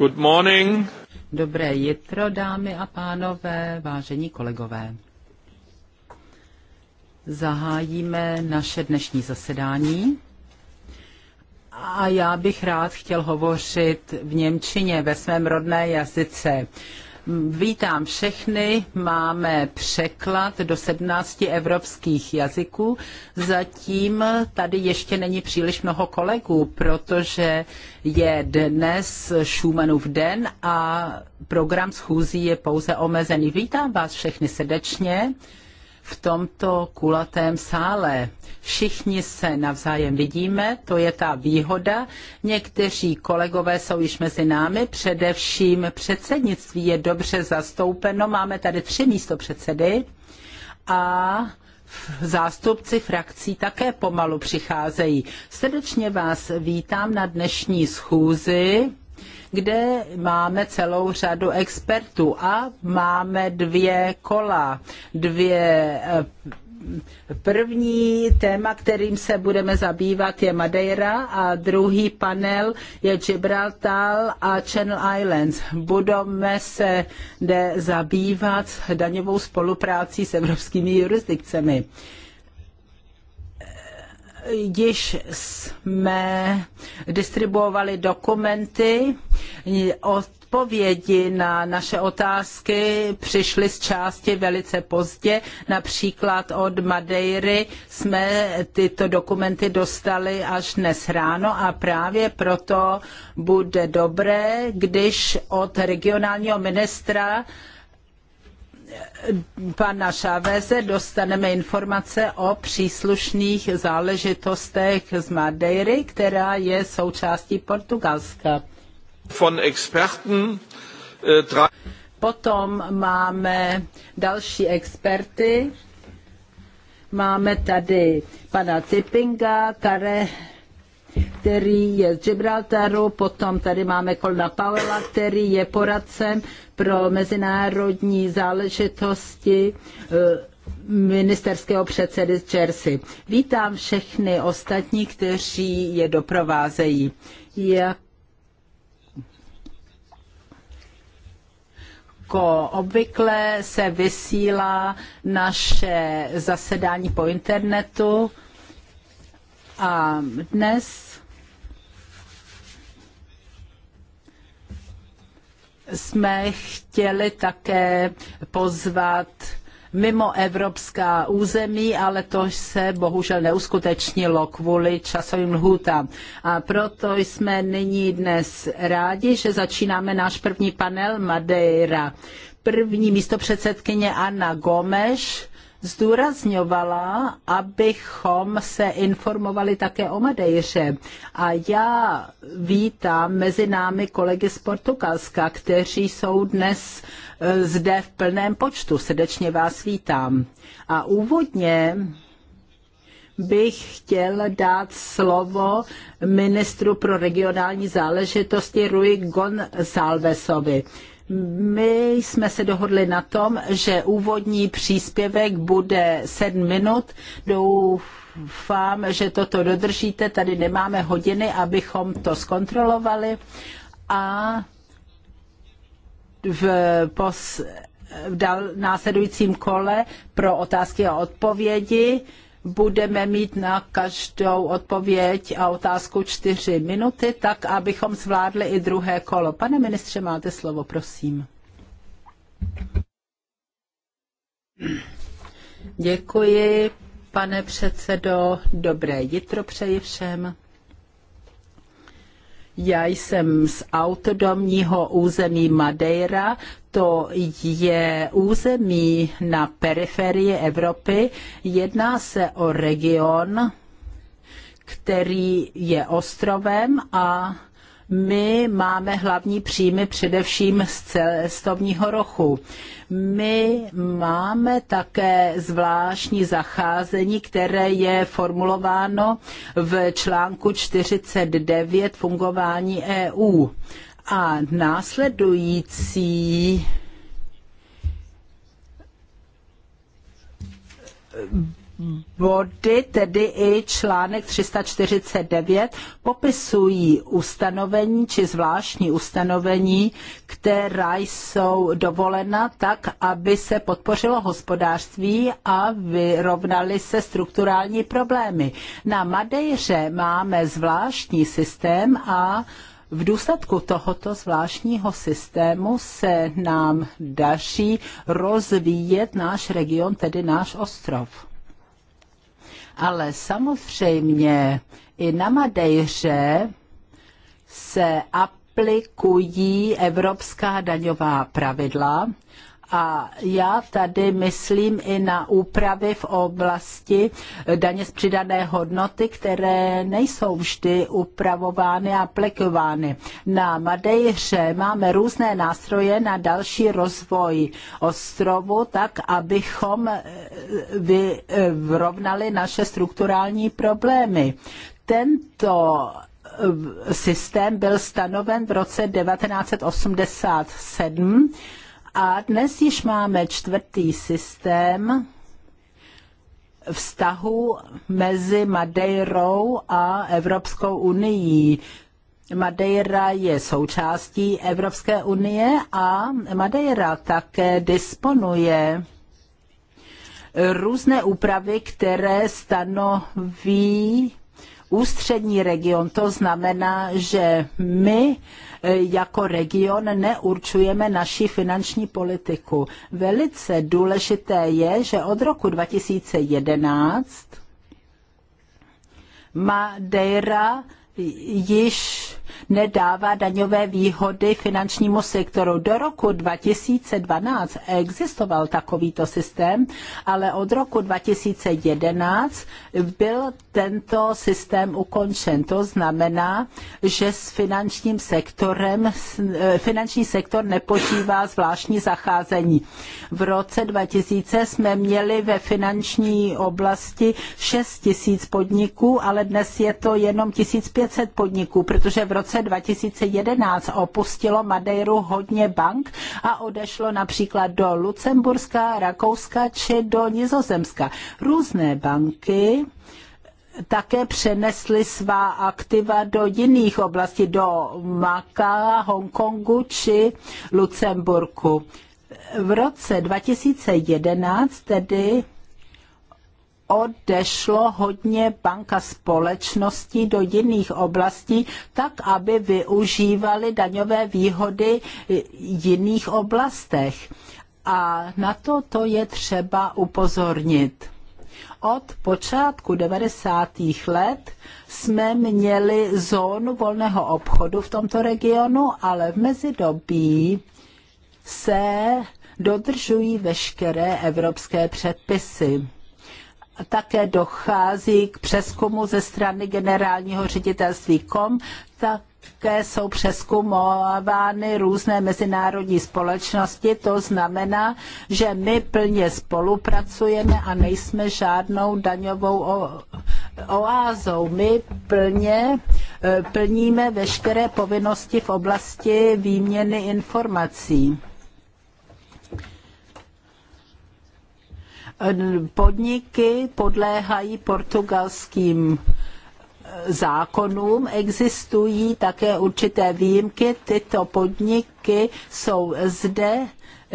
Good morning. Dobré jitro, dámy a pánové, vážení kolegové. Zahájíme naše dnešní zasedání. A já bych rád chtěl hovořit v Němčině, ve svém rodné jazyce. Vítám všechny, máme překlad do 17 evropských jazyků. Zatím tady ještě není příliš mnoho kolegů, protože je dnes Schumannův den a program schůzí je pouze omezený. Vítám vás všechny srdečně v tomto kulatém sále. Všichni se navzájem vidíme, to je ta výhoda. Někteří kolegové jsou již mezi námi, především předsednictví je dobře zastoupeno. Máme tady tři místo předsedy a zástupci frakcí také pomalu přicházejí. Srdečně vás vítám na dnešní schůzi kde máme celou řadu expertů a máme dvě kola, dvě eh, První téma, kterým se budeme zabývat, je Madeira a druhý panel je Gibraltar a Channel Islands. Budeme se de zabývat daňovou spoluprácí s evropskými jurisdikcemi již jsme distribuovali dokumenty odpovědi na naše otázky přišly z části velice pozdě. Například od Madeiry jsme tyto dokumenty dostali až dnes ráno a právě proto bude dobré, když od regionálního ministra pana Šáveze dostaneme informace o příslušných záležitostech z Madeiry, která je součástí Portugalska. Von experten, tra... Eh, potom máme další experty. Máme tady pana Tippinga, které který je z Gibraltaru, potom tady máme Kolna Powella, který je poradcem pro mezinárodní záležitosti eh, ministerského předsedy z Jersey. Vítám všechny ostatní, kteří je doprovázejí. Jak jako obvykle se vysílá naše zasedání po internetu a dnes jsme chtěli také pozvat mimo evropská území, ale to se bohužel neuskutečnilo kvůli časovým lhůtám. A proto jsme nyní dnes rádi, že začínáme náš první panel Madeira. První místopředsedkyně Anna Gomes zdůrazňovala, abychom se informovali také o Madejře. A já vítám mezi námi kolegy z Portugalska, kteří jsou dnes eh, zde v plném počtu. Srdečně vás vítám. A úvodně bych chtěl dát slovo ministru pro regionální záležitosti Rui Gonzálvesovi. My jsme se dohodli na tom, že úvodní příspěvek bude sedm minut. Doufám, že toto dodržíte. Tady nemáme hodiny, abychom to zkontrolovali. A v pos, v dal, následujícím kole pro otázky a odpovědi budeme mít na každou odpověď a otázku čtyři minuty, tak abychom zvládli i druhé kolo. Pane ministře, máte slovo, prosím. Děkuji, pane předsedo. Dobré jitro přeji všem. Já jsem z autodomního území Madeira, to je území na periferii Evropy. Jedná se o region, který je ostrovem a my máme hlavní příjmy především z cestovního rochu. My máme také zvláštní zacházení, které je formulováno v článku 49 fungování EU. A následující body, tedy i článek 349, popisují ustanovení či zvláštní ustanovení, která jsou dovolena tak, aby se podpořilo hospodářství a vyrovnaly se strukturální problémy. Na Madejře máme zvláštní systém a v důsledku tohoto zvláštního systému se nám daří rozvíjet náš region, tedy náš ostrov. Ale samozřejmě i na Madejře se aplikují evropská daňová pravidla a já tady myslím i na úpravy v oblasti daně z přidané hodnoty, které nejsou vždy upravovány a aplikovány. Na Madejře máme různé nástroje na další rozvoj ostrovu, tak abychom eh, eh, vyrovnali naše strukturální problémy. Tento eh, systém byl stanoven v roce 1987 a dnes již máme čtvrtý systém vztahu mezi Madeirou a Evropskou unii. Madeira je součástí Evropské unie a Madeira také disponuje různé úpravy, které stanoví ústřední region. To znamená, že my e, jako region neurčujeme naši finanční politiku. Velice důležité je, že od roku 2011 Madeira již nedává daňové výhody finančnímu sektoru. Do roku 2012 existoval takovýto systém, ale od roku 2011 byl tento systém ukončen. To znamená, že s finančním sektorem, eh, finanční sektor nepožívá zvláštní zacházení. V roce 2000 jsme měli ve finanční oblasti 6 tisíc podniků, ale dnes je to jenom 1500 40 podniků, protože v roce 2011 opustilo Madeiru hodně bank a odešlo například do Lucemburska, Rakouska či do Nizozemska. Různé banky také přenesly svá aktiva do jiných oblastí, do Maka, Hongkongu či Lucemburku. V roce 2011 tedy odešlo hodně banka společností do jiných oblastí, tak aby využívali daňové výhody jiných oblastech. A na to to je třeba upozornit. Od počátku 90. let jsme měli zónu volného obchodu v tomto regionu, ale v mezidobí se dodržují veškeré evropské předpisy také dochází k přeskumu ze strany generálního ředitelství KOM, také jsou přeskumovány různé mezinárodní společnosti. To znamená, že my plně spolupracujeme a nejsme žádnou daňovou oázou. My plně eh, plníme veškeré povinnosti v oblasti výměny informací. podniky podléhají portugalským zákonům existují také určité výjimky. Tyto podniky jsou zde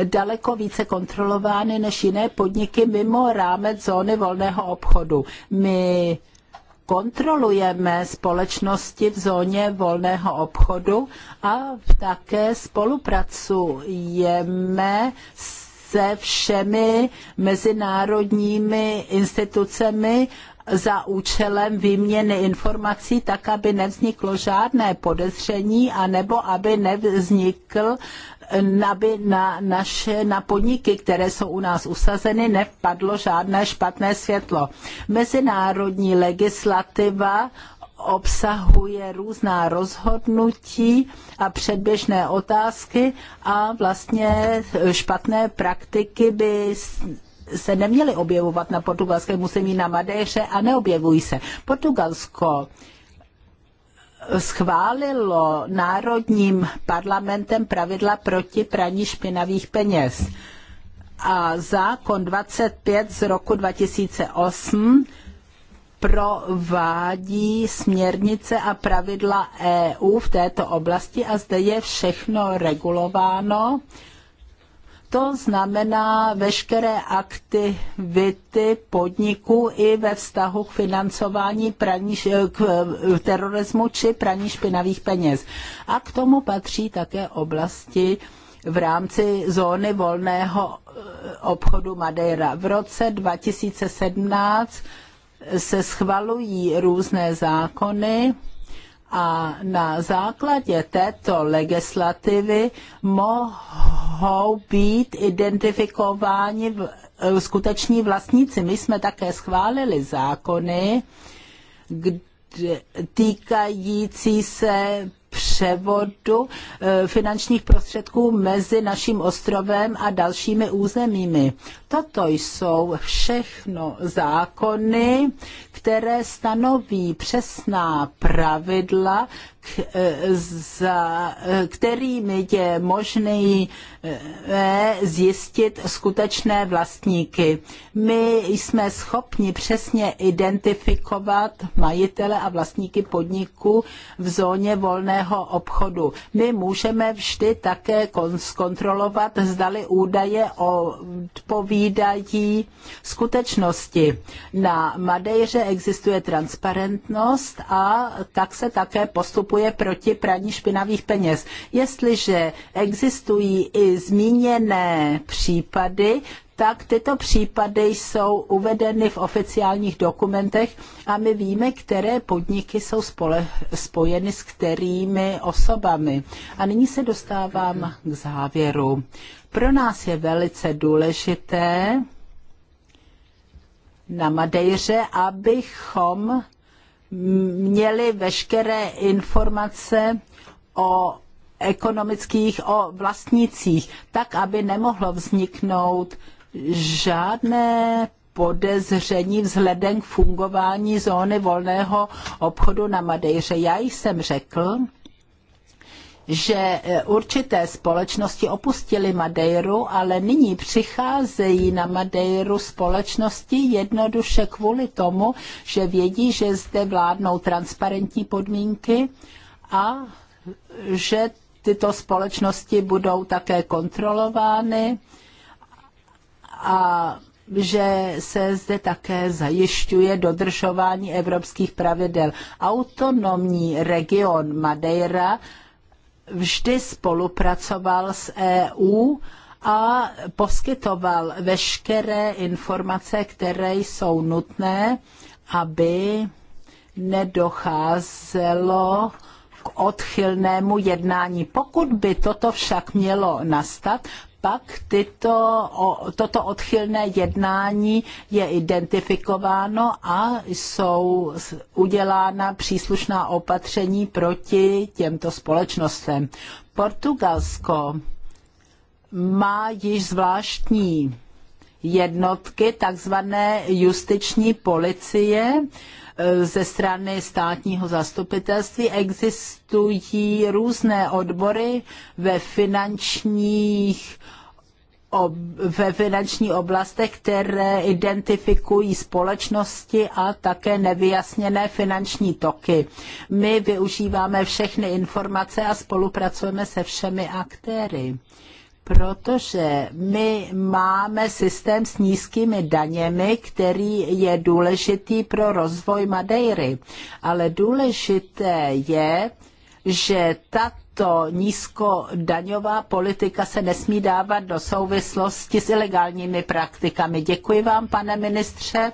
daleko více kontrolovány než jiné podniky mimo rámec zóny volného obchodu. My kontrolujeme společnosti v zóně volného obchodu a také spolupracujeme s se všemi mezinárodními institucemi za účelem výměny informací, tak aby nevzniklo žádné podezření, anebo aby nevznikl aby na naše na podniky, které jsou u nás usazeny, nevpadlo žádné špatné světlo. Mezinárodní legislativa obsahuje různá rozhodnutí a předběžné otázky a vlastně špatné praktiky by se neměly objevovat na portugalském území na Madéře a neobjevují se. Portugalsko schválilo národním parlamentem pravidla proti praní špinavých peněz. A zákon 25 z roku 2008 provádí směrnice a pravidla EU v této oblasti a zde je všechno regulováno. To znamená veškeré aktivity podniků i ve vztahu k financování praní, k eh, terorismu či praní špinavých peněz. A k tomu patří také oblasti v rámci zóny volného eh, obchodu Madeira. V roce 2017 se schvalují různé zákony a na základě této legislativy mohou být identifikováni skuteční vlastníci. My jsme také schválili zákony týkající se převodu eh, finančních prostředků mezi naším ostrovem a dalšími územími. Toto jsou všechno zákony, které stanoví přesná pravidla, k, eh, za, eh, kterými je možné zjistit skutečné vlastníky. My jsme schopni přesně identifikovat majitele a vlastníky podniku v zóně volného obchodu. My můžeme vždy také zkontrolovat, zdali údaje odpovídají skutečnosti. Na Madejře existuje transparentnost a tak se také postupuje proti praní špinavých peněz. Jestliže existují i zmíněné případy, tak tyto případy jsou uvedeny v oficiálních dokumentech a my víme, které podniky jsou spole, spojeny s kterými osobami. A nyní se dostávám k závěru. Pro nás je velice důležité na Madejře, abychom měli veškeré informace o ekonomických, o vlastnících, tak, aby nemohlo vzniknout žádné podezření vzhledem k fungování zóny volného obchodu na Madejře. Já jsem řekl, že eh, určité společnosti opustily Madejru, ale nyní přicházejí na Madejru společnosti jednoduše kvůli tomu, že vědí, že zde vládnou transparentní podmínky a že tyto společnosti budou také kontrolovány a že se zde také zajišťuje dodržování evropských pravidel. Autonomní region Madeira vždy spolupracoval s EU a poskytoval veškeré informace, které jsou nutné, aby nedocházelo k odchylnému jednání. Pokud by toto však mělo nastat, pak tyto, toto odchylné jednání je identifikováno a jsou udělána příslušná opatření proti těmto společnostem. Portugalsko má již zvláštní jednotky, takzvané justiční policie, Eh, ze strany státního zastupitelství. Existují různé odbory ve finančních ve finanční oblastech, které identifikují společnosti a také nevyjasněné finanční toky. My využíváme všechny informace a spolupracujeme se všemi aktéry protože my máme systém s nízkými daněmi, který je důležitý pro rozvoj Madeiry. Ale důležité je, že tato nízkodaňová politika se nesmí dávat do souvislosti s ilegálními praktikami. Děkuji vám, pane ministře.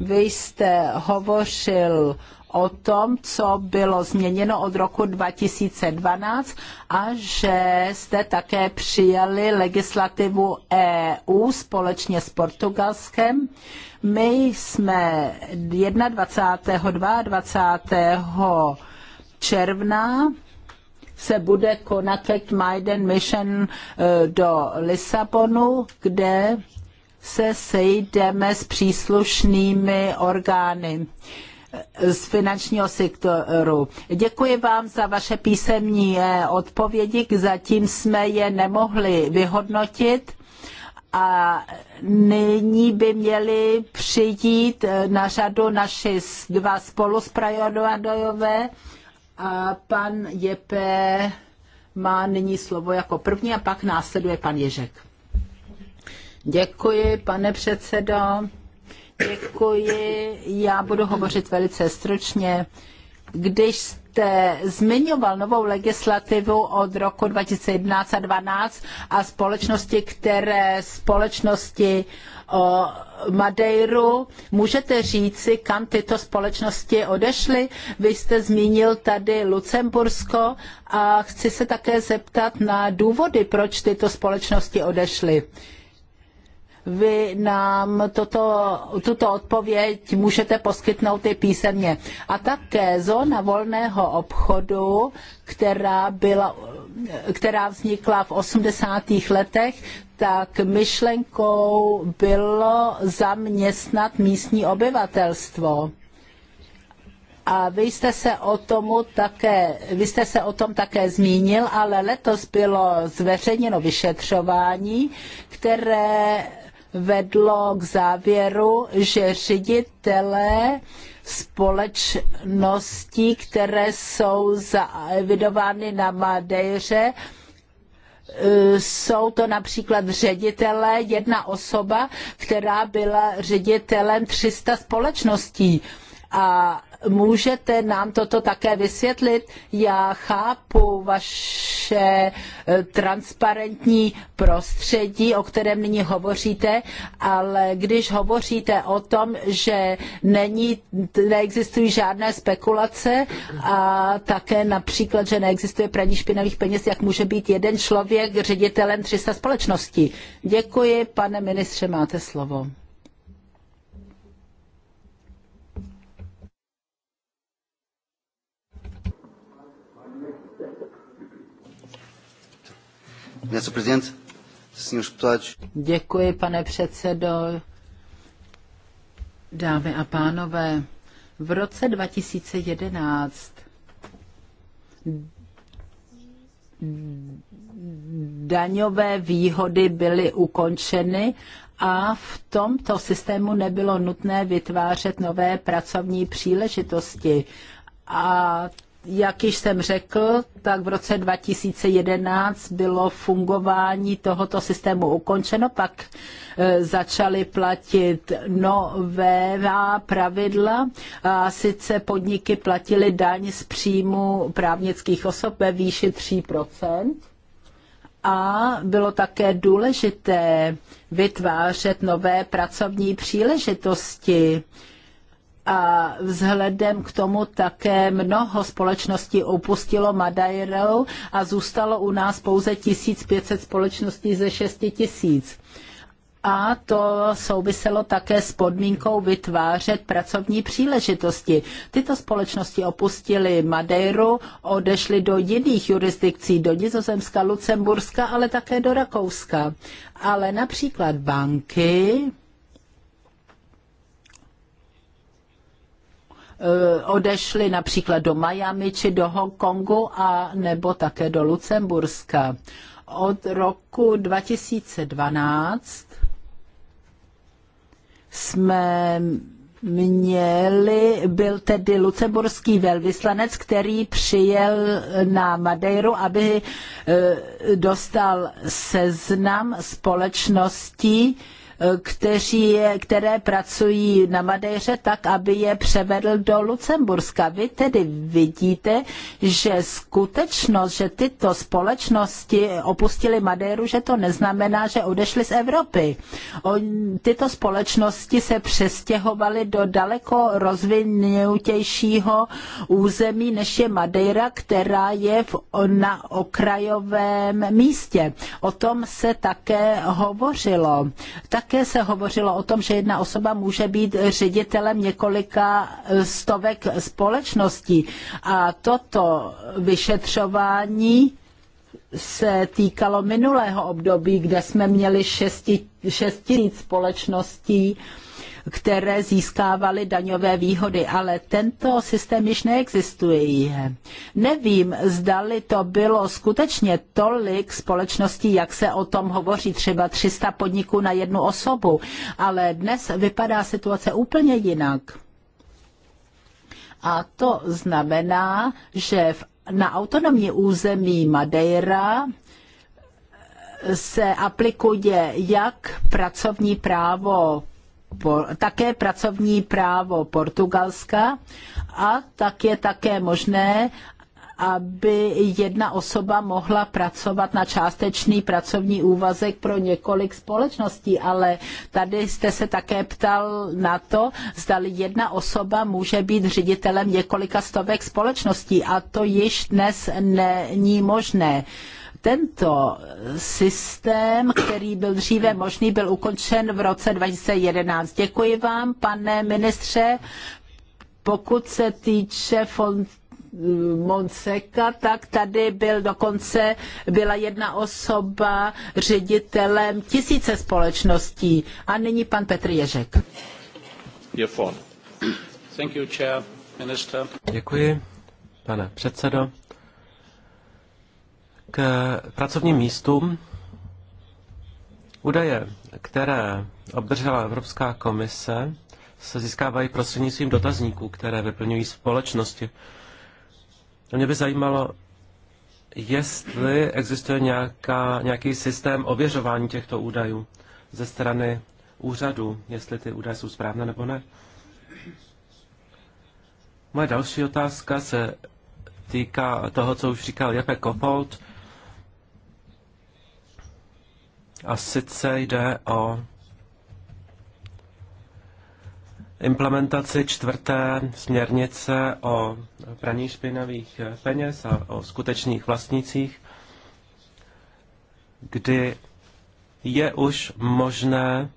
Vy jste hovořil o tom, co bylo změněno od roku 2012 a že jste také přijali legislativu EU společně s Portugalskem. My jsme 21. 22. června se bude konat Maiden Mission eh, do Lisabonu, kde se sejdeme s příslušnými orgány z finančního sektoru. Děkuji vám za vaše písemní eh, odpovědi, zatím jsme je nemohli vyhodnotit a nyní by měli přijít eh, na řadu naši dva spoluspravodajové a pan Jepe má nyní slovo jako první a pak následuje pan Ježek. Děkuji, pane předsedo. Děkuji. Já budu hovořit velice stručně. Když jste zmiňoval novou legislativu od roku 2011 a 2012 a společnosti, které společnosti o Madeiru, můžete říci, kam tyto společnosti odešly? Vy jste zmínil tady Lucembursko a chci se také zeptat na důvody, proč tyto společnosti odešly vy nám toto, tuto odpověď můžete poskytnout i písemně. A také zóna volného obchodu, která, byla, která vznikla v 80. letech, tak myšlenkou bylo zaměstnat místní obyvatelstvo. A vy jste se o tomu také, vy jste se o tom také zmínil, ale letos bylo zveřejněno vyšetřování, které vedlo k závěru, že ředitelé společností, které jsou zaevidovány na Madejře, jsou to například ředitelé, jedna osoba, která byla ředitelem 300 společností. A Můžete nám toto také vysvětlit? Já chápu vaše eh, transparentní prostředí, o kterém nyní hovoříte, ale když hovoříte o tom, že není, neexistují žádné spekulace a také například, že neexistuje praní špinavých peněz, jak může být jeden člověk ředitelem 300 společností? Děkuji, pane ministře, máte slovo. Děkuji, pane předsedo. Dámy a pánové, v roce 2011 daňové výhody byly ukončeny a v tomto systému nebylo nutné vytvářet nové pracovní příležitosti. A jak již jsem řekl, tak v roce 2011 bylo fungování tohoto systému ukončeno, pak e, začaly platit nová pravidla a sice podniky platily daň z příjmu právnických osob ve výši 3% a bylo také důležité vytvářet nové pracovní příležitosti a vzhledem k tomu také mnoho společností opustilo Madeiru a zůstalo u nás pouze 1500 společností ze 6000 a to souviselo také s podmínkou vytvářet pracovní příležitosti. Tyto společnosti opustily Madeiru, odešly do jiných jurisdikcí, do Nizozemska, Lucemburska, ale také do Rakouska. Ale například banky Eh, odešli například do Miami či do Hongkongu a nebo také do Lucemburska. Od roku 2012 jsme měli, byl tedy lucemburský velvyslanec, který přijel na Madeiru, aby eh, dostal seznam společností, kteří, které pracují na Madejře tak, aby je převedl do Lucemburska. Vy tedy vidíte, že skutečnost, že tyto společnosti opustili Madejru, že to neznamená, že odešli z Evropy. On, tyto společnosti se přestěhovaly do daleko rozvinutějšího území, než je Madeira, která je v, na okrajovém místě. O tom se také hovořilo. Tak také se hovořilo o tom, že jedna osoba může být ředitelem několika eh, stovek společností. A toto vyšetřování se týkalo minulého období, kde jsme měli 6 tisíc společností které získávaly daňové výhody, ale tento systém již neexistuje. Nevím, zdali to bylo skutečně tolik společností, jak se o tom hovoří, třeba 300 podniků na jednu osobu, ale dnes vypadá situace úplně jinak. A to znamená, že v, na autonomní území Madeira se aplikuje jak pracovní právo také pracovní právo Portugalska a tak je také možné, aby jedna osoba mohla pracovat na částečný pracovní úvazek pro několik společností, ale tady jste se také ptal na to, zda jedna osoba může být ředitelem několika stovek společností a to již dnes není možné. Uh, tento systém, který byl dříve možný, byl ukončen v roce 2011. Děkuji vám, pane ministře. Pokud se týče fond mm, Monseka, tak tady byl dokonce, byla jedna osoba ředitelem tisíce společností. A nyní pan Petr Ježek. Thank you, chair, minister. Děkuji, pane předsedo k pracovním místům. Údaje, které obdržela Evropská komise, se získávají prostřednictvím dotazníků, které vyplňují společnosti. A mě by zajímalo, jestli existuje nějaká, nějaký systém ověřování těchto údajů ze strany úřadu, jestli ty údaje jsou správné nebo ne. Moje další otázka se týká toho, co už říkal Jepe Kopold. A sice jde o implementaci čtvrté směrnice o praní špinavých peněz a o skutečných vlastnících, kdy je už možné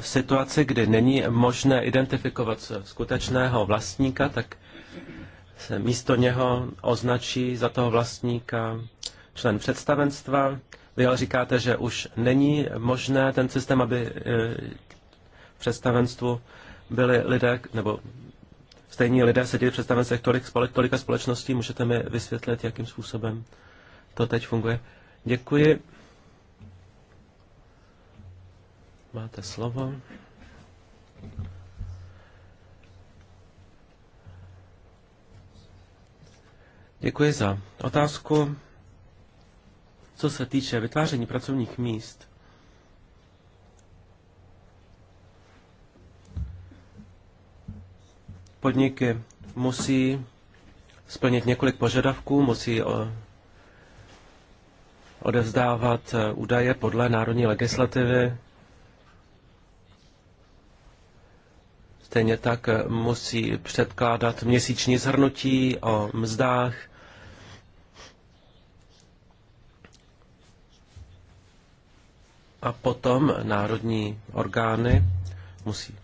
v situaci, kdy není možné identifikovat skutečného vlastníka, tak se místo něho označí za toho vlastníka člen představenstva, vy ale říkáte, že už není možné ten systém, aby v eh, představenstvu byli lidé, nebo stejní lidé seděli v představenstvech tolik, tolika společností. Můžete mi vysvětlit, jakým způsobem to teď funguje? Děkuji. Máte slovo. Děkuji za otázku. Co se týče vytváření pracovních míst, podniky musí splnit několik požadavků, musí eh, odevzdávat eh, údaje podle národní legislativy. Stejně tak eh, musí předkládat měsíční zhrnutí o mzdách A potom národní orgány musí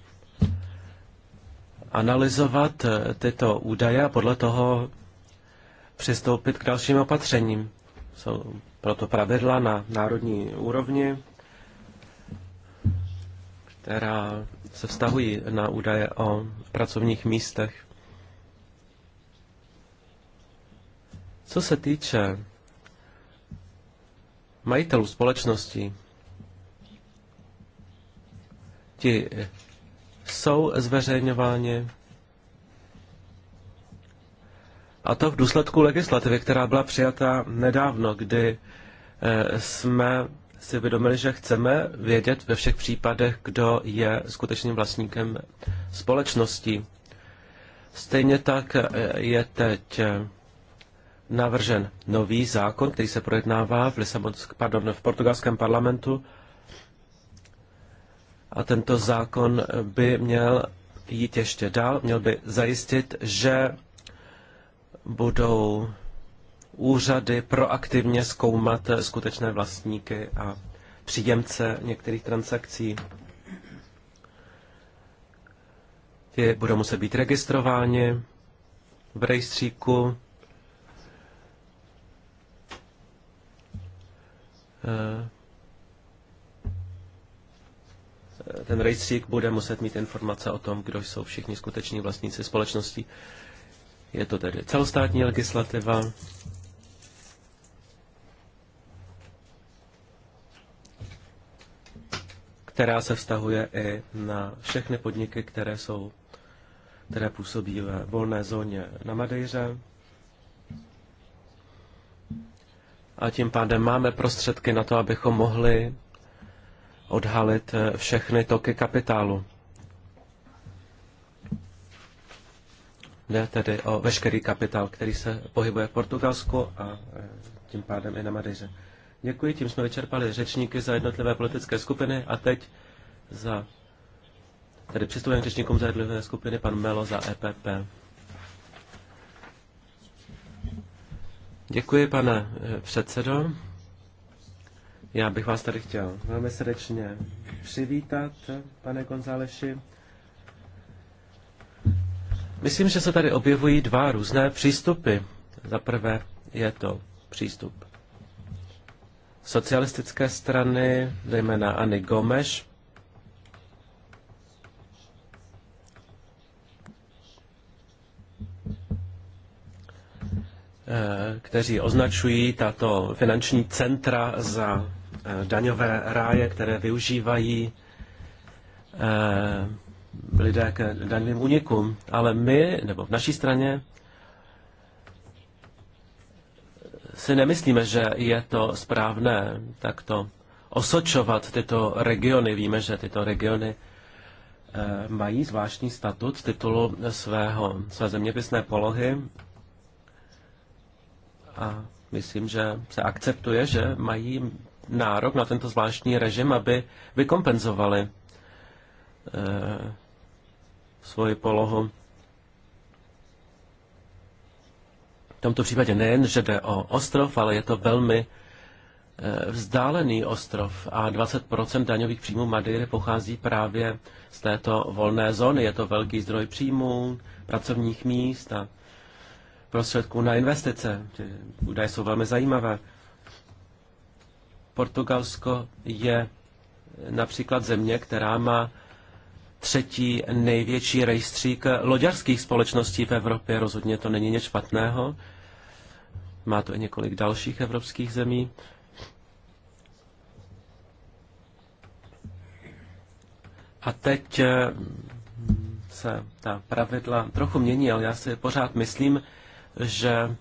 analyzovat eh, tyto údaje a podle toho přistoupit k dalším opatřením. Jsou proto pravidla na národní úrovni, která se vztahují na údaje o pracovních místech. Co se týče majitelů společností, ti eh, jsou zveřejňováni. A to v důsledku legislativy, která byla přijata nedávno, kdy eh, jsme si vědomili, že chceme vědět ve všech případech, kdo je skutečným vlastníkem společnosti. Stejně tak eh, je teď navržen nový zákon, který se projednává v, pardon, v portugalském parlamentu a tento zákon by měl jít ještě dál, měl by zajistit, že budou úřady proaktivně zkoumat skutečné vlastníky a příjemce některých transakcí. Ty budou muset být registrováni v rejstříku. E ten rejstřík bude muset mít informace o tom, kdo jsou všichni skuteční vlastníci společnosti. Je to tedy celostátní legislativa. která se vztahuje i na všechny podniky, které jsou, které působí ve volné zóně na Madejře. A tím pádem máme prostředky na to, abychom mohli odhalit eh, všechny toky kapitálu. Jde tedy o veškerý kapitál, který se pohybuje v Portugalsku a eh, tím pádem i na Madejře. Děkuji, tím jsme vyčerpali řečníky za jednotlivé politické skupiny a teď za tedy přistupujeme řečníkům za jednotlivé skupiny, pan Melo za EPP. Děkuji, pane eh, předsedo. Já bych vás tady chtěl velmi srdečně přivítat, pane Gonzáleši. Myslím, že se tady objevují dva různé přístupy. Za prvé je to přístup socialistické strany, zejména Anny Gomeš, eh, kteří označují tato finanční centra za Eh, daňové ráje, které využívají eh, lidé k daňovým únikům. Ale my, nebo v naší straně, si nemyslíme, že je to správné takto osočovat tyto regiony. Víme, že tyto regiony eh, mají zvláštní statut z titulu svého, své zeměpisné polohy a myslím, že se akceptuje, že mají nárok na tento zvláštní režim, aby vykompenzovali eh, svoji polohu. V tomto případě nejen, že jde o ostrov, ale je to velmi eh, vzdálený ostrov a 20% daňových příjmů Madeiry pochází právě z této volné zóny. Je to velký zdroj příjmů, pracovních míst a prostředků na investice. Ty údaje jsou velmi zajímavé. Portugalsko je například země, která má třetí největší rejstřík loďarských společností v Evropě. Rozhodně to není nic špatného. Má to i několik dalších evropských zemí. A teď eh, se ta pravidla trochu mění, ale já si pořád myslím, že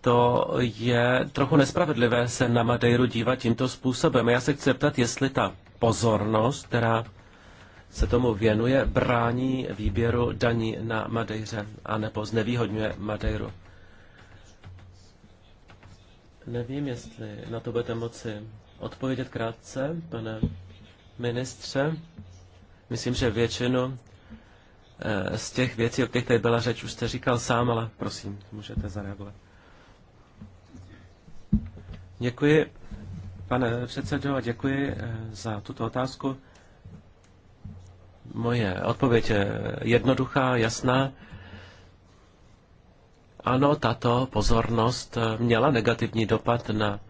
to je trochu nespravedlivé se na Madeiru dívat tímto způsobem. Já se chci zeptat, jestli ta pozornost, která se tomu věnuje, brání výběru daní na Madejře, nebo znevýhodňuje Madeiru. Nevím, jestli na to budete moci odpovědět krátce, pane ministře. Myslím, že většinu eh, z těch věcí, o kterých tady byla řeč, už jste říkal sám, ale prosím, můžete zareagovat. Děkuji, pane předsedo, a děkuji eh, za tuto otázku. Moje odpověď je jednoduchá, jasná. Ano, tato pozornost eh, měla negativní dopad na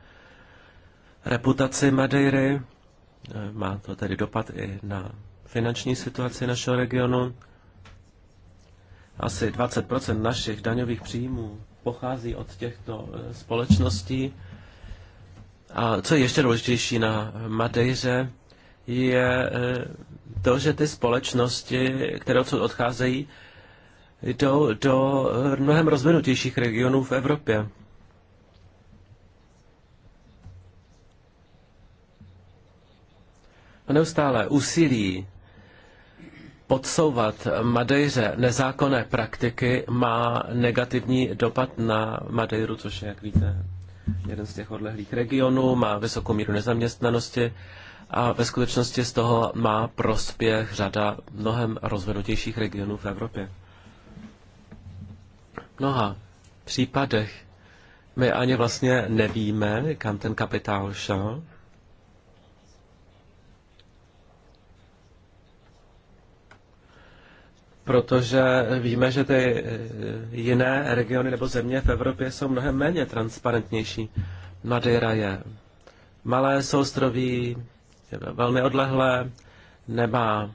reputaci Madeiry. Eh, má to tedy dopad i na finanční situaci našeho regionu. Asi 20 našich daňových příjmů pochází od těchto společností. A co je ještě důležitější na Madejře, je eh, to, že ty společnosti, které odsud odcházejí, jdou do eh, mnohem rozvinutějších regionů v Evropě. A neustále úsilí podsouvat Madejře nezákonné praktiky má negativní dopad na Madejru, což je, jak víte, Jeden z těch odlehlých regionů má vysokou míru nezaměstnanosti a ve skutečnosti z toho má prospěch řada mnohem rozvinutějších regionů v Evropě. V mnoha případech my ani vlastně nevíme, kam ten kapitál šel. protože víme, že ty eh, jiné regiony nebo země v Evropě jsou mnohem méně transparentnější. Madeira je malé soustroví, je velmi odlehlé, nemá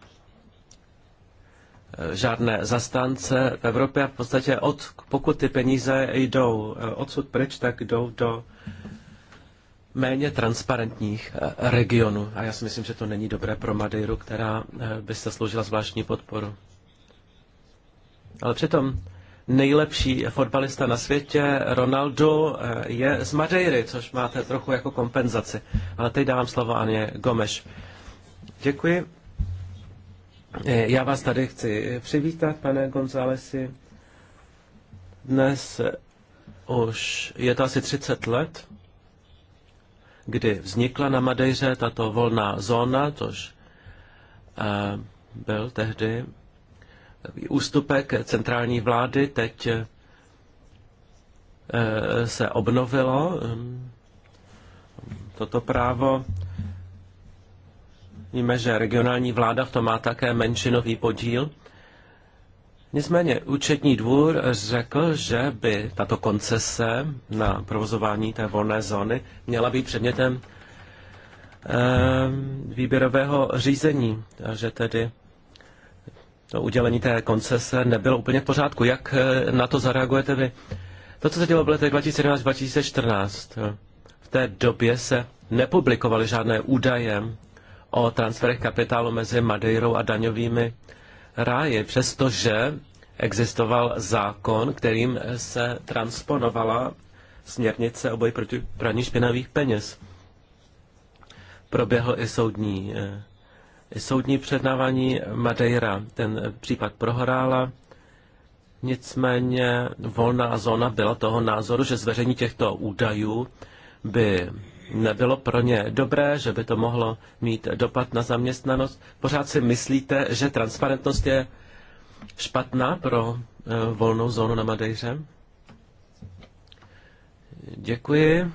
eh, žádné zastánce v Evropě a v podstatě od, pokud ty peníze jdou eh, odsud pryč, tak jdou do méně transparentních regionů. A já si myslím, že to není dobré pro Madeiru, která by se sloužila zvláštní podporu. Ale přitom nejlepší fotbalista na světě, Ronaldo, eh, je z Madeiry, což máte trochu jako kompenzaci. Ale teď dávám slovo Aně Gomeš. Děkuji. Eh, já vás tady chci přivítat, pane Gonzálesi. Dnes eh, už je to asi 30 let, kdy vznikla na Madejře tato volná zóna, což byl tehdy ústupek centrální vlády. Teď eh, se obnovilo eh, toto právo. Víme, že regionální vláda v tom má také menšinový podíl. Nicméně účetní dvůr řekl, že by tato koncese na provozování té volné zóny měla být předmětem eh, výběrového řízení, že tedy to udělení té koncese nebylo úplně v pořádku. Jak eh, na to zareagujete vy? To, co se dělo v letech 2017-2014, eh, v té době se nepublikovaly žádné údaje o transferech kapitálu mezi Madeirou a daňovými ráji, přestože existoval zákon, kterým se transponovala směrnice o boji proti praní špinavých peněz. Proběhl i soudní eh, soudní přednávání Madeira. Ten případ prohrála, nicméně volná zóna byla toho názoru, že zveřejní těchto údajů by nebylo pro ně dobré, že by to mohlo mít dopad na zaměstnanost. Pořád si myslíte, že transparentnost je špatná pro eh, volnou zónu na Madejře? Děkuji.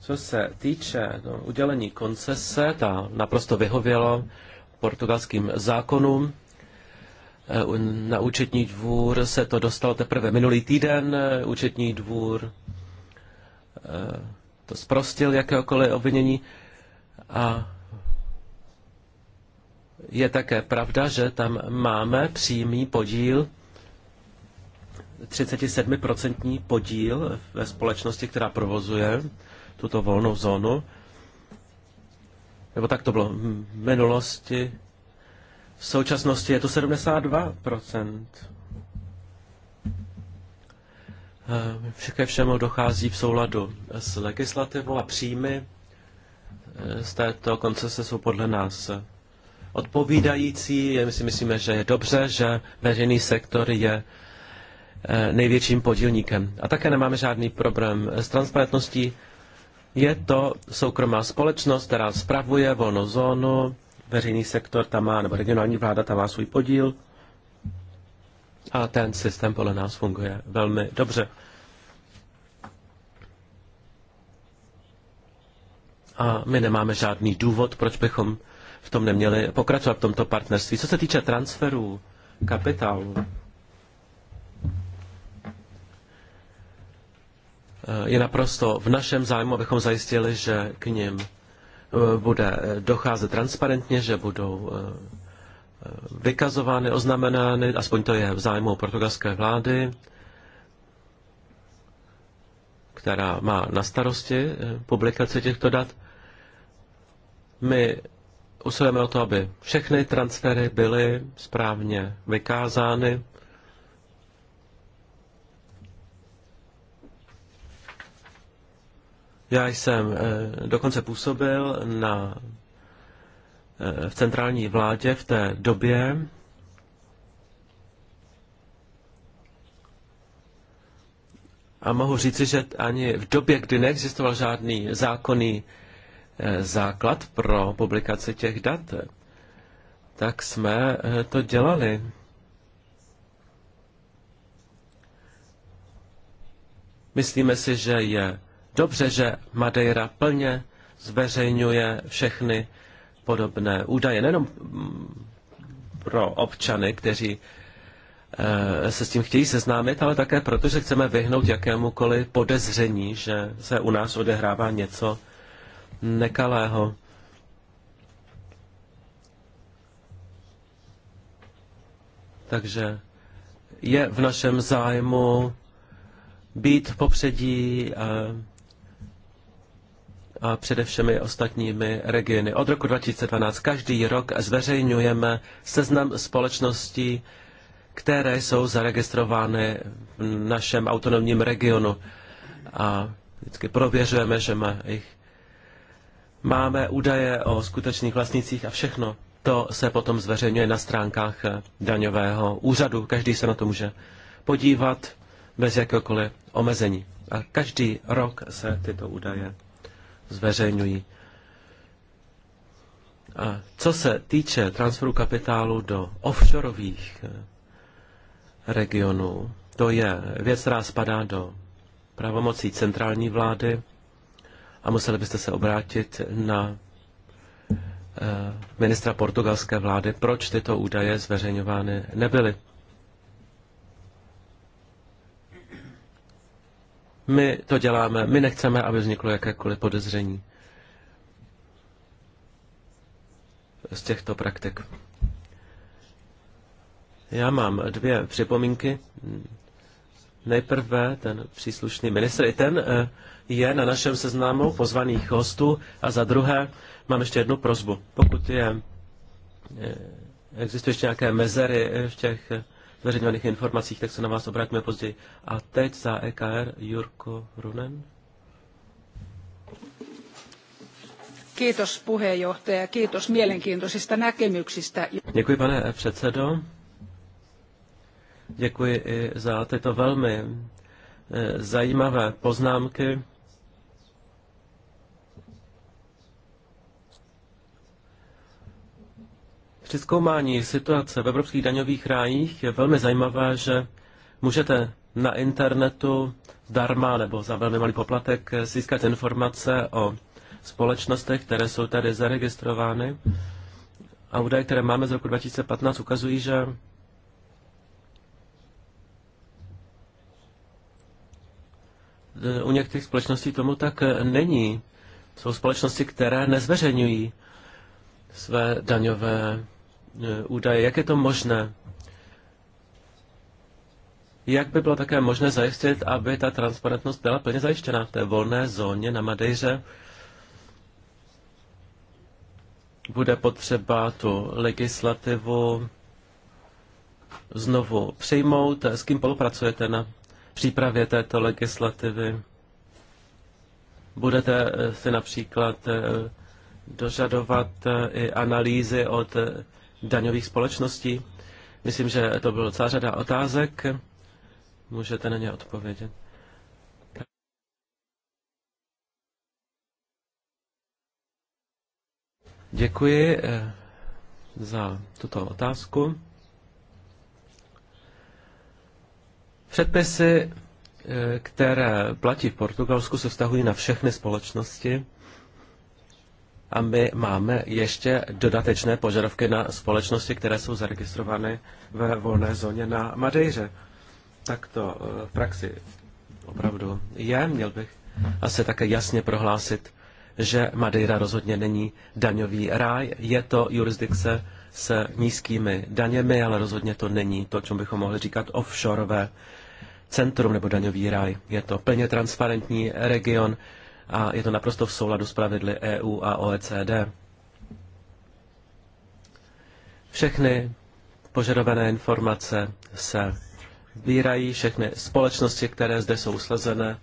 Co se týče no, udělení koncese, ta naprosto vyhověla portugalským zákonům. E, na účetní dvůr se to dostalo teprve minulý týden. E, účetní dvůr e, to zprostil jakékoliv obvinění a je také pravda, že tam máme přímý podíl, 37% podíl ve společnosti, která provozuje tuto volnou zónu. Nebo tak to bylo v minulosti. V současnosti je to 72%. Všechno eh, všemu dochází v souladu s legislativou a příjmy eh, z této koncese jsou podle nás odpovídající. My si myslíme, že je dobře, že veřejný sektor je eh, největším podílníkem. A také nemáme žádný problém s transparentností. Je to soukromá společnost, která spravuje volnou zónu, veřejný sektor tam má, nebo regionální vláda tam má svůj podíl a ten systém podle nás funguje velmi dobře. A my nemáme žádný důvod, proč bychom v tom neměli pokračovat v tomto partnerství. Co se týče transferů kapitálu, je naprosto v našem zájmu, abychom zajistili, že k ním eh, bude eh, docházet transparentně, že budou eh, vykazovány, oznamenány, aspoň to je v zájmu portugalské vlády, která má na starosti publikaci těchto dat. My usilujeme o to, aby všechny transfery byly správně vykázány, Já jsem eh, dokonce působil na, eh, v centrální vládě v té době. A mohu říci, že ani v době, kdy neexistoval žádný zákonný eh, základ pro publikaci těch dat, tak jsme to dělali. Myslíme si, že je dobře, že Madeira plně zveřejňuje všechny podobné údaje, nejenom mm, pro občany, kteří eh, se s tím chtějí seznámit, ale také proto, že chceme vyhnout jakémukoliv podezření, že se u nás odehrává něco nekalého. Takže je v našem zájmu být popředí a přede všemi ostatními regiony. Od roku 2012 každý rok zveřejňujeme seznam společností, které jsou zaregistrovány v našem autonomním regionu. A vždycky prověřujeme, že má jich. máme údaje o skutečných vlastnicích a všechno. To se potom zveřejňuje na stránkách daňového úřadu. Každý se na to může podívat bez jakéhokoliv omezení. A každý rok se tyto údaje zveřejňují. A co se týče transferu kapitálu do offshoreových eh, regionů, to je věc, která spadá do pravomocí centrální vlády a museli byste se obrátit na eh, ministra portugalské vlády, proč tyto údaje zveřejňovány nebyly. My to děláme, my nechceme, aby vzniklo jakékoliv podezření z těchto praktik. Já mám dvě připomínky. Nejprve ten příslušný ministr, i ten eh, je na našem seznamu pozvaných hostů. A za druhé mám ještě jednu prozbu. Pokud je, eh, existují ještě nějaké mezery v těch eh, zveřejňovaných informacích, tak se na vás obrátíme později. A teď za EKR Jurko Runen. Kiitos puheenjohtaja, kiitos mielenkiintoisista näkemyksistä. Děkuji pane předsedo. Děkuji i za tyto velmi eh, zajímavé poznámky. Při zkoumání situace v evropských daňových rájích je velmi zajímavé, že můžete na internetu zdarma nebo za velmi malý poplatek získat informace o společnostech, které jsou tady zaregistrovány. A údaje, které máme z roku 2015, ukazují, že u některých společností tomu tak není. Jsou společnosti, které nezveřejňují své daňové E, údaje. Jak je to možné? Jak by bylo také možné zajistit, aby ta transparentnost byla plně zajištěna v té volné zóně na Madejře? Bude potřeba tu legislativu znovu přijmout. S kým spolupracujete na přípravě této legislativy? Budete e, si například e, dožadovat i analýzy od daňových společností. Myslím, že to bylo celá řada otázek. Můžete na ně odpovědět. Děkuji eh, za tuto otázku. Předpisy, eh, které platí v Portugalsku, se vztahují na všechny společnosti. A my máme ještě dodatečné požadavky na společnosti, které jsou zaregistrovány ve volné zóně na Madejře. Tak to eh, v praxi opravdu je. Měl bych asi také jasně prohlásit, že Madeira rozhodně není daňový ráj. Je to jurisdikce s nízkými daněmi, ale rozhodně to není to, čemu bychom mohli říkat offshore centrum nebo daňový ráj. Je to plně transparentní region, a je to naprosto v souladu s pravidly EU a OECD. Všechny požadované informace se sbírají všechny společnosti, které zde jsou slezené,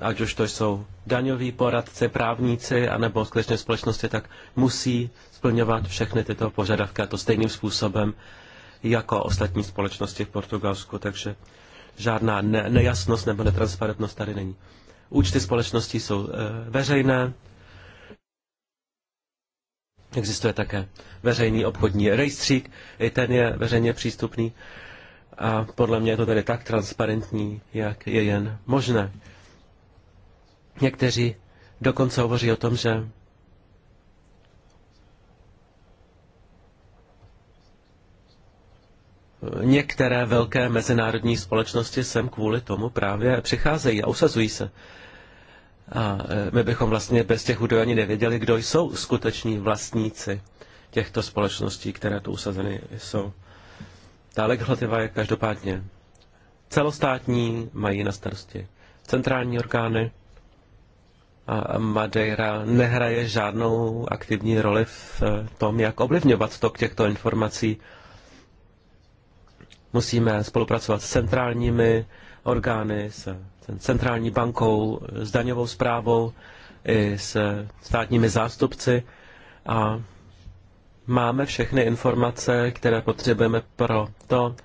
ať už to jsou daňoví poradci, právníci, anebo skutečně společnosti, tak musí splňovat všechny tyto požadavky a to stejným způsobem jako ostatní společnosti v Portugalsku, takže žádná ne- nejasnost nebo netransparentnost tady není. Účty společností jsou eh, veřejné. Existuje také veřejný obchodní rejstřík, i ten je veřejně přístupný. A podle mě je to tedy tak transparentní, jak je jen možné. Někteří dokonce hovoří o tom, že některé velké mezinárodní společnosti sem kvůli tomu právě přicházejí a usazují se. A e, my bychom vlastně bez těch údajů ani nevěděli, kdo jsou skuteční vlastníci těchto společností, které tu usazeny jsou. Ta legislativa je každopádně celostátní, mají na starosti centrální orgány a Madeira nehraje žádnou aktivní roli v e, tom, jak ovlivňovat tok těchto informací. Musíme spolupracovat s centrálními orgány, s centrální bankou, s daňovou zprávou i s státními zástupci a máme všechny informace, které potřebujeme pro to,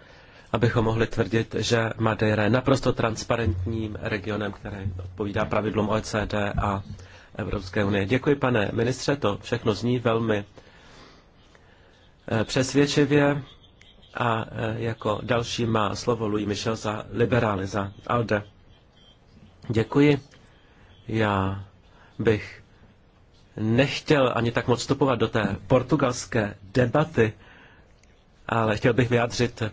abychom mohli tvrdit, že Madeira je naprosto transparentním regionem, který odpovídá pravidlům OECD a Evropské unie. Děkuji, pane ministře, to všechno zní velmi eh, přesvědčivě. A e, jako další má slovo Louis Michel za liberály, za ALDE. Děkuji. Já bych nechtěl ani tak moc vstupovat do té portugalské debaty, ale chtěl bych vyjádřit e,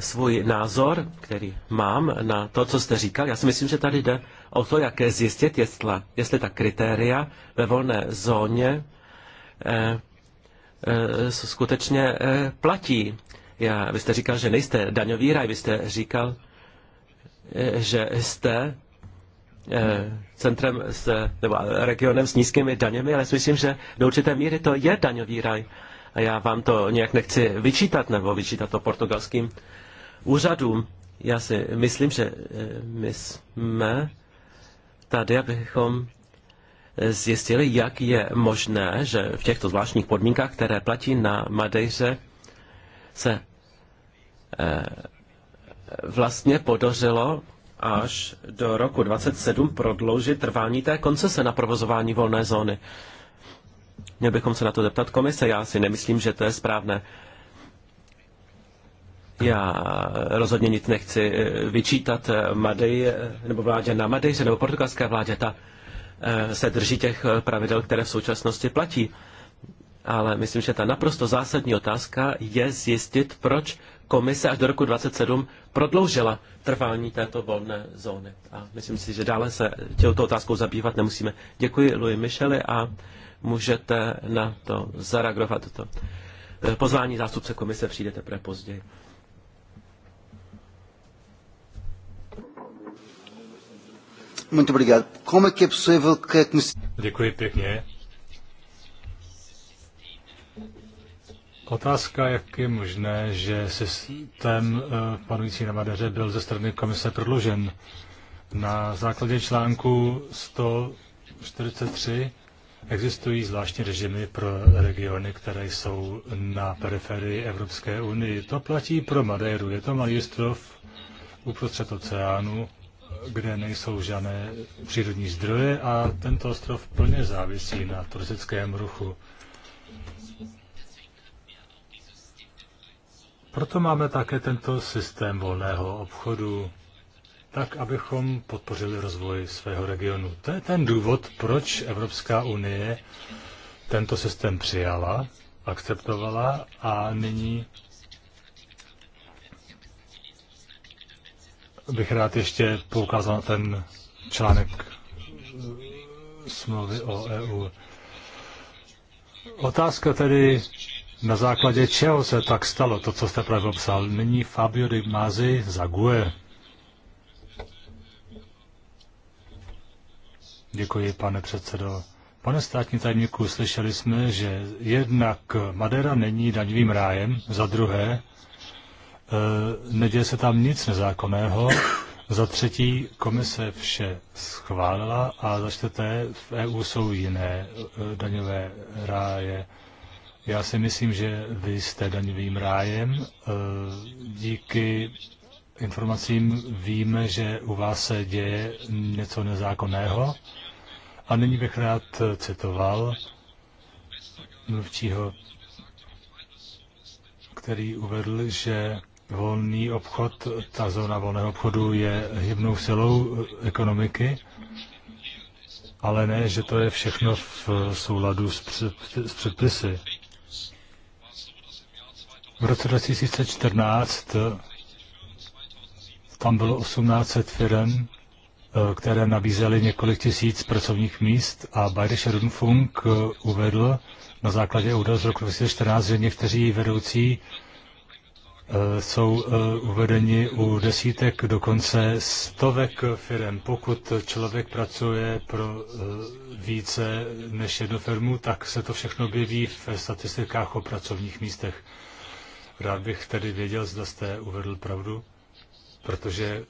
svůj názor, který mám na to, co jste říkal. Já si myslím, že tady jde o to, jak zjistit, jestli, jestli ta kritéria ve volné zóně eh, eh, skutečně eh, platí. Já, vy jste říkal, že nejste daňový raj, vy jste říkal, eh, že jste eh, centrem s, nebo regionem s nízkými daněmi, ale si myslím, že do určité míry to je daňový raj. A já vám to nějak nechci vyčítat nebo vyčítat to portugalským úřadům. Já si myslím, že eh, my jsme tady, abychom zjistili, jak je možné, že v těchto zvláštních podmínkách, které platí na Madejře, se eh, vlastně podařilo až do roku 27 prodloužit trvání té koncese na provozování volné zóny. Měl bychom se na to zeptat komise, já si nemyslím, že to je správné. Já rozhodně nic nechci eh, vyčítat eh, Madej, nebo vládě na Madejře, nebo portugalské vládě, ta se drží těch pravidel, které v současnosti platí ale myslím, že ta naprosto zásadní otázka je zjistit, proč komise až do roku 27 prodloužila trvání této volné zóny. A myslím si, že dále se těmto otázkou zabývat nemusíme. Děkuji Louis Micheli a můžete na to zareagovat. To pozvání zástupce komise přijde teprve později. Děkuji pěkně. Otázka, jak je možné, že systém eh, panující na Madeře byl ze strany komise prodložen. Na základě článku 143 existují zvláštní režimy pro regiony, které jsou na periferii Evropské unie. To platí pro Madeiru. Je to malý ostrov uprostřed oceánu, kde nejsou žádné přírodní zdroje a tento ostrov plně závisí na turistickém ruchu. Proto máme také tento systém volného obchodu, tak abychom podpořili rozvoj svého regionu. To je ten důvod, proč Evropská unie tento systém přijala, akceptovala a nyní bych rád ještě poukázal na ten článek smlouvy o EU. Otázka tedy, na základě čeho se tak stalo, to, co jste právě popsal. Nyní Fabio Di Mazi za GUE. Děkuji, pane předsedo. Pane státní tajemníku, slyšeli jsme, že jednak Madera není daňovým rájem, za druhé, e, neděje se tam nic nezákonného za třetí, komise vše schválila a za čtvrté, v EU jsou jiné e, daňové ráje. Já si myslím, že vy jste daňovým rájem. E, díky informacím víme, že u vás se děje něco nezákonného. A nyní bych rád citoval mluvčího, který uvedl, že Volný obchod, ta zóna volného obchodu je hybnou silou ekonomiky, ale ne, že to je všechno v souladu s, před, s předpisy. V roce 2014 tam bylo 1800 firm, eh, které nabízely několik tisíc pracovních míst a Bayerische Rundfunk eh, uvedl na základě údajů z roku 2014, že někteří vedoucí Eh, jsou eh, uvedeni u desítek, dokonce stovek firm. Pokud člověk pracuje pro eh, více než jednu firmu, tak se to všechno objeví v statistikách o pracovních místech. Rád bych tedy věděl, zda jste uvedl pravdu, protože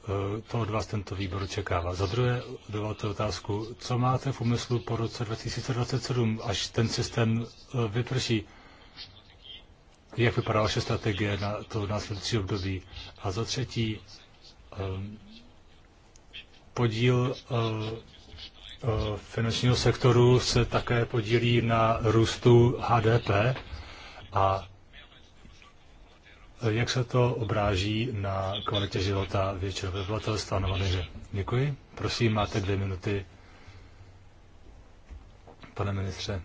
to od vás tento výbor očekává. Za druhé, dovolte otázku, co máte v úmyslu po roce 2027, až ten systém vyprší? jak vypadá vaše strategie na to následující období. A za třetí, ehm, podíl eh, eh, finančního sektoru se také podílí na růstu HDP a eh, jak se to obráží na kvalitě života většinou obyvatelstva na Vaneře? Děkuji. Prosím, máte dvě minuty, pane ministře.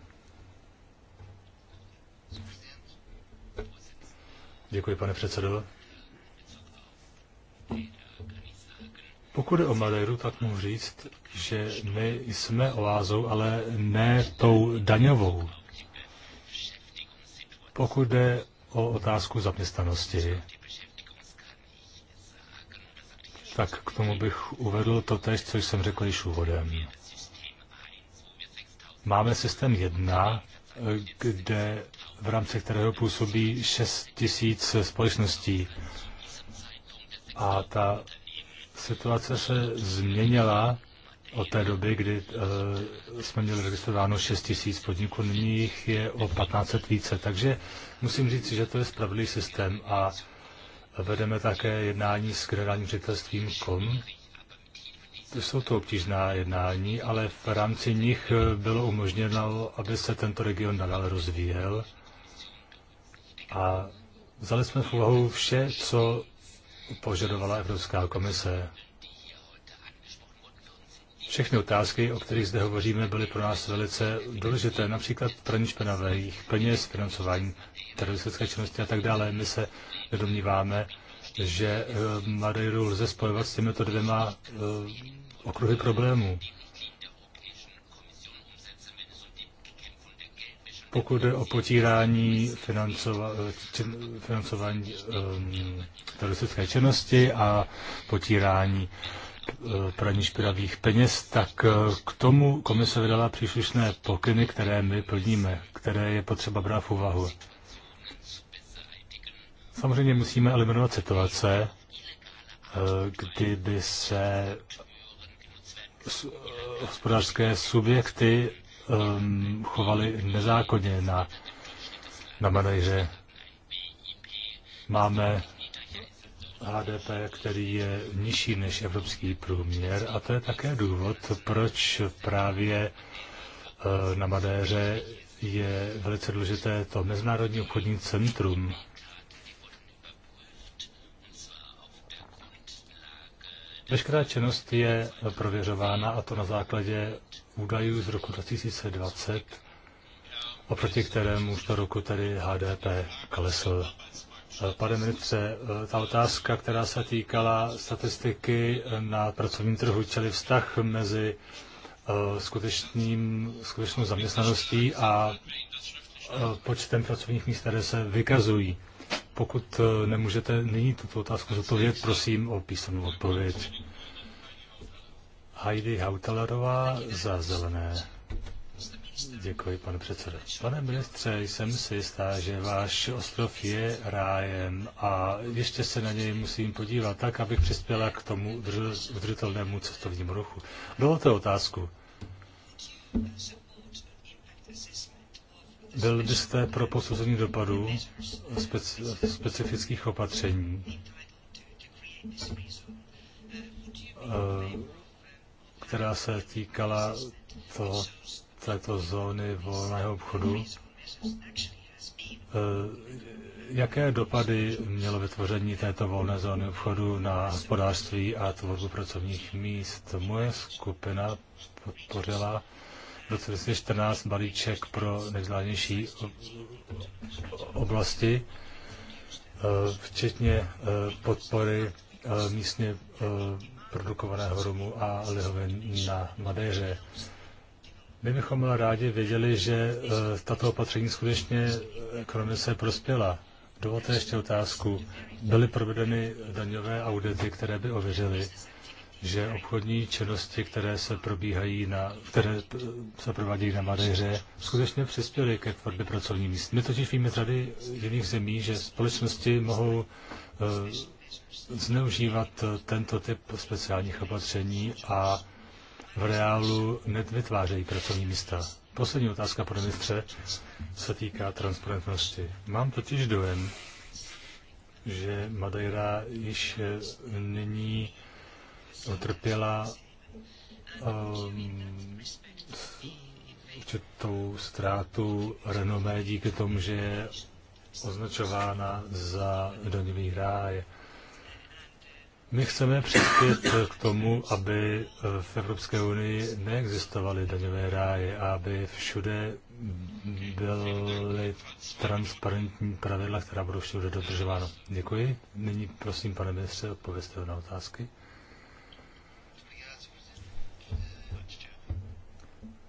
Děkuji, pane předsedo. Pokud jde o Madeiru, tak mohu říct, že my jsme oázou, ale ne tou daňovou. Pokud jde o otázku zaměstnanosti, tak k tomu bych uvedl to tež, co jsem řekl již úvodem. Máme systém 1, kde v rámci kterého působí 6 tisíc společností. A ta situace se změnila od té doby, kdy uh, jsme měli registrováno 6 tisíc podniků, nyní jich je o 1500 více. Takže musím říct, že to je spravedlivý systém a vedeme také jednání s generálním ředitelstvím KOM. Jsou to obtížná jednání, ale v rámci nich bylo umožněno, aby se tento region nadále rozvíjel a vzali jsme v úvahu vše, co požadovala Evropská komise. Všechny otázky, o kterých zde hovoříme, byly pro nás velice důležité, například praní špinavých peněz, financování teroristické činnosti a tak dále. My se domníváme, že eh, Madeiru lze spojovat s těmito dvěma eh, okruhy problémů. pokud jde o potírání financování um, teroristické činnosti a potírání uh, praní špiravých peněz, tak uh, k tomu komise vydala příslušné pokyny, které my plníme, které je potřeba brát v úvahu. Samozřejmě musíme eliminovat situace, uh, kdyby se hospodářské subjekty um, chovali nezákonně na, na manéře. Máme HDP, který je nižší než evropský průměr a to je také důvod, proč právě uh, na Madéře je velice důležité to Mezinárodní obchodní centrum. Veškerá činnost je prověřována a to na základě údajů z roku 2020, oproti kterému už to roku tedy HDP klesl. Pane ministře, ta otázka, která se týkala statistiky na pracovním trhu, čili vztah mezi eh, skutečným, skutečnou zaměstnaností a eh, počtem pracovních míst, které se vykazují. Pokud eh, nemůžete nyní tuto otázku zodpovědět, prosím o písemnou odpověď. Heidi Hautalerová za zelené. Děkuji, pane předsedo. Pane ministře, jsem si jistá, že váš ostrov je rájem a ještě se na něj musím podívat tak, abych přispěla k tomu udržitelnému cestovnímu ruchu. Dovolte otázku. Byl byste pro posouzení dopadů speci- specifických opatření? Eh, která se týkala toho, této zóny volného obchodu. Eh, jaké dopady mělo vytvoření této volné zóny obchodu na hospodářství a tvorbu pracovních míst? Moje skupina podpořila v roce 2014 balíček pro nejzvládnější oblasti, eh, včetně eh, podpory místně produkovaného rumu a lihovin na Madeře. My bychom byli rádi věděli, že eh, tato opatření skutečně ekonomice eh, prospěla. Dovolte ještě otázku. Byly provedeny daňové audity, které by ověřily, že obchodní činnosti, které se probíhají na, které eh, se provádějí na Madejře, skutečně přispěly ke tvorbě pracovní míst. My totiž víme z jiných zemí, že společnosti mohou zneužívat tento typ speciálních opatření a v reálu nevytvářejí pracovní místa. Poslední otázka, pane ministře, se týká transparentnosti. Mám totiž dojem, že Madeira již nyní utrpěla um, určitou ztrátu renomé díky tomu, že je označována za daňový ráj. My chceme přispět k tomu, aby v Evropské unii neexistovaly daňové ráje a aby všude byly transparentní pravidla, která budou všude dodržována. Děkuji. Nyní prosím, pane ministře, odpovězte na otázky.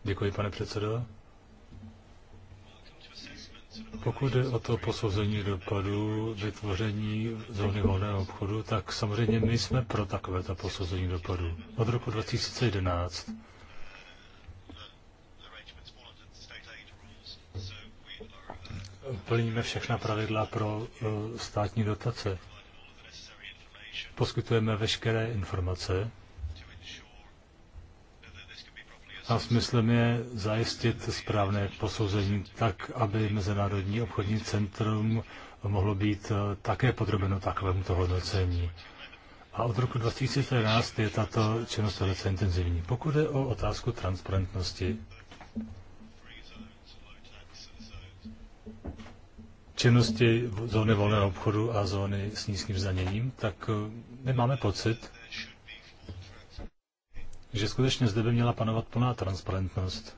Děkuji, pane předsedo. Pokud jde o to posouzení dopadů vytvoření zóny volného obchodu, tak samozřejmě my jsme pro takovéto posouzení dopadů. Od roku 2011 plníme všechna pravidla pro uh, státní dotace. Poskytujeme veškeré informace, A smyslem je zajistit správné posouzení tak, aby Mezinárodní obchodní centrum mohlo být eh, také podrobeno takovému to hodnocení. A od roku 2014 je tato činnost velice intenzivní. Pokud je o otázku transparentnosti, činnosti zóny volného obchodu a zóny s nízkým zdaněním, tak eh, my máme pocit, že skutečně zde by měla panovat plná transparentnost.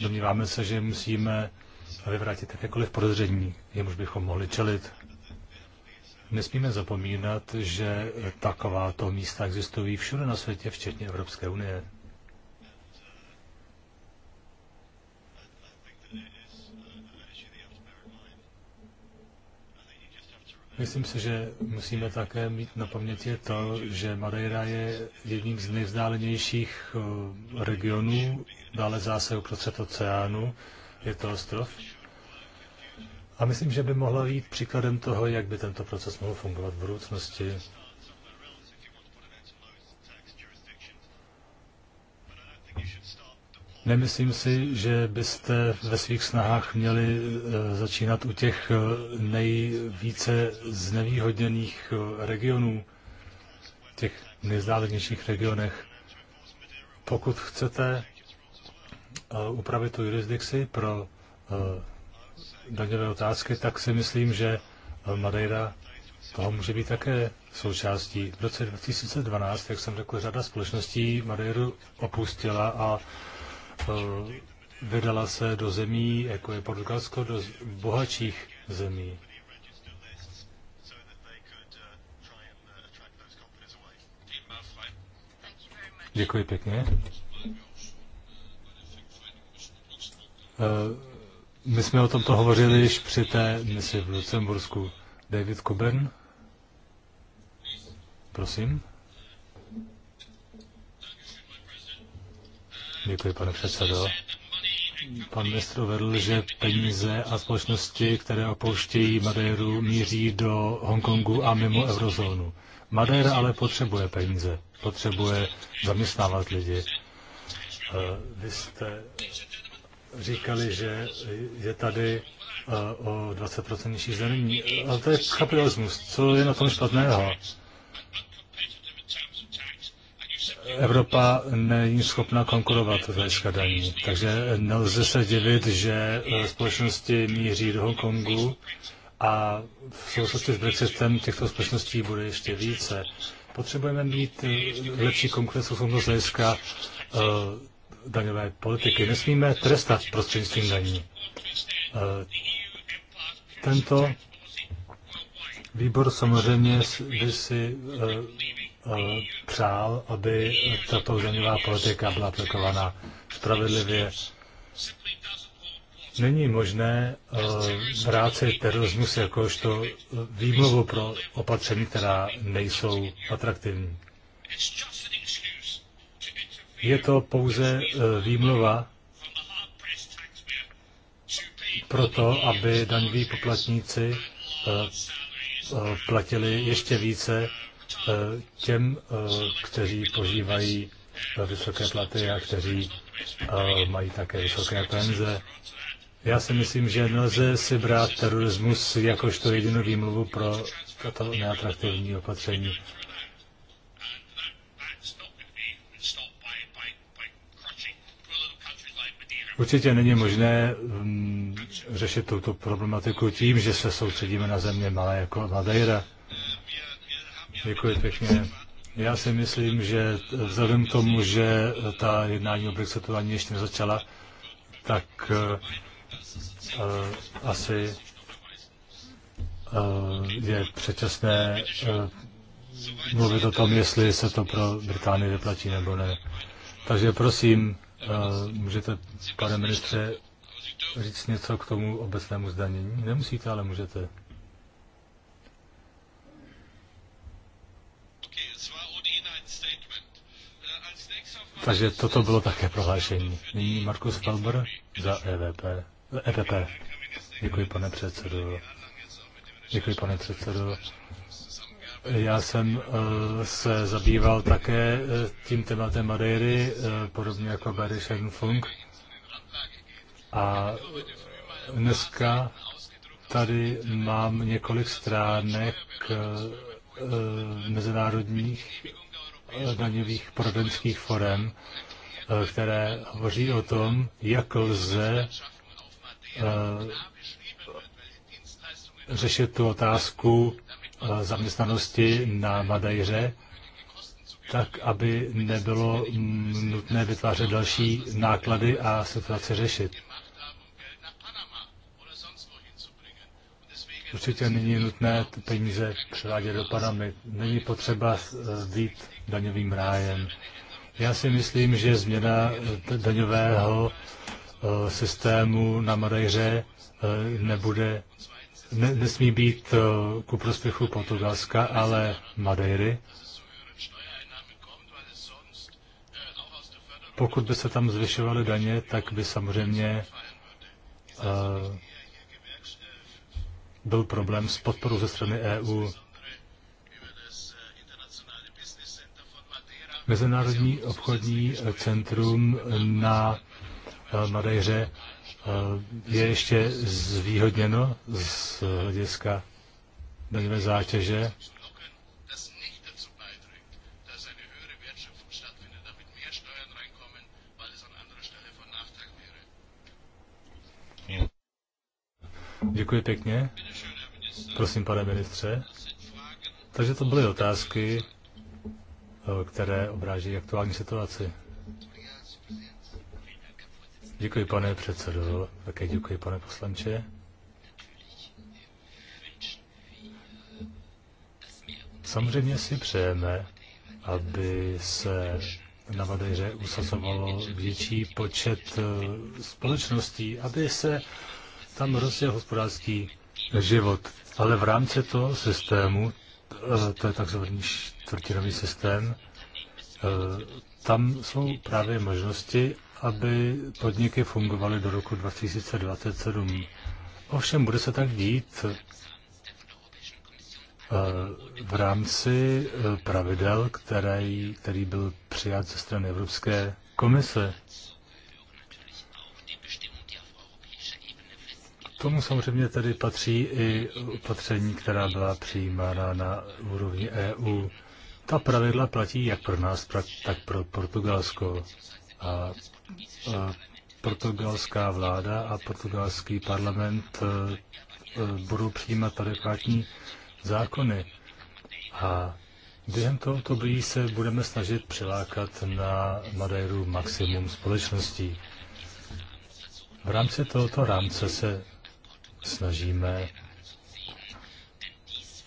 Domníváme se, že musíme vyvrátit jakékoliv podezření, jemuž bychom mohli čelit. Nesmíme zapomínat, že takováto místa existují všude na světě, včetně Evropské unie. Myslím si, že musíme také mít na paměti to, že Madeira je jedním z nejvzdálenějších eh, regionů, dále zásahu prostřed oceánu, je to ostrov. A myslím, že by mohla být příkladem toho, jak by tento proces mohl fungovat v budoucnosti. Nemyslím si, že byste ve svých snahách měli e, začínat u těch e, nejvíce znevýhodněných e, regionů, těch nejzdálenějších regionech. Pokud chcete upravit tu jurisdikci pro daňové otázky, tak si myslím, že Madeira toho může být také součástí. V roce 2012, jak jsem řekl, řada společností Madeiru opustila a Eh, vydala se do zemí, jako je Portugalsko, do bohatších zemí. Děkuji pěkně. Eh, my jsme o tomto hovořili již při té misi v Lucembursku. David Coburn, prosím. Děkuji, pane předsedo. Pan ministr vedl, že peníze a společnosti, které opouštějí Madeiru, míří do Hongkongu a mimo eurozónu. Madeira ale potřebuje peníze, potřebuje zaměstnávat lidi. Eh, vy jste říkali, že je tady eh, o 20% nižší zdanění. Ale to je kapitalismus. Co je na tom špatného? Evropa není schopna konkurovat z hlediska daní. Takže nelze se divit, že eh, společnosti míří do Hongkongu a v souvislosti s Brexitem těchto společností bude ještě více. Potřebujeme mít eh, lepší konkurenceschopnost z hlediska uh, daňové politiky. Nesmíme trestat prostřednictvím daní. Uh, tento výbor samozřejmě by si uh, přál, aby tato daňová politika byla aplikována spravedlivě. Není možné eh, si terorismus jakožto výmluvu pro opatření, která nejsou atraktivní. Je to pouze eh, výmluva pro to, aby daňoví poplatníci eh, platili ještě více Eh, těm, eh, kteří požívají eh, vysoké platy a kteří mají také vysoké penze. Já si myslím, že nelze si brát terorismus jakožto jedinou výmluvu pro tato neatraktivní opatření. Určitě není možné um, řešit tuto problematiku tím, že se soustředíme na země malé jako Madeira. Děkuji pěkně. Já si myslím, že vzhledem k tomu, že ta jednání o Brexitu ani ještě nezačala, tak uh, uh, asi uh, je předčasné uh, mluvit o tom, jestli se to pro Británii vyplatí nebo ne. Takže prosím, uh, můžete, pane ministře, říct něco k tomu obecnému zdanění? Nemusíte, ale můžete. Takže toto bylo také prohlášení. Nyní Markus Falber za EVP. EPP. Děkuji, pane předsedo. Děkuji, pane předsedo. Já jsem eh, se zabýval také eh, tím tématem Madeiry, eh, podobně jako Barry Schoenfunk. A dneska tady mám několik stránek mezinárodních daňových poradenských forem, eh, které hovoří o tom, jak lze eh, řešit tu otázku eh, zaměstnanosti na Madejře, tak, aby nebylo nutné vytvářet další náklady a situace řešit. Určitě není nutné peníze převádět do Panamy. Není potřeba být daňovým rájem. Já si myslím, že změna eh, daňového eh, systému na Madejře eh, nebude, ne, nesmí být ku prospěchu Portugalska, ale Madejry. Pokud by se tam zvyšovaly daně, tak by samozřejmě byl problém s podporou ze strany EU. Mezinárodní obchodní centrum na eh, Madejře eh, je ještě zvýhodněno z hlediska daňové zátěže. Děkuji pěkně. Prosím, pane ministře. Takže to byly otázky. Eh, které obráží aktuální situaci. Děkuji, pane předsedo. Také děkuji, pane poslanče. Samozřejmě si přejeme, aby se na Madejře usazovalo větší počet eh, společností, aby se tam rozjel hospodářský život. Ale v rámci toho systému Eh, to je takzvaný čtvrtinový systém, eh, tam jsou právě možnosti, aby podniky fungovaly do roku 2027. Ovšem, bude se tak dít eh, v rámci pravidel, který, který byl přijat ze strany Evropské komise. tomu samozřejmě tedy patří i opatření, která byla přijímána na úrovni EU. Ta pravidla platí jak pro nás, tak pro Portugalsko. A, a portugalská vláda a portugalský parlament e, e, budou přijímat adekvátní zákony. A během tohoto období se budeme snažit přilákat na Madeiru maximum společností. V rámci tohoto rámce se snažíme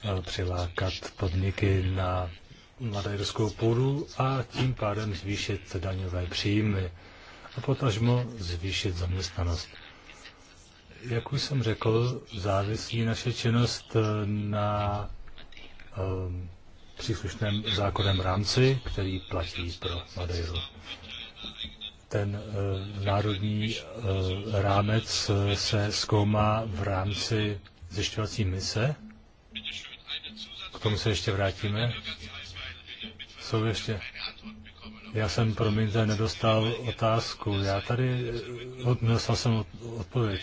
eh, přilákat podniky na madajerskou půdu a tím pádem zvýšit daňové příjmy a potažmo zvýšit zaměstnanost. Jak už jsem řekl, závisí naše činnost eh, na eh, příslušném zákonem rámci, který platí pro Madeiru ten eh, národní eh, rámec eh, se zkoumá v rámci zjišťovací mise. K tomu se ještě vrátíme. Jsou ještě. Já jsem, promiňte, nedostal otázku. Já tady nedostal jsem odpověď.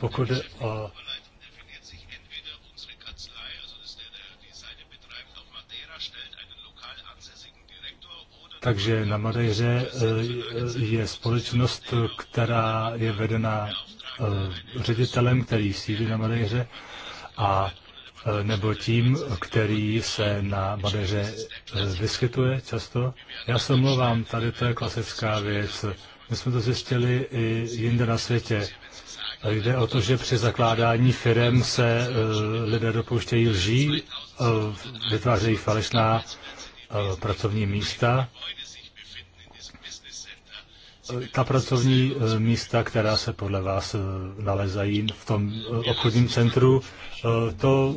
Pokud jde o Takže na Madejře eh, je společnost, která je vedena eh, ředitelem, který sídlí na Madejře a eh, nebo tím, který se na Madeře vyskytuje často. Já se omlouvám, tady to je klasická věc. My jsme to zjistili i jinde na světě. Jde o to, že při zakládání firem se lidé dopouštějí lží, vytvářejí falešná Eh, pracovní místa, ta pracovní eh, místa, která se podle vás eh, nalezají v tom obchodním centru, to,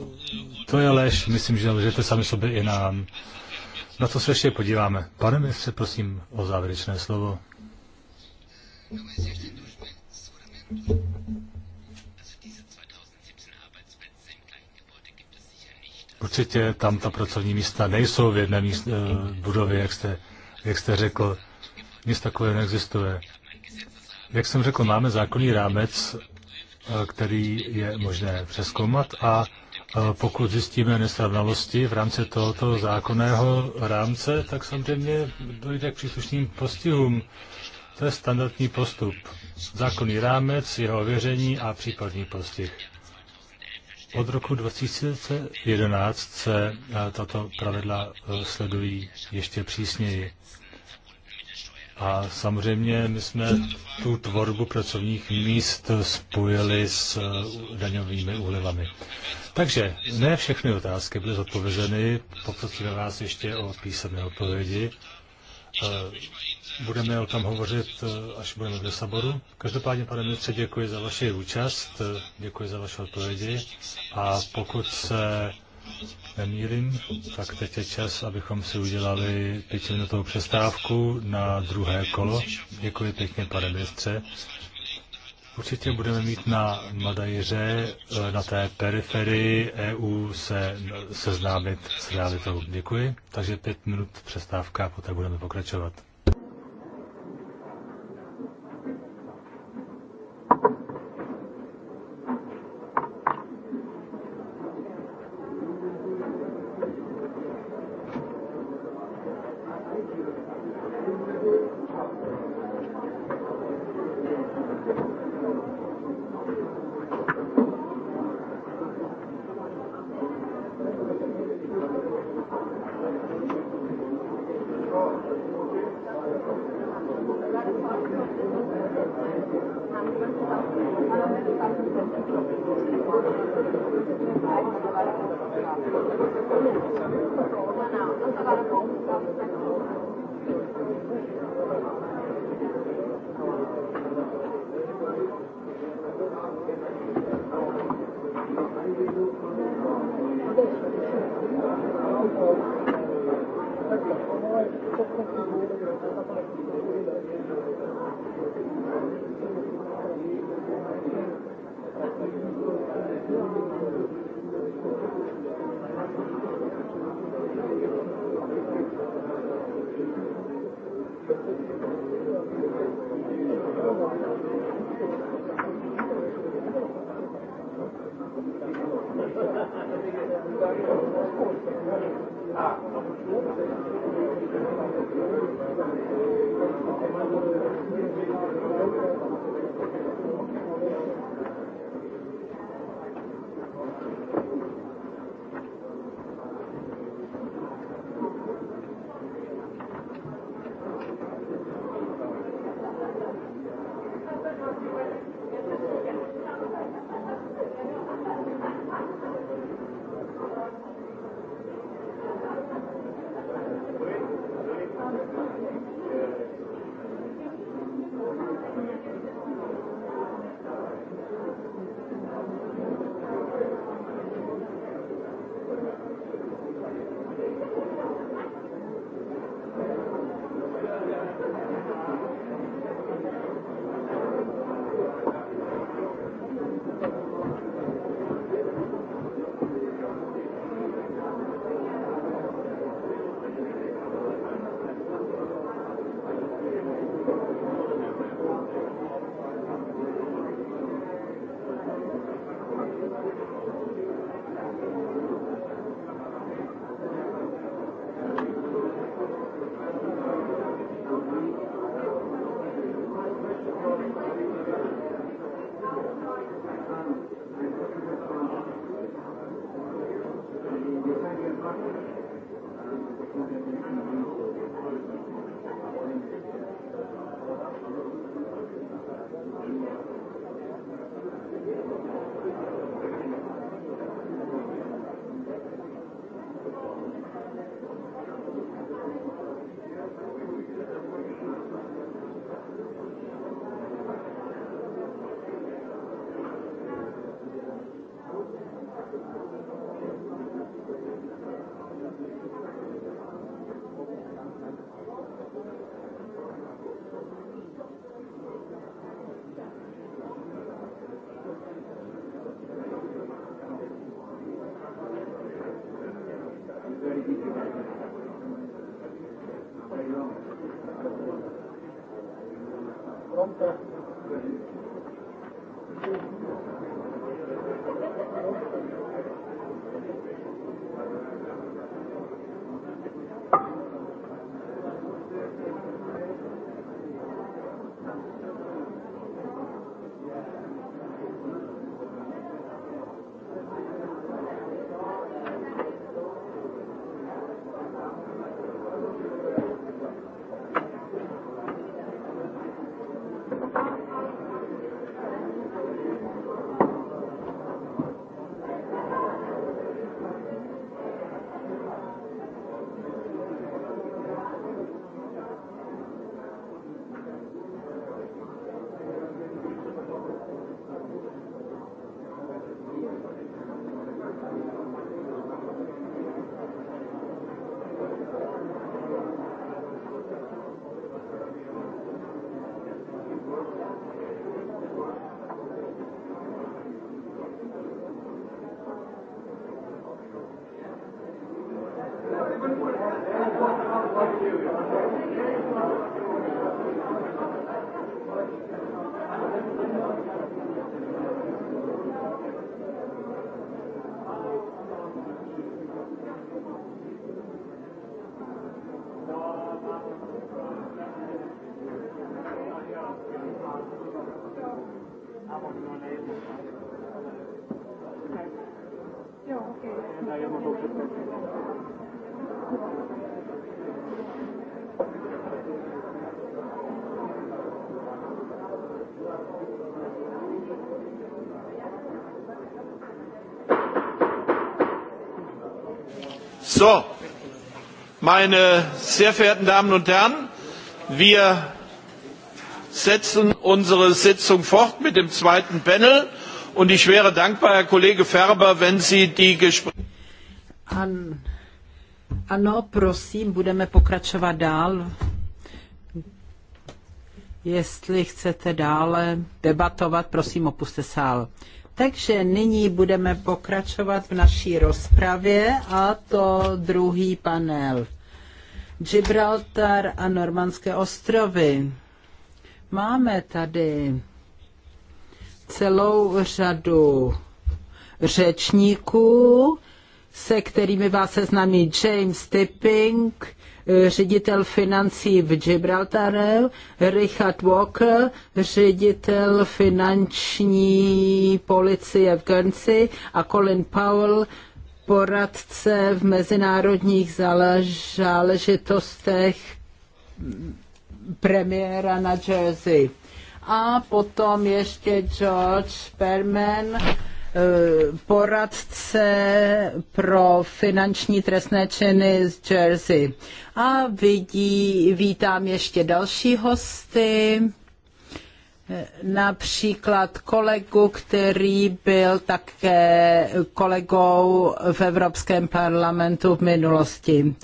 to je lež. Myslím, že lžete sami sobě i nám. Na to se ještě podíváme. Pane ministře, prosím o závěrečné slovo. Určitě tam ta pracovní místa nejsou v jedné míst, eh, budově, jak jste, jak jste řekl. Nic takového neexistuje. Jak jsem řekl, máme zákonný rámec, eh, který je možné přeskoumat a eh, pokud zjistíme nesrovnalosti v rámci tohoto zákonného rámce, tak samozřejmě dojde k příslušným postihům. To je standardní postup. Zákonný rámec, jeho ověření a případný postih. Prostě. Od roku 2011 se eh, tato pravidla eh, sledují ještě přísněji. A samozřejmě my jsme tu tvorbu pracovních míst spojili s eh, daňovými úlevami. Takže ne všechny otázky byly zodpovězeny, poprosíme vás ještě o písemné odpovědi. Budeme o tom hovořit, e, až budeme v Lisaboru. Každopádně, pane ministře, děkuji za vaši účast, e, děkuji za vaše odpovědi a pokud se nemýlím, tak teď je čas, abychom si udělali pětiminutovou přestávku na druhé kolo. Děkuji pěkně, pane ministře. Určitě budeme mít na Madajře, e, na té periferii EU, se seznámit s realitou. Děkuji. Takže pět minut přestávka a poté budeme pokračovat. So, meine sehr verehrten Damen und Herren, wir setzen unsere Sitzung fort mit dem zweiten Panel und ich wäre dankbar, Herr Kollege Ferber, wenn Sie die Gespräche. An, ano, prosím, budeme pokračovat dál. Jestli chcete dále debatovat, prosím, opuste sál. Takže nyní budeme pokračovat v naší rozpravě a to druhý panel. Gibraltar a Normandské ostrovy. Máme tady celou řadu řečníků, se kterými vás seznámí James Tipping, ředitel financí v Gibraltaru, Richard Walker, ředitel finanční policie v Guernsey a Colin Powell, poradce v mezinárodních záležitostech premiéra na Jersey. A potom ještě George Perman, Eh, poradce pro finanční trestné činy z Jersey. A vidí, vítám ještě další hosty, eh, například kolegu, který byl také kolegou v Evropském parlamentu v minulosti.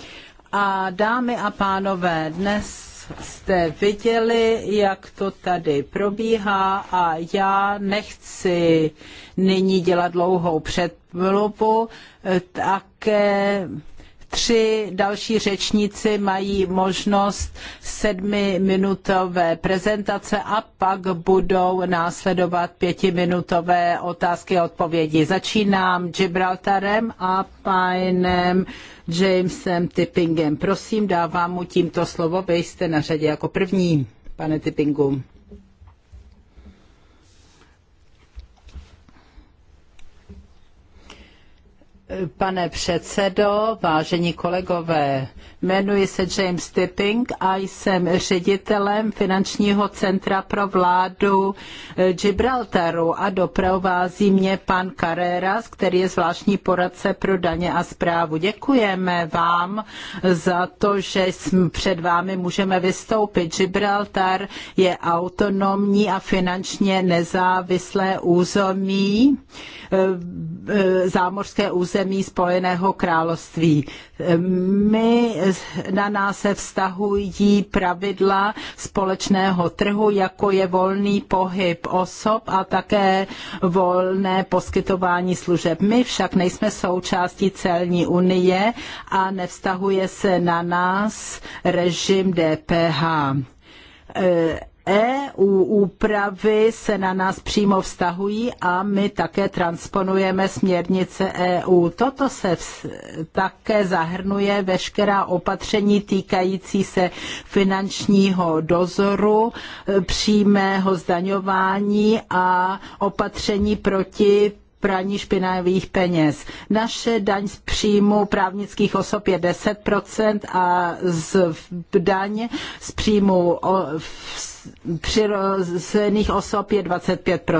A dámy a pánové, dnes jste viděli, jak to tady probíhá a já nechci nyní dělat dlouhou předmluvu, eh, také Tři další řečníci mají možnost sedmiminutové prezentace a pak budou následovat pětiminutové otázky a odpovědi. Začínám Gibraltarem a panem Jamesem Tippingem. Prosím, dávám mu tímto slovo, vy jste na řadě jako první, pane Tippingu. Pane předsedo, vážení kolegové, jmenuji se James Tipping a jsem ředitelem Finančního centra pro vládu eh, Gibraltaru a doprovází mě pan Carreras, který je zvláštní poradce pro daně a správu. Děkujeme vám za to, že před vámi můžeme vystoupit. Gibraltar je autonomní a finančně nezávislé území, eh, eh, zámořské území území Spojeného království. My, na nás se vztahují pravidla společného trhu, jako je volný pohyb osob a také volné poskytování služeb. My však nejsme součástí celní unie a nevztahuje se na nás režim DPH EU úpravy se na nás přímo vztahují a my také transponujeme směrnice EU. Toto se také zahrnuje veškerá opatření týkající se finančního dozoru, e, přímého zdaňování a opatření proti praní špinavých peněz. Naše daň z příjmu právnických osob je 10% a z daň z příjmu z přirozených osob je 25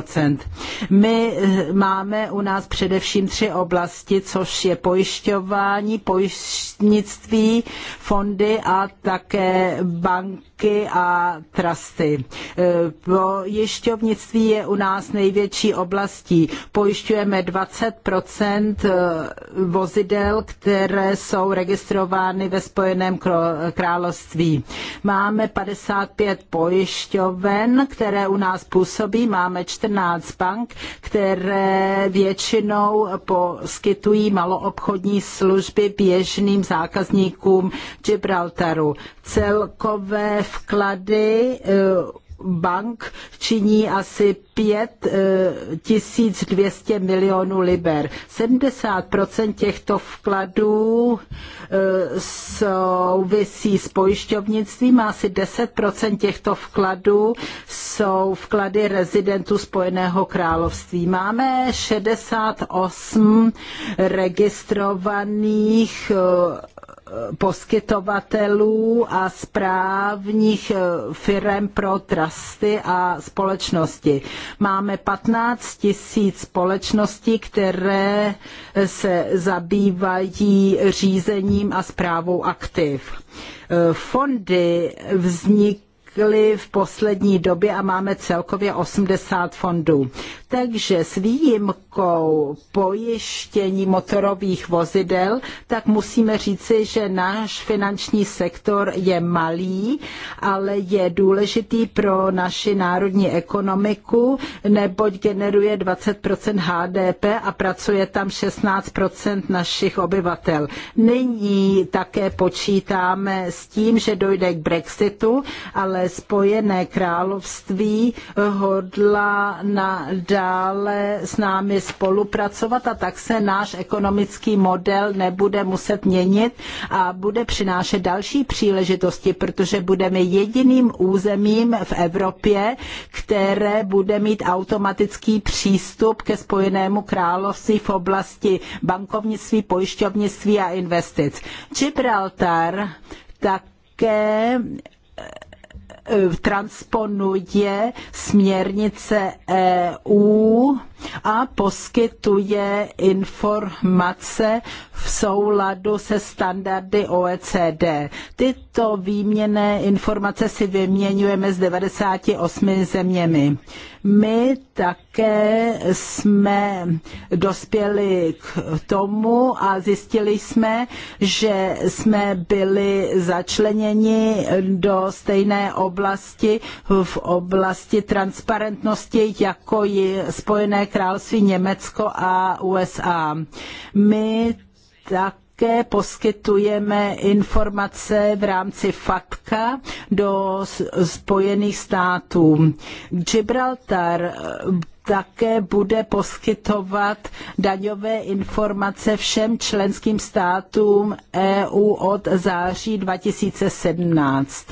My eh, máme u nás především tři oblasti, což je pojišťování, pojišťnictví, fondy a také banky a trusty. Eh, pojišťovnictví je u nás největší oblastí. Pojišťujeme 20 eh, vozidel, které jsou registrovány ve Spojeném království. Máme 55 pojišť pojišťoven, které u nás působí. Máme 14 bank, které většinou poskytují maloobchodní služby běžným zákazníkům Gibraltaru. Celkové vklady eh, bank činí asi 5 200 eh, milionů liber. 70% těchto vkladů eh, souvisí s pojišťovnictvím a asi 10% těchto vkladů jsou vklady rezidentů Spojeného království. Máme 68 registrovaných eh, poskytovatelů a správních eh, firm pro trusty a společnosti. Máme 15 tisíc společností, které eh, se zabývají řízením a zprávou aktiv. Eh, fondy vznikly v poslední době a máme celkově 80 fondů. Takže s výjimkou pojištění motorových vozidel, tak musíme říci, že náš finanční sektor je malý, ale je důležitý pro naši národní ekonomiku, neboť generuje 20 HDP a pracuje tam 16 našich obyvatel. Nyní také počítáme s tím, že dojde k Brexitu, ale Spojené království hodla na dále s námi spolupracovat a tak se náš ekonomický model nebude muset měnit a bude přinášet další příležitosti, protože budeme jediným územím v Evropě, které bude mít automatický přístup ke Spojenému království v oblasti bankovnictví, pojišťovnictví a investic. Gibraltar také Eh, transponuje směrnice EU a poskytuje informace v souladu se standardy OECD. Tyto výměné informace si vyměňujeme s 98 zeměmi. My také jsme dospěli k tomu a zjistili jsme, že jsme byli začleněni do stejné oblasti v oblasti transparentnosti, jako je Spojené království Německo a USA. My tak také poskytujeme informace v rámci FATKA do Spojených států. Gibraltar eh, také bude poskytovat daňové informace všem členským státům EU od září 2017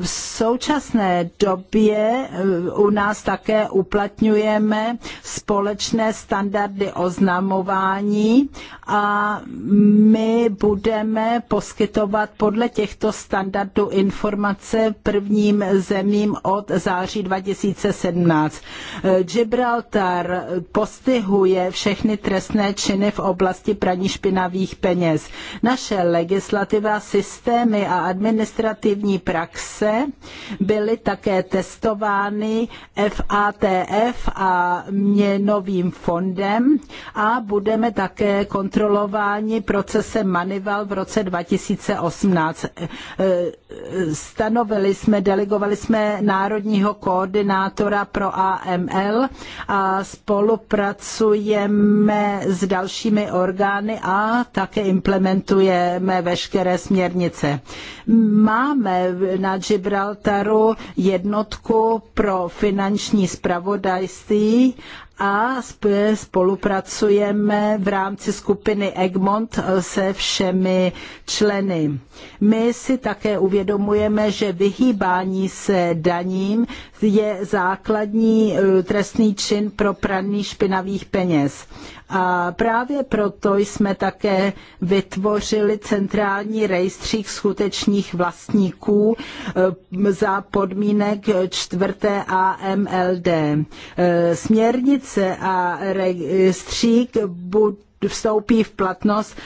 v současné době eh, u nás také uplatňujeme společné standardy oznamování a my budeme poskytovat podle těchto standardů informace prvním zemím od září 2017. Eh, Gibraltar postihuje všechny trestné činy v oblasti praní špinavých peněz. Naše legislativa, systémy a administrativní praxe roce byly také testovány FATF a měnovým fondem a budeme také kontrolováni procesem Manival v roce 2018. E, e, stanovili jsme, delegovali jsme národního koordinátora pro AML a spolupracujeme s dalšími orgány a také implementujeme veškeré směrnice. Máme na Gibraltaru jednotku pro finanční spravodajství a spolupracujeme v rámci skupiny Egmont eh, se všemi členy. My si také uvědomujeme, že vyhýbání se daním je základní eh, trestný čin pro praní špinavých peněz. A právě proto jsme také vytvořili centrální rejstřík skutečných vlastníků eh, za podmínek čtvrté AMLD. Směrnice směrnice a rejstřík vstoupí v platnost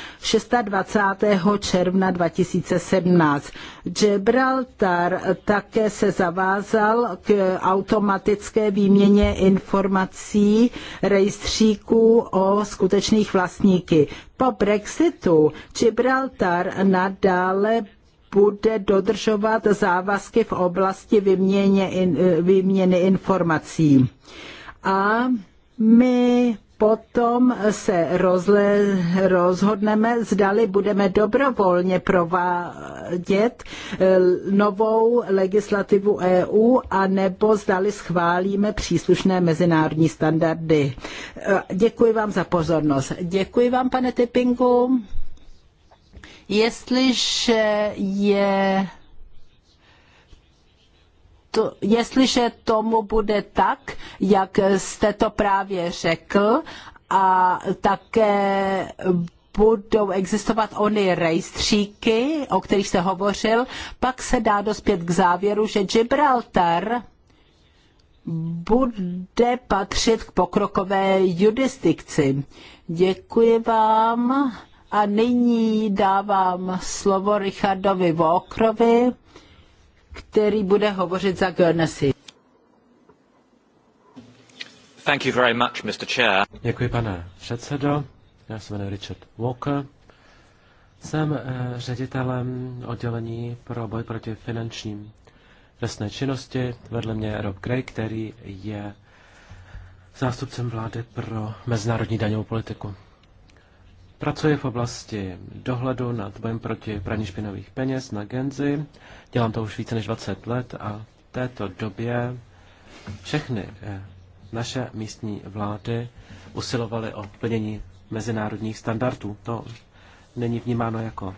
26. června 2017. Gibraltar také se zavázal k automatické výměně informací rejstříků o skutečných vlastníky. Po Brexitu Gibraltar nadále bude dodržovat závazky v oblasti výměny informací a my potom se rozle, rozhodneme, zdali budeme dobrovolně provádět eh, novou legislativu EU a nebo zdali schválíme příslušné mezinárodní standardy. Eh, děkuji vám za pozornost. Děkuji vám, pane Tippingu. Jestliže je to, jestliže tomu bude tak, jak jste to právě řekl, a také budou existovat ony rejstříky, o kterých jste hovořil, pak se dá dospět k závěru, že Gibraltar bude patřit k pokrokové jurisdikci. Děkuji vám a nyní dávám slovo Richardovi Vokrovi který bude hovořit za Guernsey. Thank you very much, Mr. Chair. Děkuji, pane předsedo. Já se jmenuji Richard Walker. Jsem eh, ředitelem oddělení pro boj proti finančním trestné činnosti. Vedle mě je Rob Gray, který je zástupcem vlády pro mezinárodní daňovou politiku. Pracuji v oblasti dohledu nad bojem proti praní špinavých peněz na Genzi. Dělám to už více než 20 let a v této době všechny eh, naše místní vlády usilovaly o plnění mezinárodních standardů. To není vnímáno jako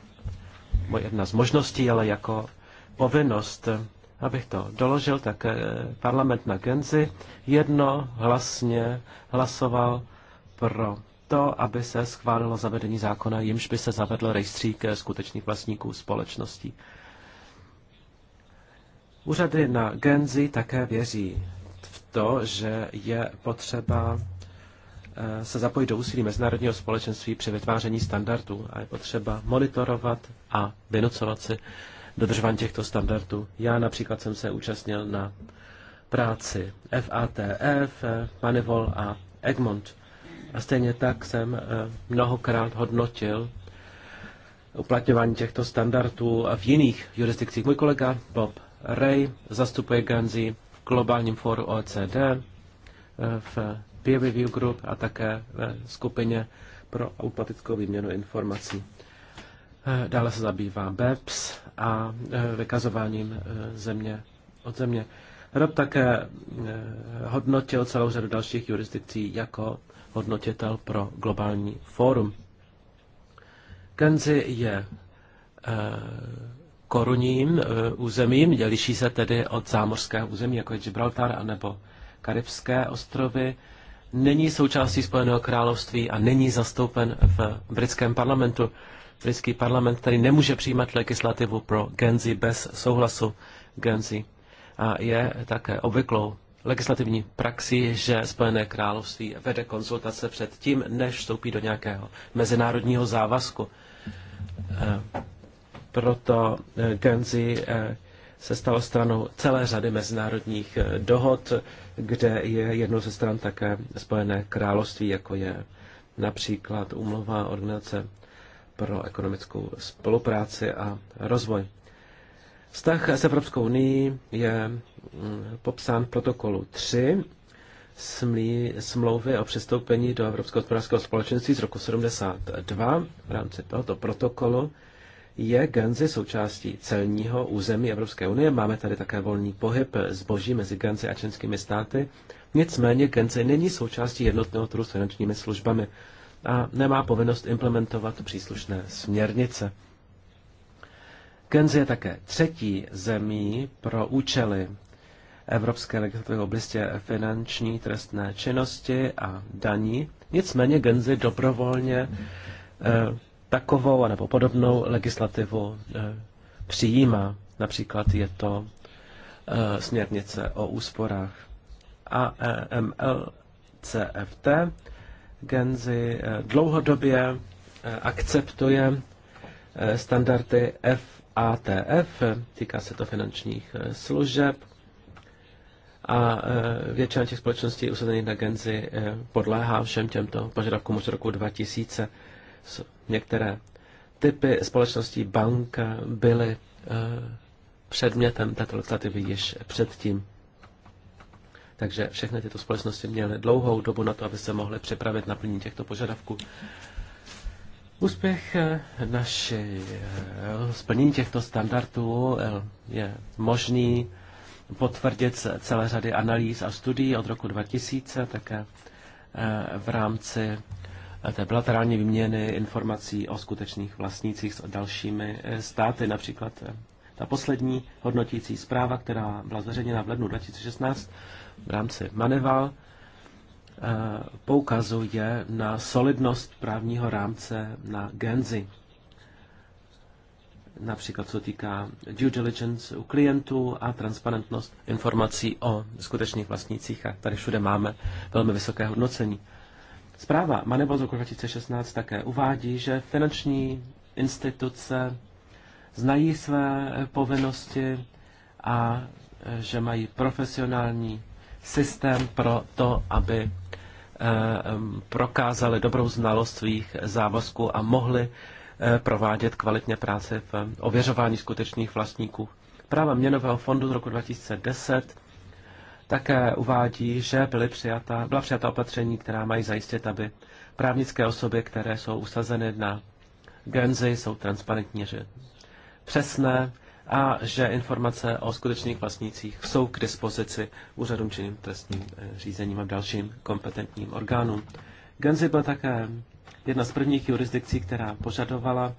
jedna z možností, ale jako povinnost. Abych to doložil, tak eh, parlament na Genzi jednohlasně hlasoval pro to, aby se schválilo zavedení zákona, jimž by se zavedl rejstřík skutečných vlastníků společností. Úřady na Genzi také věří v to, že je potřeba eh, se zapojit do úsilí mezinárodního společenství při vytváření standardů a je potřeba monitorovat a vynucovat si dodržování těchto standardů. Já například jsem se účastnil na práci FATF, Manivol a Egmont. A stejně tak jsem eh, mnohokrát hodnotil uplatňování těchto standardů v jiných jurisdikcích. Můj kolega Bob Ray zastupuje Ganzi v globálním fóru OECD, eh, v Peer Review Group a také ve skupině pro automatickou výměnu informací. Eh, dále se zabývá BEPS a vykazováním země od země. Rob také hodnotil celou řadu dalších jurisdikcí jako hodnotitel pro globální fórum. Kenzi je eh, korunním eh, územím, děliší se tedy od zámořského území, jako je Gibraltar anebo Karibské ostrovy. Není součástí Spojeného království a není zastoupen v britském parlamentu. Britský parlament tady nemůže přijímat legislativu pro Genzi bez souhlasu Genzi a je také obvyklou legislativní praxi, že Spojené království vede konzultace před tím, než vstoupí do nějakého mezinárodního závazku. Eh, proto eh, Guernsey eh, se stalo stranou celé řady mezinárodních dohod, kde je jednou ze stran také Spojené království, jako je například Umluva Organizace pro ekonomickou spolupráci a rozvoj. Vztah s Evropskou unii je popsán v protokolu 3 smlí, smlouvy o přistoupení do Evropského hospodářského společenství z roku 72 v rámci tohoto protokolu je Genzy součástí celního území Evropské unie. Máme tady také volný pohyb zboží mezi Genzy a členskými státy. Nicméně Genzy není součástí jednotného trhu s finančními službami a nemá povinnost implementovat příslušné směrnice. Genzy je také třetí zemí pro účely evropské legislativy v oblasti finanční trestné činnosti a daní. Nicméně Genzi dobrovolně eh, takovou nebo podobnou legislativu eh, přijímá. Například je to eh, směrnice o úsporách AML e CFT. Genzi dlouhodobě akceptuje standardy FATF, týká se to finančních služeb, a eh, většina těch společností usazených na Genzi eh, podléhá všem těmto požadavkům už roku 2000. Některé typy společností bank eh, byly předmětem této legislativy již předtím. Takže všechny tyto společnosti měly dlouhou dobu na to, aby se mohly připravit na plnění těchto požadavků. Úspěch naši splnění těchto standardů je možný potvrdit celé řady analýz a studií od roku 2000, také eh, v rámci eh, té bilaterální výměny informací o skutečných vlastnících s dalšími eh, státy. Například ta poslední hodnotící zpráva, která byla zveřejněna v lednu 2016 v rámci Maneval, poukazuje na solidnost právního rámce na Genzi například co týká due diligence u klientů a transparentnost informací o skutečných vlastnících a tady všude máme velmi vysoké hodnocení. Zpráva Manebo z roku 2016 také uvádí, že finanční instituce znají své povinnosti a eh, že mají profesionální systém pro to, aby eh, prokázali dobrou znalost svých závazků a mohli Eh, provádět kvalitně práci v ověřování skutečných vlastníků. Práva měnového fondu z roku 2010 také uvádí, že byly přijata, byla přijata opatření, která mají zajistit, aby právnické osoby, které jsou usazeny na Genzy, jsou transparentní, že přesné a že informace o skutečných vlastnících jsou k dispozici úřadům činným trestním eh, řízením a dalším kompetentním orgánům. Genzy byl také jedna z prvních jurisdikcí, která požadovala,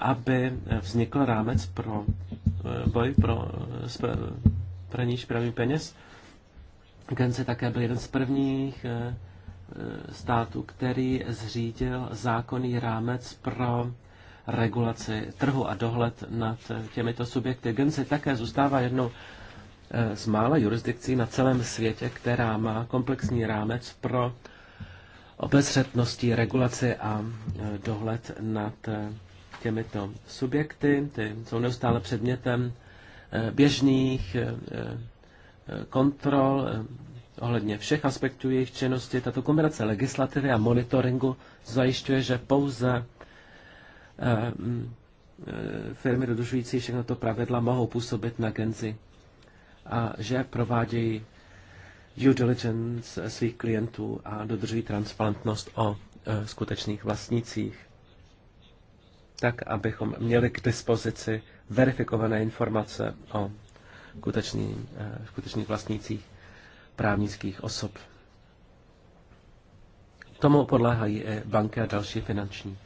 aby vznikl rámec pro eh, boj pro eh, praní špinavých peněz. Guernsey také byl jeden z prvních eh, států, který zřídil zákonný rámec pro regulaci trhu a dohled nad těmito subjekty. Guernsey také zůstává jednou z mála jurisdikcí na celém světě, která má komplexní rámec pro obezřetnosti, regulaci a e, dohled nad e, těmito subjekty. Ty jsou neustále předmětem e, běžných kontrol ohledně všech aspektů jejich činnosti. Tato kombinace legislativy a monitoringu zajišťuje, že pouze firmy dodržující všechno to pravidla mohou působit na Genzi a že provádějí due diligence svých klientů a dodržují transparentnost o e, skutečných vlastnících, tak abychom měli k dispozici verifikované informace o e, skutečných vlastnících právnických osob. Tomu podléhají i banky a další finanční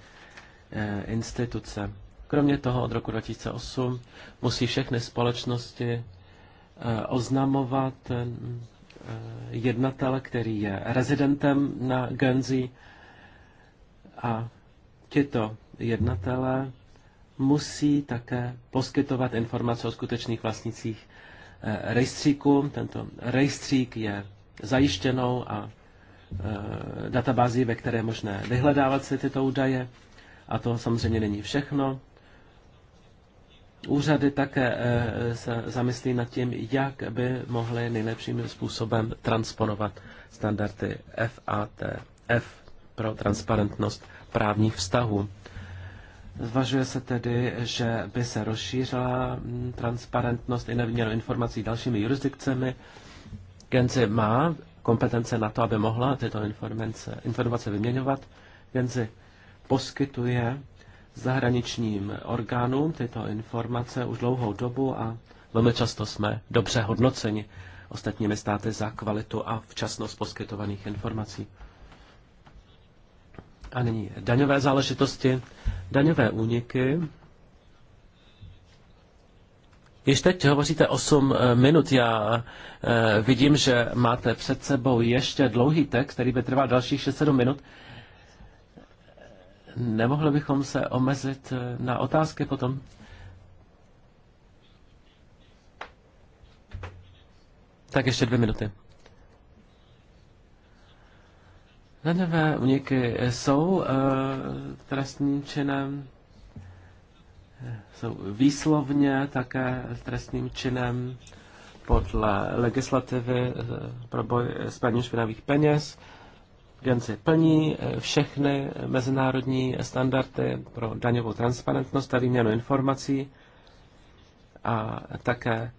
e, instituce. Kromě toho od roku 2008 musí všechny společnosti oznamovat Eh, jednatel, který je rezidentem na Genzi. a tito jednatelé musí také poskytovat informace o skutečných vlastnicích eh, rejstříku. Tento rejstřík je zajištěnou a eh, databází, ve které je možné vyhledávat si tyto údaje. A to samozřejmě není všechno. Úřady také eh, se zamyslí nad tím, jak by mohly nejlepším způsobem transponovat standardy FATF pro transparentnost právních vztahů. Zvažuje se tedy, že by se rozšířila mm, transparentnost i na výměnu informací dalšími jurisdikcemi. Genzi má kompetence na to, aby mohla tyto informace, informace vyměňovat. Genzi poskytuje zahraničním orgánům tyto informace už dlouhou dobu a velmi často jsme dobře hodnoceni ostatními státy za kvalitu a včasnost poskytovaných informací. A nyní daňové záležitosti, daňové úniky. Již teď hovoříte 8 eh, minut. Já eh, vidím, že máte před sebou ještě dlouhý text, který by trval dalších 6-7 minut nemohli bychom se omezit eh, na otázky potom? Tak ještě dvě minuty. Daňové uniky jsou uh, trestním činem, jsou výslovně také trestným činem podle legislativy eh, pro boj s praním špinavých peněz. Uh, Jenci plní eh, všechny mezinárodní standardy pro daňovou transparentnost a výměnu informací a také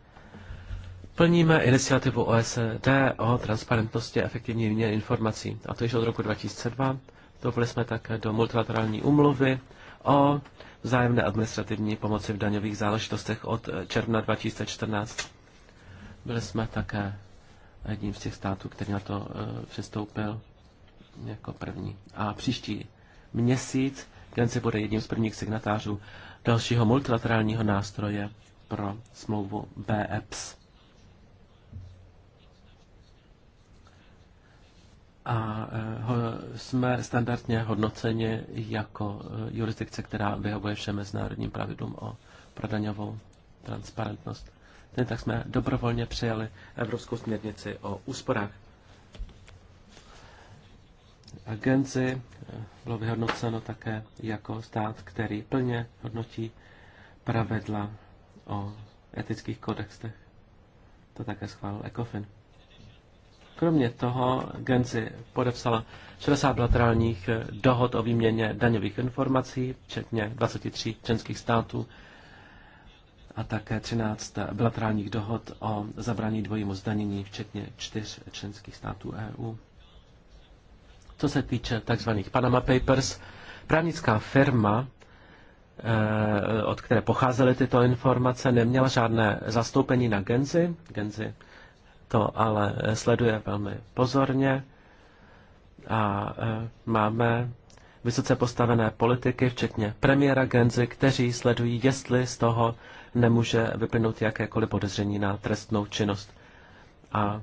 plníme iniciativu OSD o transparentnosti a efektivní výměně informací. A to již od roku 2002. Dovolili jsme také do multilaterální umluvy o vzájemné administrativní pomoci v daňových záležitostech od eh, června 2014. Byli jsme také jedním z těch států, který na to eh, přistoupil jako první. A příští měsíc Gence bude jedním z prvních signatářů dalšího multilaterálního nástroje pro smlouvu BEPS. A eh, ho, jsme standardně hodnoceni jako eh, jurisdikce, která vyhovuje všem mezinárodním pravidlům o prodaňovou transparentnost. Ten tak jsme dobrovolně přijali Evropskou směrnici o úsporách agenci bylo vyhodnoceno také jako stát, který plně hodnotí pravidla o etických kodextech. To také schválil ECOFIN. Kromě toho Genzi podepsala 60 bilaterálních eh, dohod o výměně daňových informací, včetně 23 členských států a také 13 bilaterálních dohod o zabrání dvojímu zdanění, včetně 4 členských států EU. Co se týče tzv. Panama Papers, právnická firma, eh, od které pocházely tyto informace, neměla žádné zastoupení na Genzi. Genzi to ale sleduje velmi pozorně a eh, máme vysoce postavené politiky, včetně premiéra Genzi, kteří sledují, jestli z toho nemůže vyplynout jakékoliv podezření na trestnou činnost. A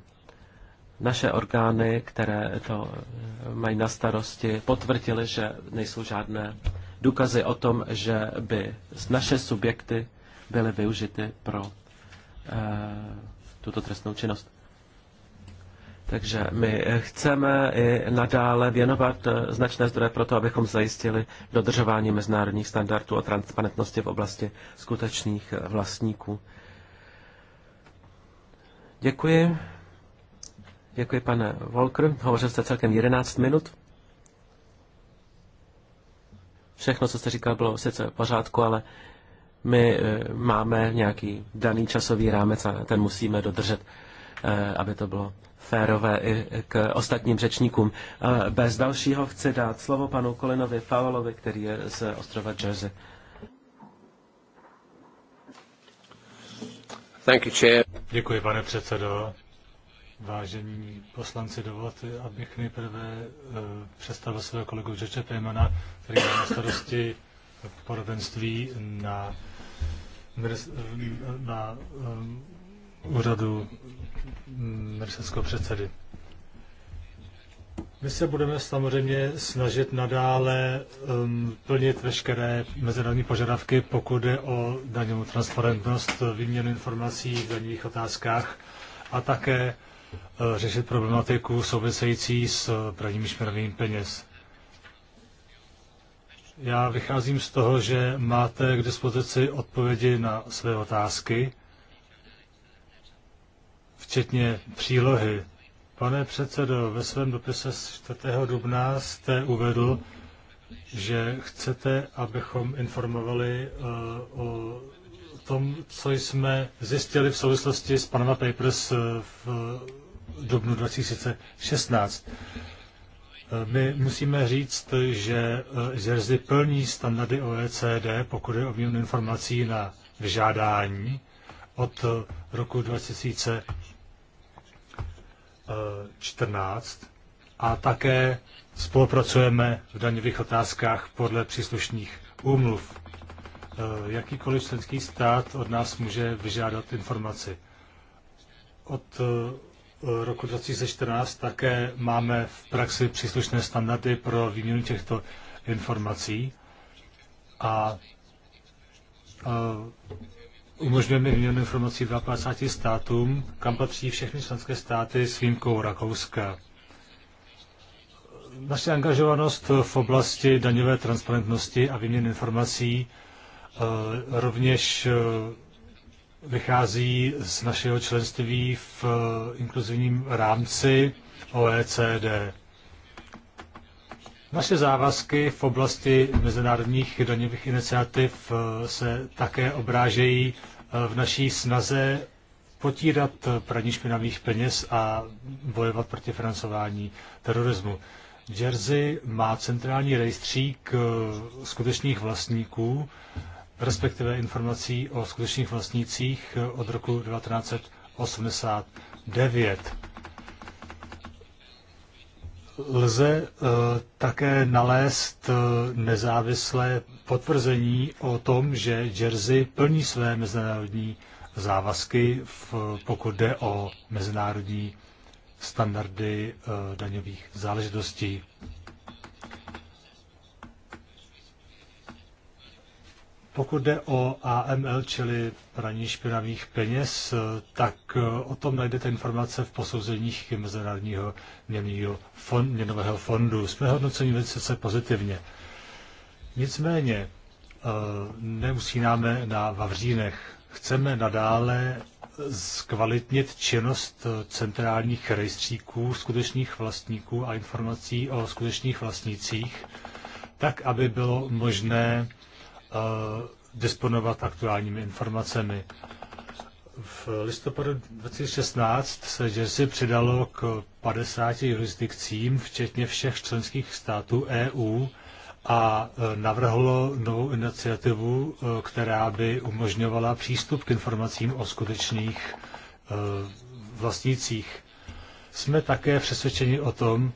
naše orgány, které to eh, mají na starosti, potvrdily, že nejsou žádné důkazy o tom, že by naše subjekty byly využity pro eh, tuto trestnou činnost. Takže my eh, chceme i nadále věnovat značné zdroje pro to, abychom zajistili dodržování mezinárodních standardů o transparentnosti v oblasti skutečných vlastníků. Děkuji. Děkuji, pane Volkr. Hovořil jste celkem 11 minut. Všechno, co jste říkal, bylo sice v pořádku, ale my eh, máme nějaký daný časový rámec a ten musíme dodržet, eh, aby to bylo férové i k ostatním řečníkům. Bez dalšího chci dát slovo panu Kolinovi Paolovi, který je z ostrova Jersey. Thank you, chair. Děkuji, pane předsedo. Vážení poslanci, dovolte, abych nejprve eh, představil svého kolegu Žeče Pejmana, který má na starosti poradenství na, na um, úřadu ministerského předsedy. My se budeme samozřejmě snažit nadále um, plnit veškeré mezinárodní požadavky, pokud je o daňovou transparentnost, výměnu informací v daných otázkách a také Eh, řešit problematiku související s eh, praním špinavých peněz. Já vycházím z toho, že máte k dispozici odpovědi na své otázky, včetně přílohy. Pane předsedo, ve svém dopise z 4. dubna jste uvedl, že chcete, abychom informovali uh, o tom, co jsme zjistili v souvislosti s Panama Papers eh, v dubnu 2016. Eh, my musíme říct, že Jersey eh, plní standardy OECD, pokud je o informací na vyžádání od roku 2014 a také spolupracujeme v daňových otázkách podle příslušných úmluv. Eh, jakýkoliv členský stát od nás může vyžádat informaci. Od eh, roku 2014 také máme v praxi příslušné standardy pro výměnu těchto informací a eh, umožňujeme výměnu informací 52 státům, kam patří všechny členské státy s výjimkou Rakouska. Naše angažovanost v oblasti daňové transparentnosti a výměny informací Eh, rovněž eh, vychází z našeho členství v eh, inkluzivním rámci OECD. Naše závazky v oblasti mezinárodních daňových iniciativ se také obrážejí v naší snaze potírat praní špinavých peněz a bojovat proti financování terorismu. Jersey má centrální rejstřík skutečných vlastníků, respektive informací o skutečných vlastnících od roku 1989. Lze uh, také nalézt uh, nezávislé potvrzení o tom, že Jersey plní své mezinárodní závazky, v, pokud jde o mezinárodní standardy uh, daňových záležitostí. Pokud jde o AML, čili praní špinavých peněz, tak eh, o tom najdete informace v posouzeních Mezinárodního měnního fond, měnového fondu. Jsme hodnoceni velice pozitivně. Nicméně eh, neusínáme na Vavřínech. Chceme nadále zkvalitnit činnost eh, centrálních rejstříků skutečných vlastníků a informací o skutečných vlastnících, tak, aby bylo možné disponovat aktuálními informacemi. V listopadu 2016 se Jersey přidalo k 50 jurisdikcím, včetně všech členských států EU, a e, navrhlo novou iniciativu, e, která by umožňovala přístup k informacím o skutečných e, vlastnících. Jsme také přesvědčeni o tom,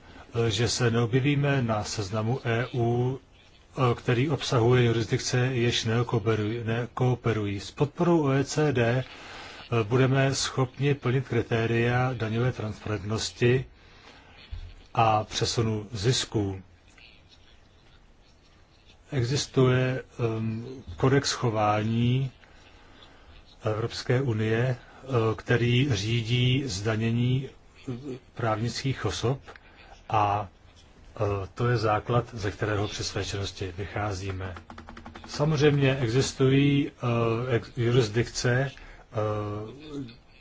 že se neobjevíme na seznamu EU který obsahuje jurisdikce, jež nekooperují, nekooperují. S podporou OECD e, budeme schopni plnit kritéria daňové transparentnosti a přesunu zisků. Existuje um, kodex chování Evropské unie, e, který řídí zdanění e, právnických osob a E, to je základ, ze kterého při své činnosti vycházíme. Samozřejmě existují e, jurisdikce, e,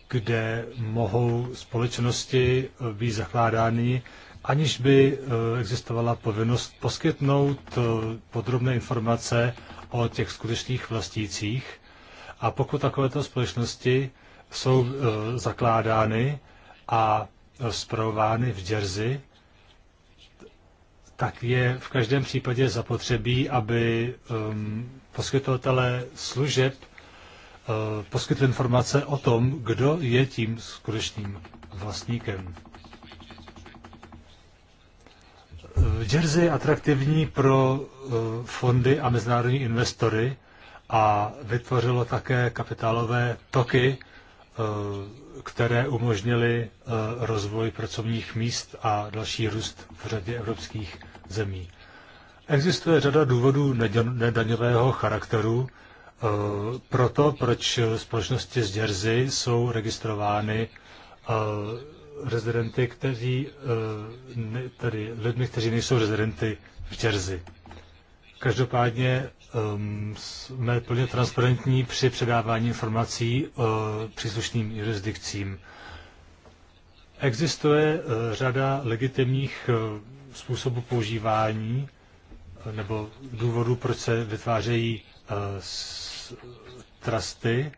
kde mohou společnosti být zakládány, aniž by existovala povinnost poskytnout podrobné informace o těch skutečných vlastnících. A pokud takovéto společnosti jsou zakládány a zpravovány v Jersey, tak je v každém případě zapotřebí, aby um, poskytovatelé služeb uh, poskytli informace o tom, kdo je tím skutečným vlastníkem. Jersey je atraktivní pro uh, fondy a mezinárodní investory a vytvořilo také kapitálové toky, uh, které umožnily uh, rozvoj pracovních míst a další růst v řadě evropských zemí. Existuje řada důvodů nedaňového charakteru e, pro to, proč společnosti z Jersey jsou registrovány e, rezidenty, kteří, e, tedy lidmi, kteří nejsou rezidenty v Jersey. Každopádně jsme plně transparentní při předávání informací příslušným jurisdikcím. Existuje řada legitimních způsobu používání eh, nebo důvodu, proč se vytvářejí eh, trusty.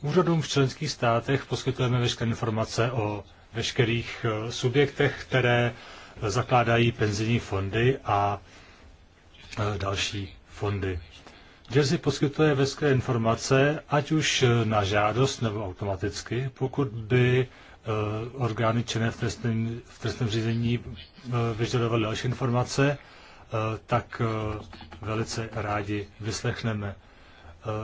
Úřadům v členských státech poskytujeme veškeré informace o veškerých eh, subjektech, které zakládají penzijní fondy a další fondy. Jersey poskytuje veškeré informace, ať už na žádost nebo automaticky, pokud by Eh, orgány činné v trestném, v trestném řízení eh, vyžadovaly další informace, eh, tak velice rádi vyslechneme.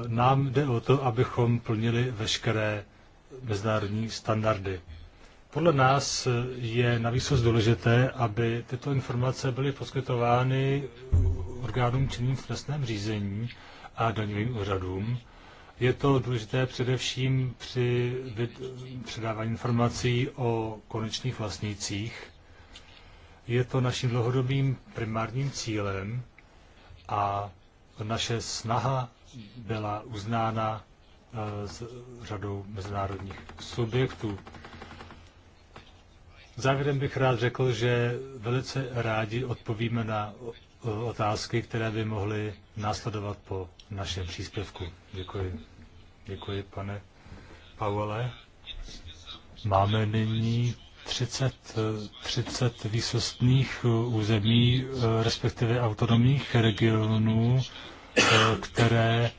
Nám jde o to, abychom plnili veškeré mezinárodní standardy. Podle nás je navíc důležité, aby tyto informace byly poskytovány orgánům činným v trestném řízení a daňovým úřadům, je to důležité především při předávání informací o konečných vlastnících. Je to naším dlouhodobým primárním cílem a naše snaha byla uznána eh, s řadou mezinárodních subjektů. Závěrem bych rád řekl, že velice rádi odpovíme na otázky, které by mohly následovat po našem příspěvku. Děkuji. Děkuji, pane Pavole. Máme nyní 30, 30 výsostných území, respektive autonomních regionů, které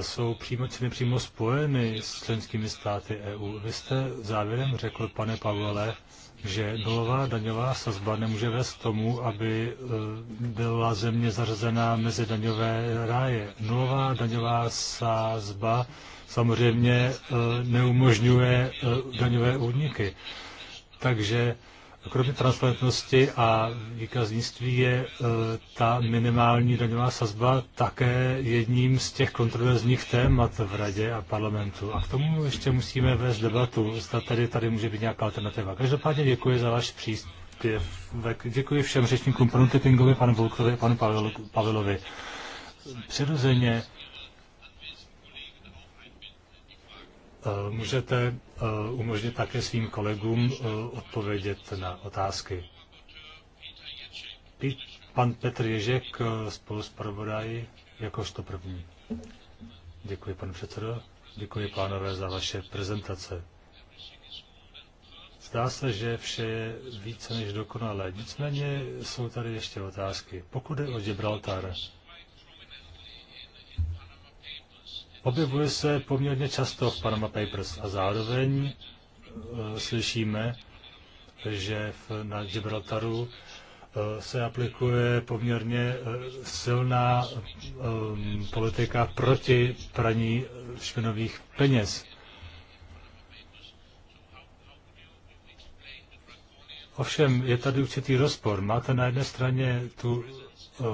jsou přímo či nepřímo spojeny s členskými státy EU. Vy jste závěrem řekl, pane Pavole, že nulová daňová sazba nemůže vést k tomu, aby eh, byla země zařazená mezi daňové ráje. Nulová daňová sazba samozřejmě eh, neumožňuje eh, daňové úniky. Takže kromě transparentnosti a výkaznictví je e, ta minimální daňová sazba také jedním z těch kontroverzních témat v Radě a parlamentu. A k tomu ještě musíme vést debatu, zda tady, tady může být nějaká alternativa. Každopádně děkuji za váš příspěvek. Děkuji všem řečníkům, panu Tippingovi, panu Volkovi, panu Pavelovi. Přirozeně Eh, můžete eh, umožnit také svým kolegům eh, odpovědět na otázky. Pan Petr Ježek spolu s Provodají jakožto první. Děkuji, pane předsedo. Děkuji, pánové, za vaše prezentace. Zdá se, že vše je více než dokonalé. Nicméně jsou tady ještě otázky. Pokud je o Gibraltar, objevuje se poměrně často v Panama Papers a zároveň e, slyšíme, že v, na Gibraltaru e, se aplikuje poměrně e, silná e, politika proti praní špinových peněz. Ovšem je tady určitý rozpor. Máte na jedné straně tu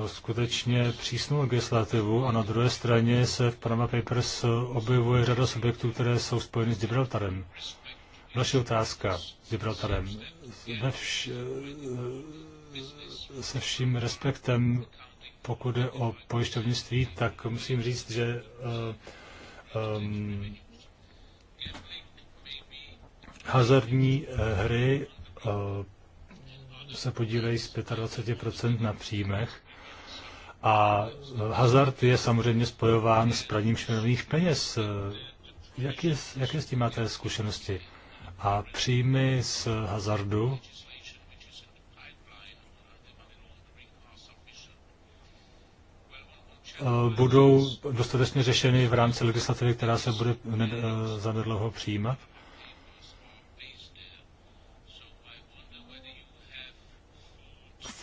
skutečně přísnou legislativu a na druhé straně se v Panama Papers objevuje řada subjektů, které jsou spojeny s Gibraltarem. Další otázka s Gibraltarem. Ve vš- eh, se vším respektem, pokud je o pojišťovnictví, tak musím říct, že um, hazardní eh, hry uh, se podílejí z 25% na příjmech a hazard je samozřejmě spojován s praním šmenových peněz. Jak je, jaké s tím máte zkušenosti? A příjmy z hazardu? Eh, budou dostatečně řešeny v rámci legislativy, která se bude eh, zanedlouho přijímat?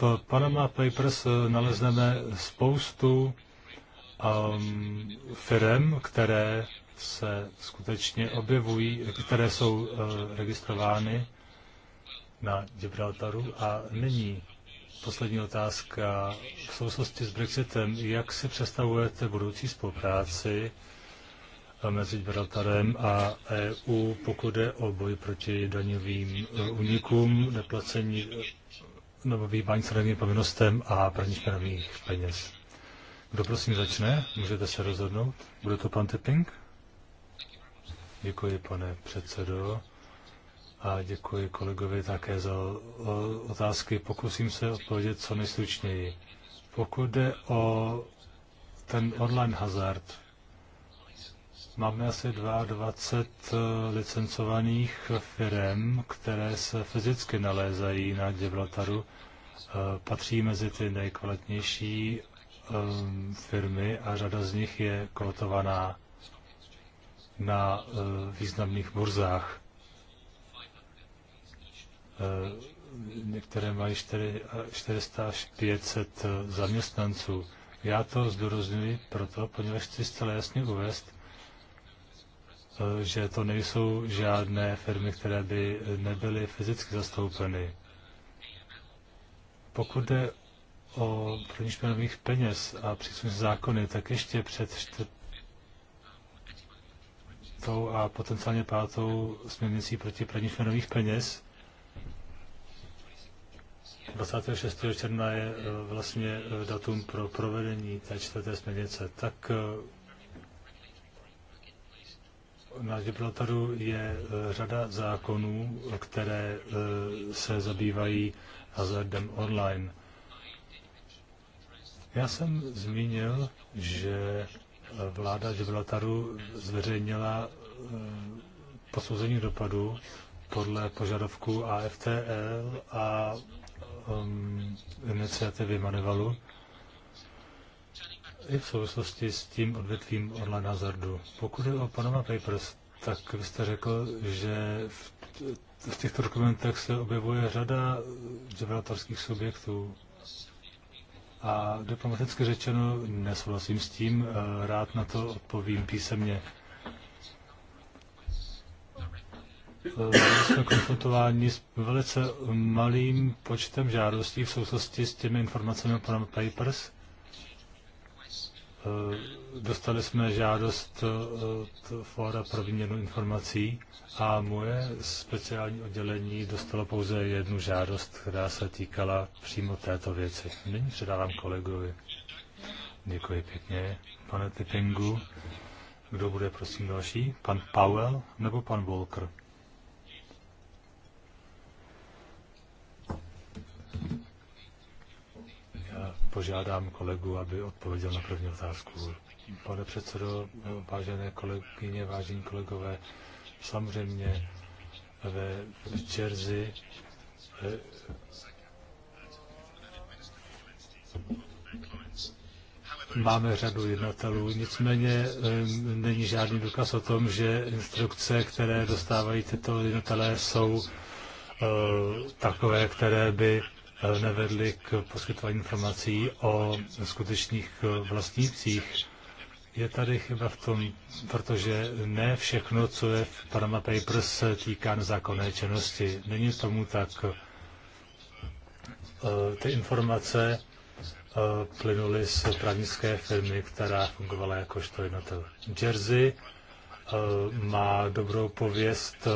V Panama Papers eh, nalezneme spoustu um, ehm, firm, které se skutečně objevují, které jsou uh, registrovány na Gibraltaru. A nyní poslední otázka v souvislosti s Brexitem. Jak si představujete budoucí spolupráci eh, mezi Gibraltarem a EU, pokud jde o boj proti daňovým únikům, neplacení nebo vyjímání se povinnostem a praní špinavých peněz. Kdo prosím začne? Můžete se rozhodnout. Bude to pan Tepping? Děkuji, pane předsedo. A děkuji kolegovi také za otázky. Pokusím se odpovědět co nejstručněji. Pokud jde o ten online hazard, Máme asi 22 eh, licencovaných firm, které se fyzicky nalézají na Gibraltaru. Eh, patří mezi ty nejkvalitnější eh, firmy a řada z nich je kotovaná na významných burzách. Některé mají 400 až 500 zaměstnanců. Já to zdůraznuju proto, poněvadž chci zcela jasně uvést, Eh, že to nejsou žádné firmy, které by nebyly fyzicky zastoupeny. Pokud jde o praní peněz a příslušné zákony, tak ještě před čtvrtou a potenciálně pátou směrnicí proti praní peněz 26. června je eh, vlastně eh, datum pro provedení té čtvrté směrnice. Tak na Gibraltaru je e, řada zákonů, které e, se zabývají hazardem online. Já jsem zmínil, že e, vláda Gibraltaru zveřejnila posouzení dopadu podle požadavku AFTL a um, iniciativy Manevalu i v souvislosti s tím odvětvím online hazardu. Pokud je o Panama Papers, tak vy jste řekl, že v, v těchto dokumentech se objevuje řada developerských subjektů. A diplomaticky řečeno nesouhlasím s tím, eh, rád na to odpovím písemně. Eh, byli jsme konfrontováni s velice malým počtem žádostí v souvislosti s těmi informacemi o Panama Papers Eh, dostali jsme žádost eh, od Fóra pro výměnu informací a moje speciální oddělení dostalo pouze jednu žádost, která se týkala přímo této věci. Nyní předávám kolegovi. Děkuji pěkně, pane Tippingu. Kdo bude, prosím, další? Pan Powell nebo pan Volker? požádám kolegu, aby odpověděl na první otázku. Pane předsedo, vážené kolegyně, vážení kolegové, samozřejmě ve Jersey eh, máme řadu jednatelů, nicméně eh, není žádný důkaz o tom, že instrukce, které dostávají tyto jednatelé, jsou eh, takové, které by nevedly k poskytování informací o skutečných eh, vlastnících. Je tady chyba v tom, protože ne všechno, co je v Panama Papers, se týká nezákonné činnosti. Není tomu tak. Eh, ty informace eh, plynuly z právnické firmy, která fungovala jakožto jednotel. Jersey má dobrou pověst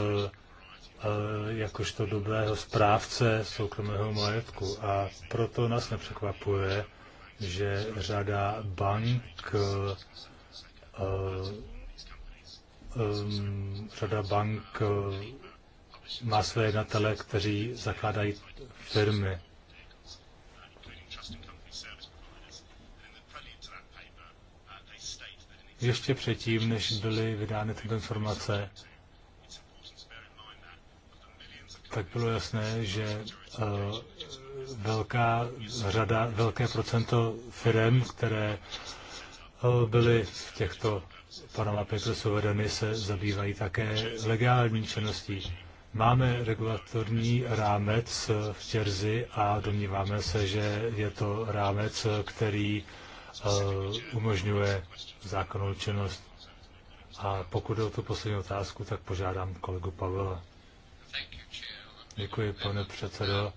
E, jakožto dobrého správce soukromého majetku. A proto nás nepřekvapuje, že řada bank e, e, řada bank má své jednatele, kteří zakládají firmy. Ještě předtím, než byly vydány tyto informace, tak bylo jasné, že eh, velká řada, velké procento firm, které eh, byly v těchto Panama Papers uvedeny, se zabývají také legální činností. Máme regulatorní rámec v Čerzi a domníváme se, že je to rámec, který eh, umožňuje zákonnou činnost. A pokud jde o tu poslední otázku, tak požádám kolegu Pavla. Děkuji, pane předsedo.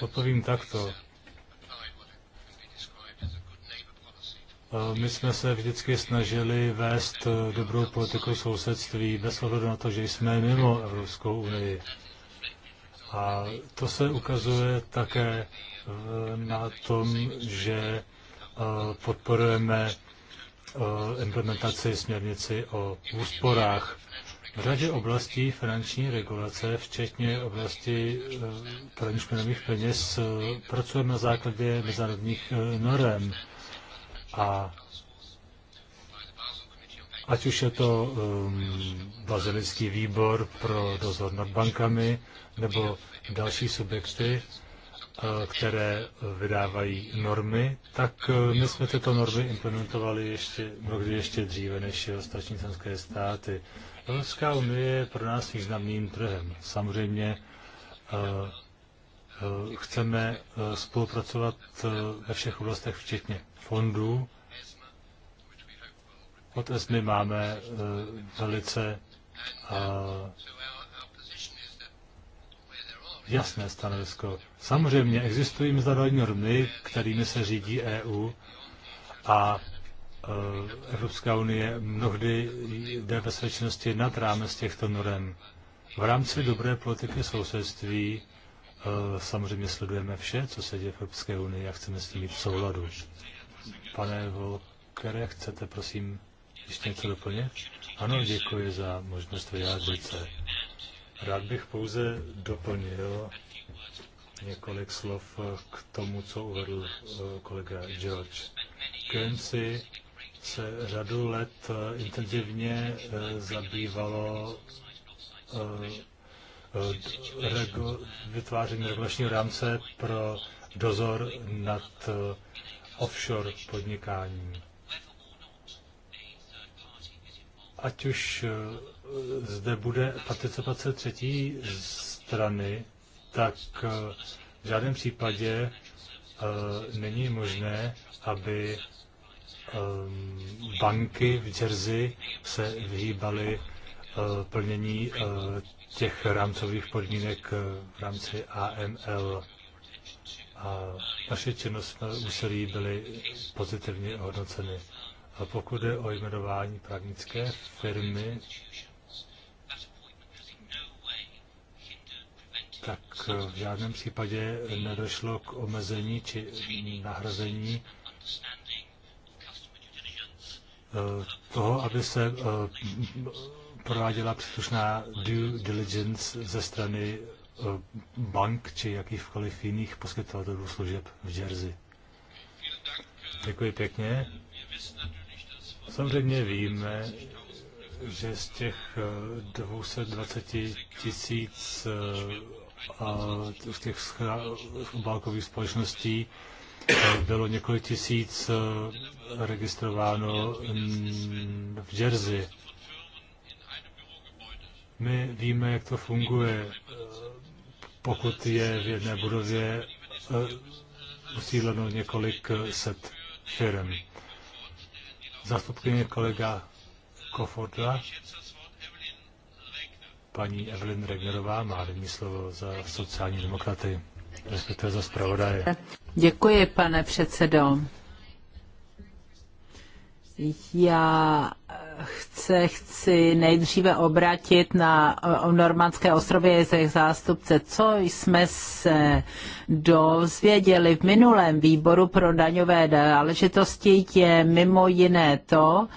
Odpovím takto. Eh, my jsme se vždycky snažili vést eh, dobrou politiku sousedství bez ohledu na to, že jsme mimo Evropskou unii. A to se ukazuje také eh, na tom, že podporujeme implementaci směrnici o úsporách. V řadě oblastí finanční regulace, včetně oblasti eh, praní špinavých peněz, eh, pracujeme na základě mezinárodních eh, norem. A ať už je to um, bazilický výbor pro dozor nad bankami nebo další subjekty, které vydávají normy, tak e, my jsme tyto normy implementovali ještě, mnohdy ještě dříve než ostatní členské státy. Evropská unie je pro nás významným trhem. Samozřejmě e, e, chceme spolupracovat ve všech oblastech, včetně fondů. Od ESMY máme velice jasné stanovisko. Samozřejmě existují mezinárodní normy, kterými se řídí EU a e, Evropská unie mnohdy jde ve svědčnosti nad rámec těchto norem. V rámci dobré politiky sousedství e, samozřejmě sledujeme vše, co se děje v Evropské unii a chceme s tím být v souladu. Pane Volkere, chcete prosím ještě něco doplnit? Ano, děkuji za možnost vyjádřit se. Rád bych pouze doplnil několik slov k tomu, co uvedl eh, kolega George. si se řadu let eh, intenzivně eh, zabývalo regu- vytváření regulačního rámce pro dozor nad offshore podnikáním. Ať už zde bude participace třetí strany, tak eh, v žádném případě eh, není možné, aby ehm, banky v Jersey se vyhýbaly eh, plnění těch rámcových podmínek v rámci AML. A naše činnost úsilí byly pozitivně hodnoceny. A pokud je o jmenování právnické firmy, tak eh, v žádném případě nedošlo k omezení či nahrazení eh, toho, aby se eh, prováděla příslušná due diligence ze strany bank či jakýchkoliv jiných poskytovatelů služeb v Jersey. Děkuji pěkně. Samozřejmě víme, že z těch 220 tisíc v těch obálkových společností eh, bylo několik tisíc eh, registrováno v Jersey. My víme, jak to funguje. Eh, pokud je v jedné budově usídleno několik set firm. Zastupkyně kolega Koforda Paní Evelyn Regnerová má nyní slovo za sociální demokraty, respektive za zpravodaje. Děkuji, pane předsedo. Já se chci nejdříve obratit na Normandské ostrově ze zástupce. Co jsme se dozvěděli v minulém výboru pro daňové záležitosti je mimo jiné to,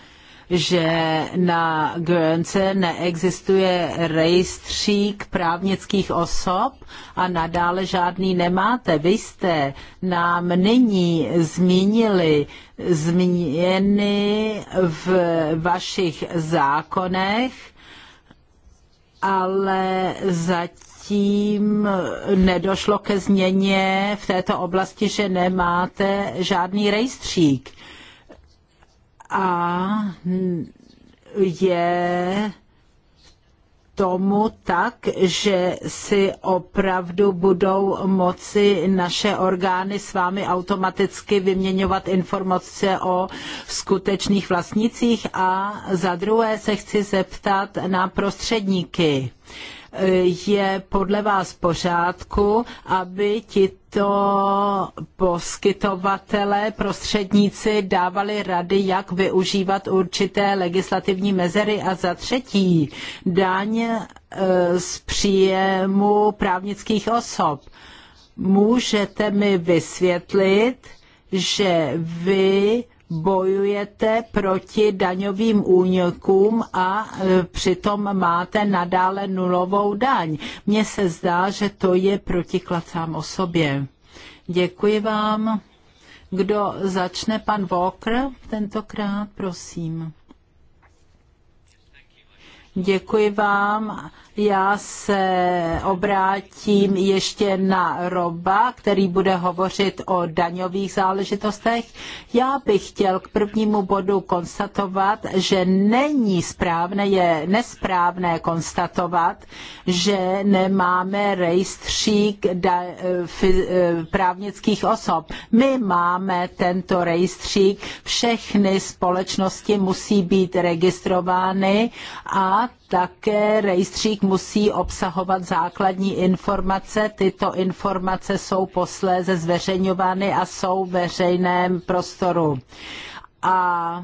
že na Guernsey neexistuje rejstřík právnických osob a nadále žádný nemáte. Vy jste nám nyní zmínili změny v vašich zákonech, ale zatím nedošlo ke změně v této oblasti, že nemáte žádný rejstřík a je tomu tak, že si opravdu budou moci naše orgány s vámi automaticky vyměňovat informace o skutečných vlastnicích a za druhé se chci zeptat na prostředníky je podle vás v pořádku, aby tito poskytovatele, prostředníci dávali rady, jak využívat určité legislativní mezery a za třetí daň e, z příjemu právnických osob. Můžete mi vysvětlit, že vy bojujete proti daňovým únikům a e, přitom máte nadále nulovou daň. Mně se zdá, že to je protiklad sám o sobě. Děkuji vám. Kdo začne, pan Walker, tentokrát, prosím. Děkuji vám já se obrátím ještě na Roba, který bude hovořit o daňových záležitostech. Já bych chtěl k prvnímu bodu konstatovat, že není správné, je nesprávné konstatovat, že nemáme rejstřík e, právnických osob. My máme tento rejstřík, všechny společnosti musí být registrovány a také rejstřík musí obsahovat základní informace. Tyto informace jsou posléze zveřejňovány a jsou v veřejném prostoru. A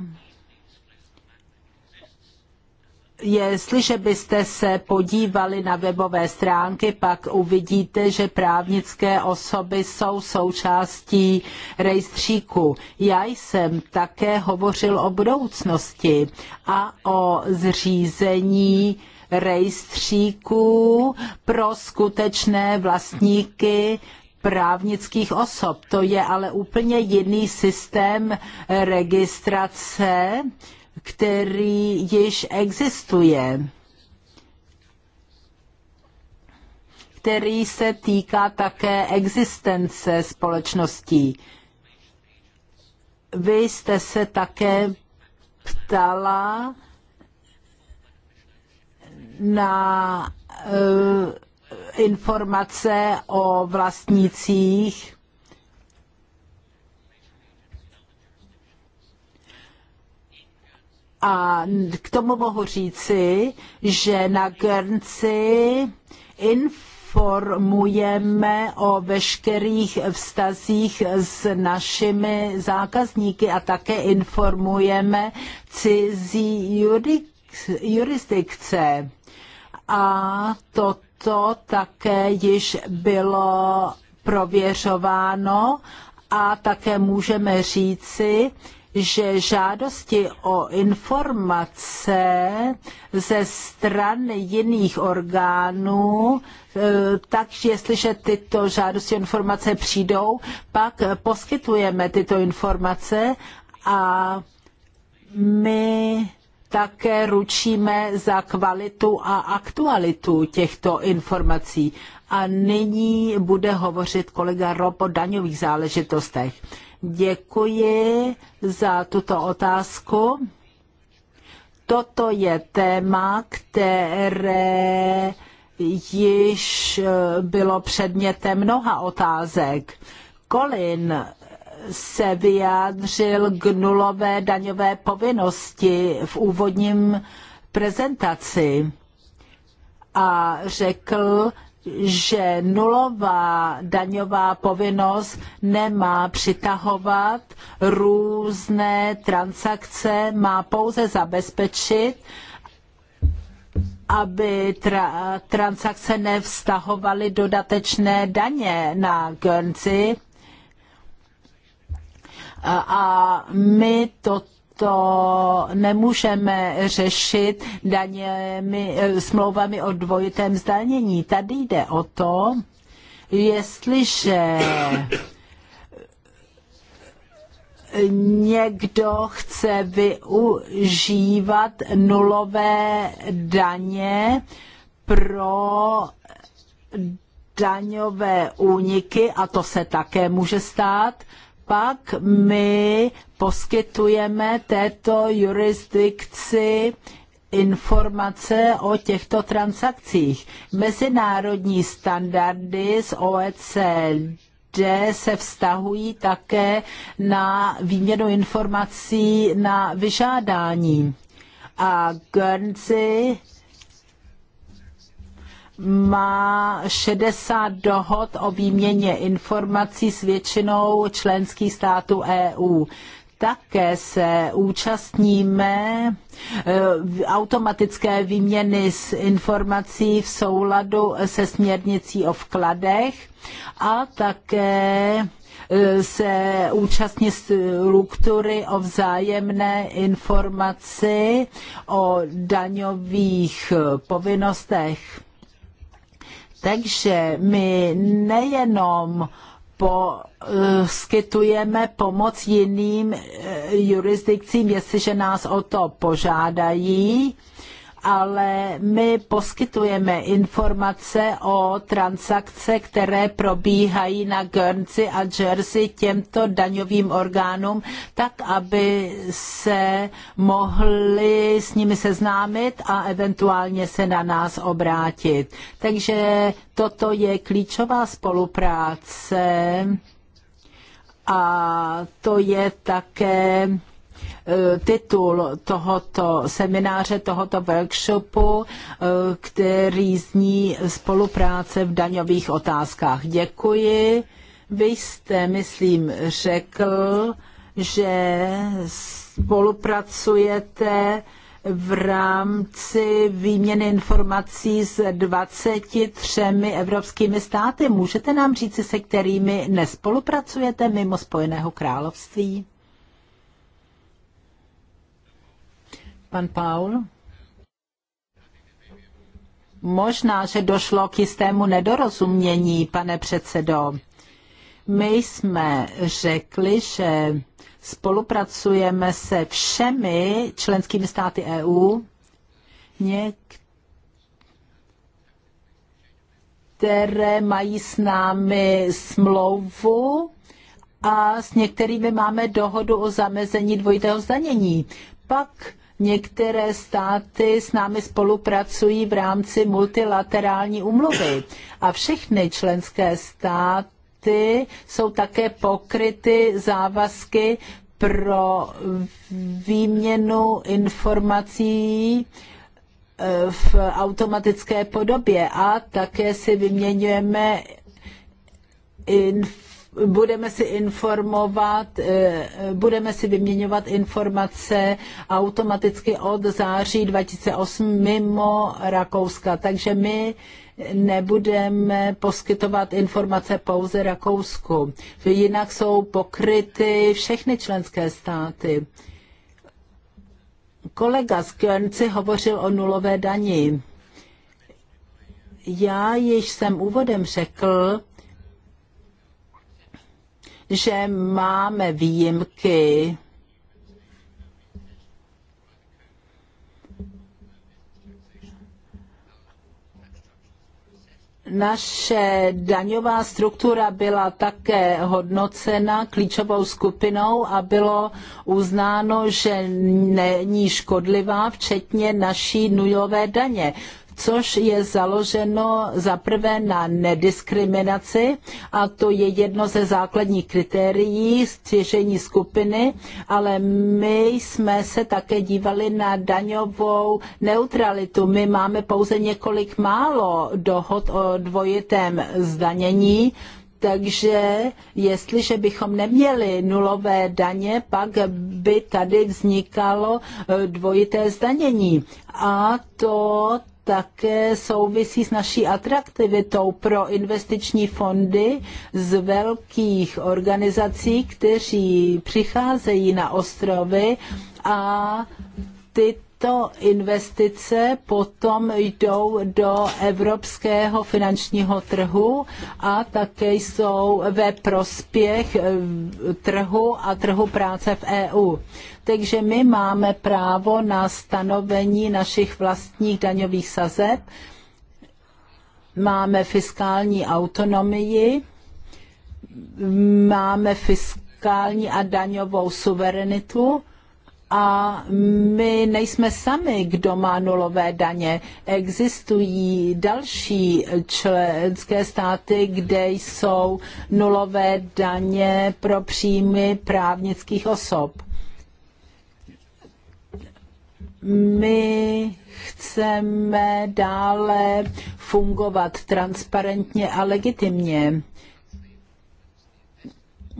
Jestliže byste se podívali na webové stránky, pak uvidíte, že právnické osoby jsou součástí rejstříku. Já jsem také hovořil o budoucnosti a o zřízení rejstříku pro skutečné vlastníky právnických osob. To je ale úplně jiný systém registrace, který již existuje, který se týká také existence společností. Vy jste se také ptala na eh, informace o vlastnících A k tomu mohu říci, že na Gernci informujeme o veškerých vztazích s našimi zákazníky a také informujeme cizí jurisdikce. A toto také již bylo prověřováno a také můžeme říci, že žádosti o informace ze stran jiných orgánů, e, takže jestliže tyto žádosti o informace přijdou, pak poskytujeme tyto informace a my také ručíme za kvalitu a aktualitu těchto informací. A nyní bude hovořit kolega Rob o daňových záležitostech. Děkuji za tuto otázku. Toto je téma, které již eh, bylo předmětem mnoha otázek. Colin se vyjádřil k nulové daňové povinnosti v úvodním prezentaci a řekl, že nulová daňová povinnost nemá přitahovat různé transakce, má pouze zabezpečit, aby tra- transakce nevztahovaly dodatečné daně na Guernsey. A my toto to nemůžeme řešit daněmi, eh, smlouvami o dvojitém zdanění. Tady jde o to, jestliže někdo chce využívat nulové daně pro daňové úniky, a to se také může stát, pak my poskytujeme této jurisdikci informace o těchto transakcích. Mezinárodní standardy z OECD kde se vztahují také na výměnu informací na vyžádání. A Guernsey má 60 dohod o výměně informací s většinou členských států EU také se účastníme eh, automatické výměny s informací v souladu se směrnicí o vkladech a také eh, se účastní struktury o vzájemné informaci o daňových povinnostech. Takže my nejenom poskytujeme pomoc jiným eh, jurisdikcím, jestliže nás o to požádají, ale my poskytujeme informace o transakce, které probíhají na Guernsey a Jersey těmto daňovým orgánům, tak aby se mohli s nimi seznámit a eventuálně se na nás obrátit. Takže toto je klíčová spolupráce a to je také Eh, titul tohoto semináře, tohoto workshopu, eh, který zní spolupráce v daňových otázkách. Děkuji. Vy jste, myslím, řekl, že spolupracujete v rámci výměny informací s 23 evropskými státy. Můžete nám říci, se kterými nespolupracujete mimo Spojeného království? Pan Paul? Možná, že došlo k jistému nedorozumění, pane předsedo. My jsme řekli, že spolupracujeme se všemi členskými státy EU. Některé mají s námi smlouvu a s některými máme dohodu o zamezení dvojitého zdanění. Pak Některé státy s námi spolupracují v rámci multilaterální umluvy a všechny členské státy jsou také pokryty závazky pro výměnu informací eh, v automatické podobě a také si vyměňujeme inf- budeme si informovat, eh, budeme si vyměňovat informace automaticky od září 2008 mimo Rakouska. Takže my nebudeme poskytovat informace pouze Rakousku. Jinak jsou pokryty všechny členské státy. Kolega z Kjörnci hovořil o nulové dani. Já již jsem úvodem řekl, že máme výjimky naše daňová struktura byla také hodnocena klíčovou skupinou a bylo uznáno, že není škodlivá, včetně naší nulové daně což je založeno zaprvé na nediskriminaci a to je jedno ze základních kritérií stěžení skupiny, ale my jsme se také dívali na daňovou neutralitu. My máme pouze několik málo dohod o dvojitém zdanění, takže jestliže bychom neměli nulové daně, pak by tady vznikalo eh, dvojité zdanění. A to také souvisí s naší atraktivitou pro investiční fondy z velkých organizací, kteří přicházejí na ostrovy a tyto tyto investice potom jdou do evropského finančního trhu a také jsou ve prospěch eh, trhu a trhu práce v EU. Takže my máme právo na stanovení našich vlastních daňových sazeb, máme fiskální autonomii, máme fiskální a daňovou suverenitu a my nejsme sami, kdo má nulové daně. Existují další členské státy, kde jsou nulové daně pro příjmy právnických osob. My chceme dále fungovat transparentně a legitimně.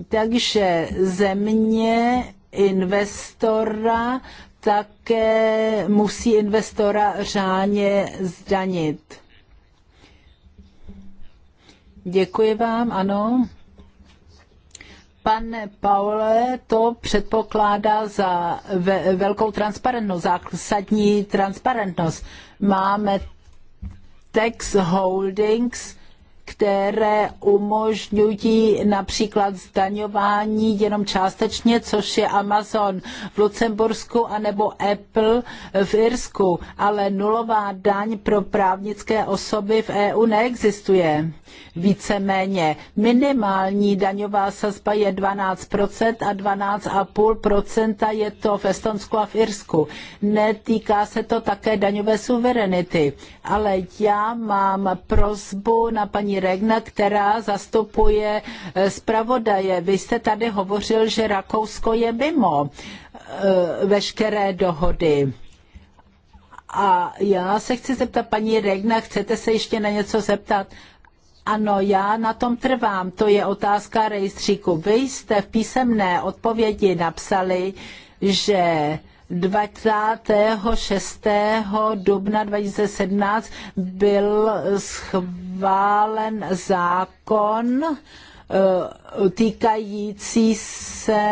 Takže země investora také musí investora řádně zdanit. Děkuji vám, ano. Pane Paule, to předpokládá za ve, velkou transparentnost, zásadní transparentnost. Máme tax holdings, které umožňují například zdaňování jenom částečně, což je Amazon v Lucembursku anebo Apple v Irsku, ale nulová daň pro právnické osoby v EU neexistuje. Víceméně minimální daňová sazba je 12% a 12,5% je to v Estonsku a v Irsku. Netýká se to také daňové suverenity, ale já mám prozbu na paní Regna, která zastupuje eh, zpravodaje. Vy jste tady hovořil, že Rakousko je mimo eh, veškeré dohody. A já se chci zeptat, paní Regna, chcete se ještě na něco zeptat? Ano, já na tom trvám. To je otázka rejstříku. Vy jste v písemné odpovědi napsali, že 26. dubna 2017 byl schválen zákon eh, týkající se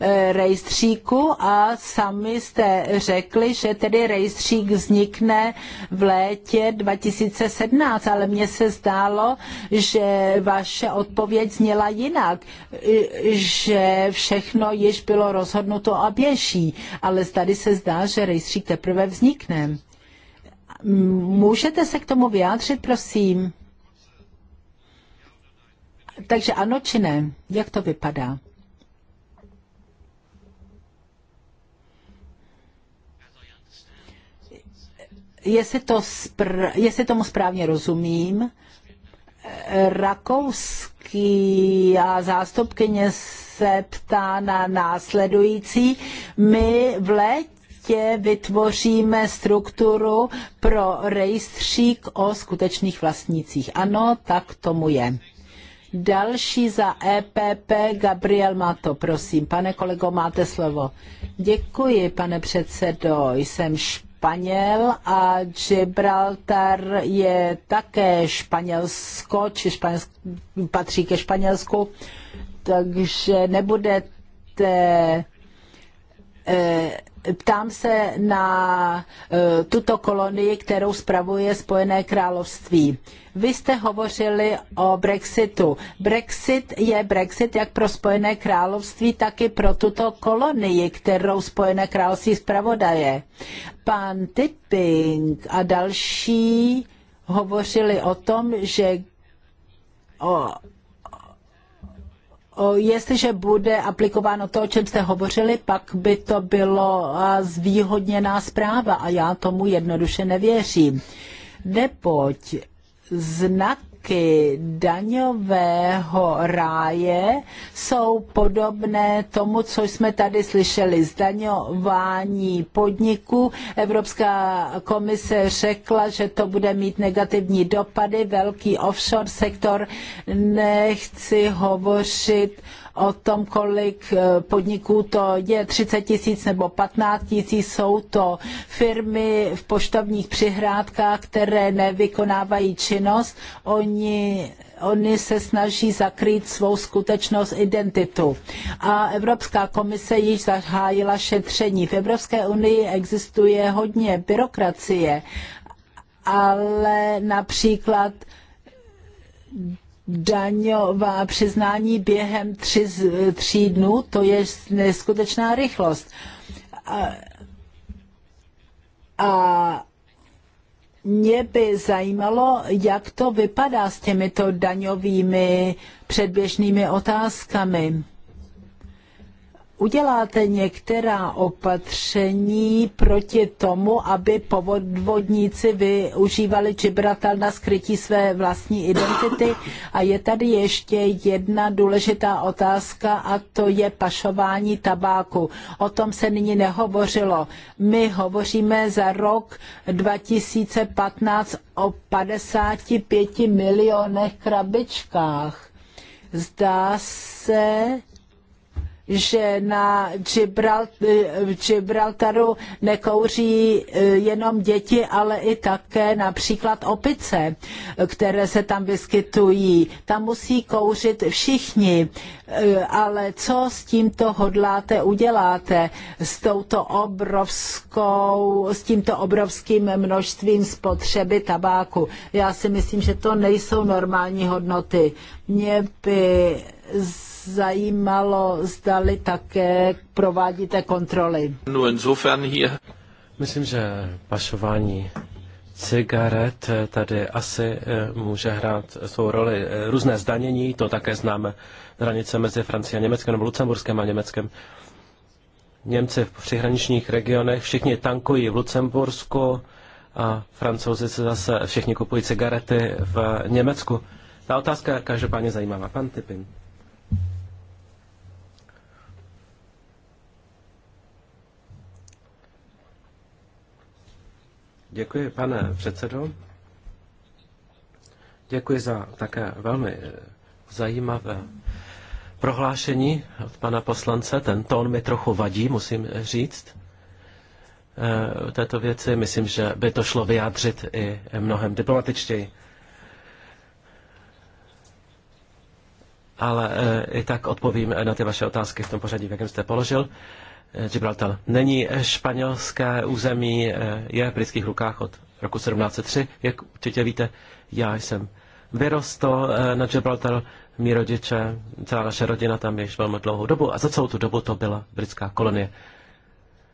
E, rejstříku a sami jste řekli, že tedy rejstřík vznikne v létě 2017, ale mně se zdálo, že vaše odpověď zněla jinak, e, že všechno již bylo rozhodnuto a běží, ale tady se zdá, že rejstřík teprve vznikne. Můžete se k tomu vyjádřit, prosím? Takže ano či ne? Jak to vypadá? jestli, to spr, jestli tomu správně rozumím, rakouský a zástupkyně se ptá na následující. My v létě vytvoříme strukturu pro rejstřík o skutečných vlastnících. Ano, tak tomu je. Další za EPP, Gabriel Mato, prosím. Pane kolego, máte slovo. Děkuji, pane předsedo. Jsem špatný Španěl a Gibraltar je také Španělsko, či španělsk, patří ke Španělsku, takže nebudete eh, ptám se na e, tuto kolonii, kterou spravuje Spojené království. Vy jste hovořili o Brexitu. Brexit je Brexit jak pro Spojené království, tak i pro tuto kolonii, kterou Spojené království zpravodaje. Pan Tipping a další hovořili o tom, že o, jestliže bude aplikováno to, o čem jste hovořili, pak by to bylo zvýhodněná zpráva a já tomu jednoduše nevěřím. Neboť znak prvky daňového ráje jsou podobné tomu, co jsme tady slyšeli. Zdaňování podniků. Evropská komise řekla, že to bude mít negativní dopady. Velký offshore sektor. Nechci hovořit o tom, kolik eh, podniků to je, 30 tisíc nebo 15 tisíc, jsou to firmy v poštovních přihrádkách, které nevykonávají činnost, oni oni se snaží zakrýt svou skutečnost identitu. A Evropská komise již zahájila šetření. V Evropské unii existuje hodně byrokracie, ale například daňová přiznání během tři, tří dnů, to je neskutečná rychlost. A, a mě by zajímalo, jak to vypadá s těmito daňovými předběžnými otázkami uděláte některá opatření proti tomu, aby povodvodníci využívali Gibraltar na skrytí své vlastní identity. A je tady ještě jedna důležitá otázka a to je pašování tabáku. O tom se nyní nehovořilo. My hovoříme za rok 2015 o 55 milionech krabičkách. Zdá se, že na eh, Gibraltaru nekouří eh, jenom děti, ale i také například opice, které se tam vyskytují. Tam musí kouřit všichni, eh, ale co s tímto hodláte uděláte s touto obrovskou, s tímto obrovským množstvím spotřeby tabáku? Já si myslím, že to nejsou normální hodnoty. Mě by z zajímalo, zdali také provádíte kontroly. No insofern hier. Myslím, že pašování cigaret tady asi eh, může hrát svou roli eh, různé zdanění, to také známe hranice mezi Francií a Německem nebo Lucemburskem a Německem. Němci v přihraničních regionech všichni tankují v Lucembursku a francouzi se zase všichni kupují cigarety v Německu. Ta otázka je každopádně zajímavá. Pan Tipping. Děkuji, pane předsedo. Děkuji za také velmi eh, zajímavé prohlášení od pana poslance. Ten tón mi trochu vadí, musím eh, říct. E, této věci myslím, že by to šlo vyjádřit i mnohem diplomatičtěji. Ale i tak odpovím na ty vaše otázky v tom pořadí, v jakém jste položil. Gibraltar není španělské území, eh, je v britských rukách od roku 1703, jak určitě víte. Já jsem vyrostl eh, na Gibraltar, mý rodiče, celá naše rodina tam již velmi dlouhou dobu a za celou tu dobu to byla britská kolonie.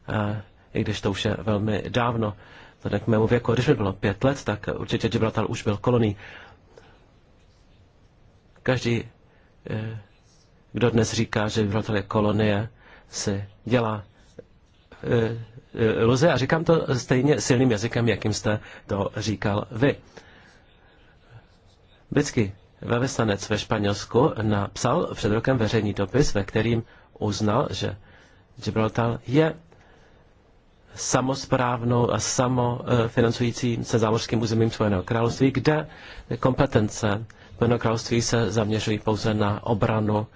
Eh, I když to už je velmi dávno, to k mému věku, když mi bylo pět let, tak určitě Gibraltar už byl kolonií. Každý, kdo dnes říká, že Gibraltar je kolonie, se dělá iluze e, e, a říkám to stejně silným jazykem, jakým jste to říkal vy. Vždycky velvyslanec ve Španělsku napsal před rokem veřejný dopis, ve kterým uznal, že Gibraltar je samosprávnou a samofinancujícím se zámořským územím Spojeného království, kde kompetence Spojeného království se zaměřují pouze na obranu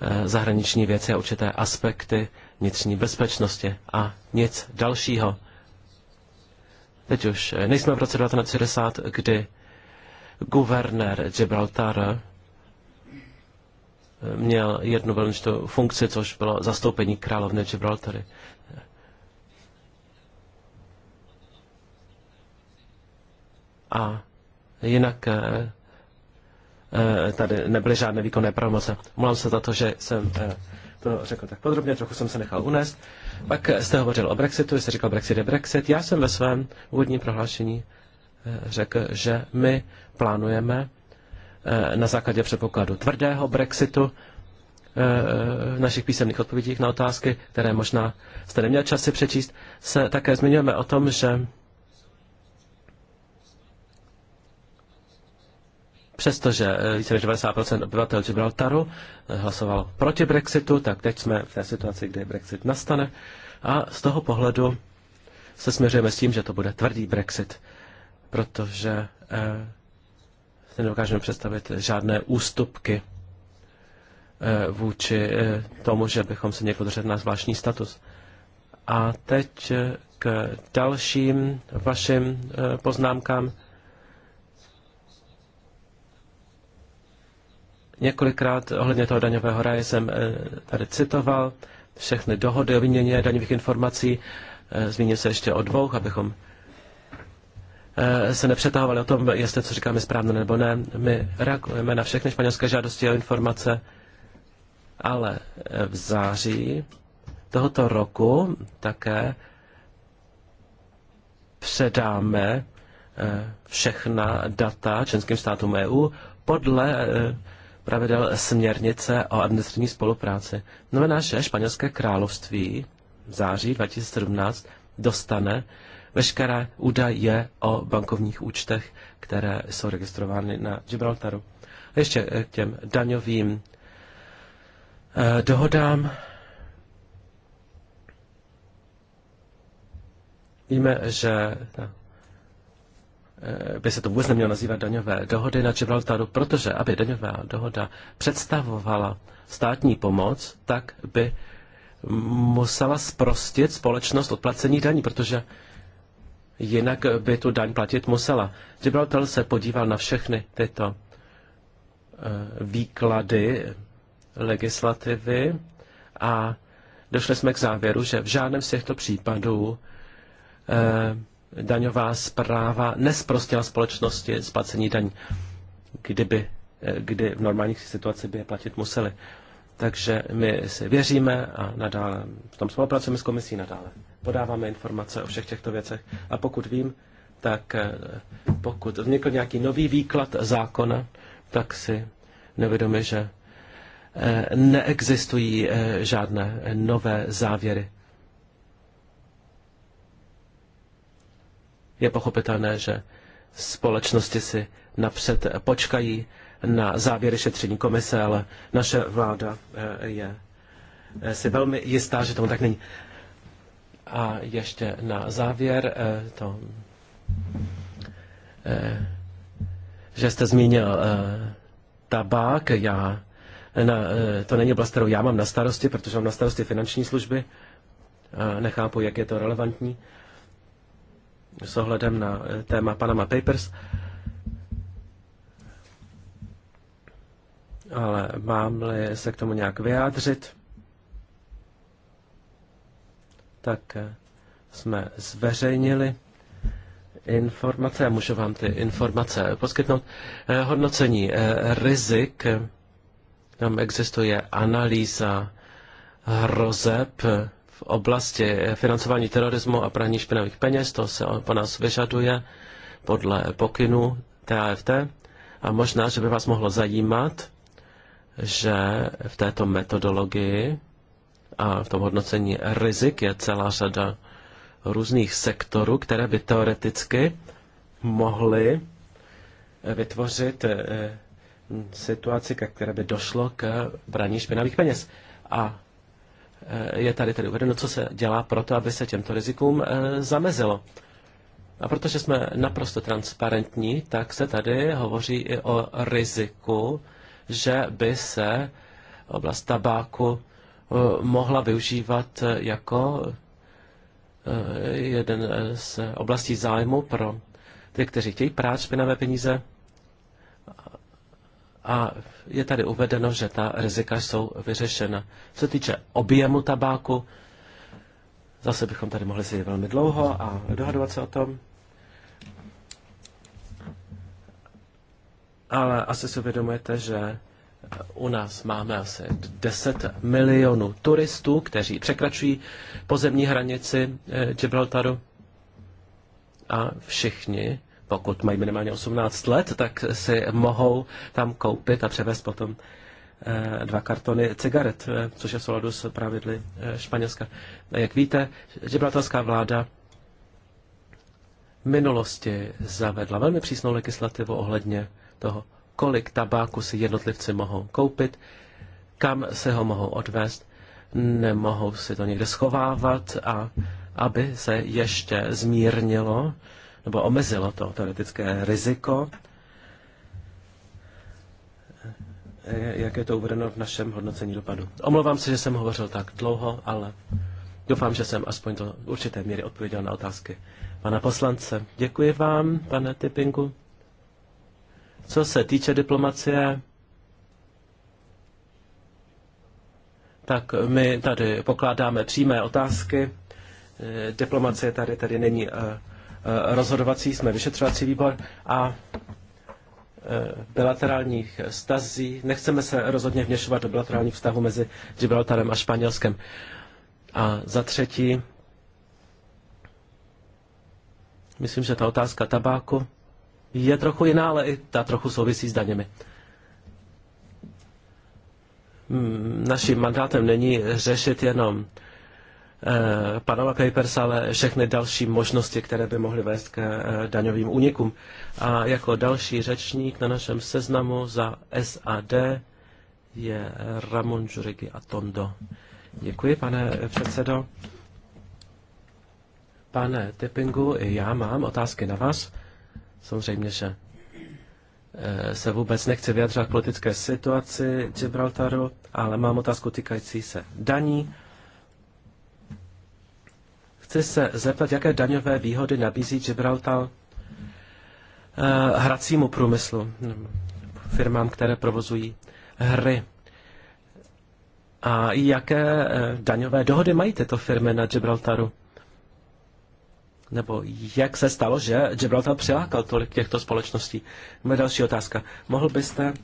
Eh, zahraniční věci a určité aspekty vnitřní bezpečnosti a nic dalšího. Teď už eh, nejsme v roce 1960, kdy guvernér Gibraltar eh, měl jednu velmi funkci, což bylo zastoupení královny Gibraltary. A jinak Eh, tady nebyly žádné výkonné pravomoce. Mluvám se za to, že jsem eh, to řekl tak podrobně, trochu jsem se nechal unést. Pak eh, jste hovořil o Brexitu, jste říkal Brexit je Brexit. Já jsem ve svém úvodním prohlášení řekl, že my plánujeme na základě předpokladu tvrdého Brexitu v našich písemných odpovědích na otázky, které možná jste neměl čas si přečíst, se také zmiňujeme o tom, že Přestože eh, více než 90% obyvatel Gibraltaru eh, hlasovalo proti Brexitu, tak teď jsme v té situaci, kdy Brexit nastane. A z toho pohledu se směřujeme s tím, že to bude tvrdý Brexit, protože eh, si nedokážeme představit žádné ústupky eh, vůči eh, tomu, že bychom se někdo držet na zvláštní status. A teď eh, k dalším vašim eh, poznámkám. Několikrát ohledně toho daňového ráje jsem eh, tady citoval všechny dohody o výměně daňových informací. Eh, Zmíním se ještě o dvou, abychom eh, se nepřetahovali o tom, jestli co říkáme správně nebo ne. My reagujeme na všechny španělské žádosti o informace, ale v září tohoto roku také předáme všechna data členským státům EU podle pravidel směrnice o administrativní spolupráci. Znamená, že španělské království v září 2017 dostane veškeré údaje o bankovních účtech, které jsou registrovány na Gibraltaru. A ještě eh, k těm daňovým eh, dohodám. Víme, že Eh, by se to vůbec nemělo nazývat daňové dohody na Gibraltaru, protože aby daňová dohoda představovala státní pomoc, tak by musela sprostit společnost od placení daní, protože jinak by tu daň platit musela. Gibraltar se podíval na všechny tyto eh, výklady legislativy a došli jsme k závěru, že v žádném z těchto případů eh, daňová zpráva nesprostila společnosti splacení daní, kdyby, kdy v normálních situacích by je platit museli. Takže my si věříme a nadále v tom spolupracujeme s komisí nadále. Podáváme informace o všech těchto věcech a pokud vím, tak eh, pokud vznikl nějaký nový výklad zákona, tak si nevědomi, že eh, neexistují eh, žádné nové závěry Je pochopitelné, že společnosti si napřed počkají na závěry šetření komise, ale naše vláda eh, je eh, si velmi jistá, že tomu tak není. A ještě na závěr eh, to, že jste zmínil tabák, já, na, to není oblast, kterou já mám na starosti, protože mám na starosti finanční služby. Nechápu, jak je to relevantní s ohledem na eh, téma Panama Papers. Ale mám-li se k tomu nějak vyjádřit, tak eh, jsme zveřejnili informace, můžu vám ty informace poskytnout, eh, hodnocení rizik, tam existuje analýza hrozeb v oblasti financování terorismu a praní špinavých peněz. To se po nás vyžaduje podle pokynu TAFT. A možná, že by vás mohlo zajímat, že v této metodologii a v tom hodnocení rizik je celá řada různých sektorů, které by teoreticky mohly eh, vytvořit eh, situaci, ke které by došlo k braní špinavých peněz. A je tady tedy uvedeno, co se dělá pro to, aby se těmto rizikům eh, zamezilo. A protože jsme naprosto transparentní, tak se tady hovoří i o riziku, že by se oblast tabáku eh, mohla využívat eh, jako jeden z oblastí zájmu pro ty, kteří chtějí prát špinavé peníze a je tady uvedeno, že ta rizika jsou vyřešena. Co se týče objemu tabáku, zase bychom tady mohli sedět velmi dlouho a dohadovat se o tom. Ale asi si uvědomujete, že u nás máme asi 10 milionů turistů, kteří překračují pozemní hranici eh, Gibraltaru a všichni pokud mají minimálně 18 let, tak si mohou tam koupit a převést potom eh, dva kartony cigaret, eh, což je souladu s pravidly eh, Španělska. Jak víte, gibraltarská vláda v minulosti zavedla velmi přísnou legislativu ohledně toho, kolik tabáku si jednotlivci mohou koupit, kam se ho mohou odvést, nemohou si to někde schovávat a aby se ještě zmírnilo nebo omezilo to teoretické riziko, jak je to uvedeno v našem hodnocení dopadu. Omlouvám se, že jsem hovořil tak dlouho, ale doufám, že jsem aspoň do určité míry odpověděl na otázky pana poslance. Děkuji vám, pane Typinku. Co se týče diplomacie, tak my tady pokládáme přímé otázky. Eh, diplomacie tady, tady není eh, Eh, rozhodovací, jsme vyšetřovací výbor a eh, bilaterálních stazí. Nechceme se rozhodně vněšovat do bilaterálních vztahů mezi Gibraltarem a Španělskem. A za třetí, myslím, že ta otázka tabáku je trochu jiná, ale i ta trochu souvisí s daněmi. Hmm, naším mandátem není řešit jenom Eh, Panama Papers, ale všechny další možnosti, které by mohly vést k eh, daňovým únikům. A jako další řečník na našem seznamu za SAD je Ramon Jurigi Atondo. Děkuji, pane předsedo. Pane Tippingu, i já mám otázky na vás. Samozřejmě, že eh, se vůbec nechci vyjadřovat k politické situaci Gibraltaru, ale mám otázku týkající se daní Chci se zeptat, jaké daňové výhody nabízí Gibraltar eh, hracímu průmyslu, firmám, které provozují hry. A jaké eh, daňové dohody mají tyto firmy na Gibraltaru? Nebo jak se stalo, že Gibraltar přilákal tolik těchto společností? Moje další otázka. Mohl byste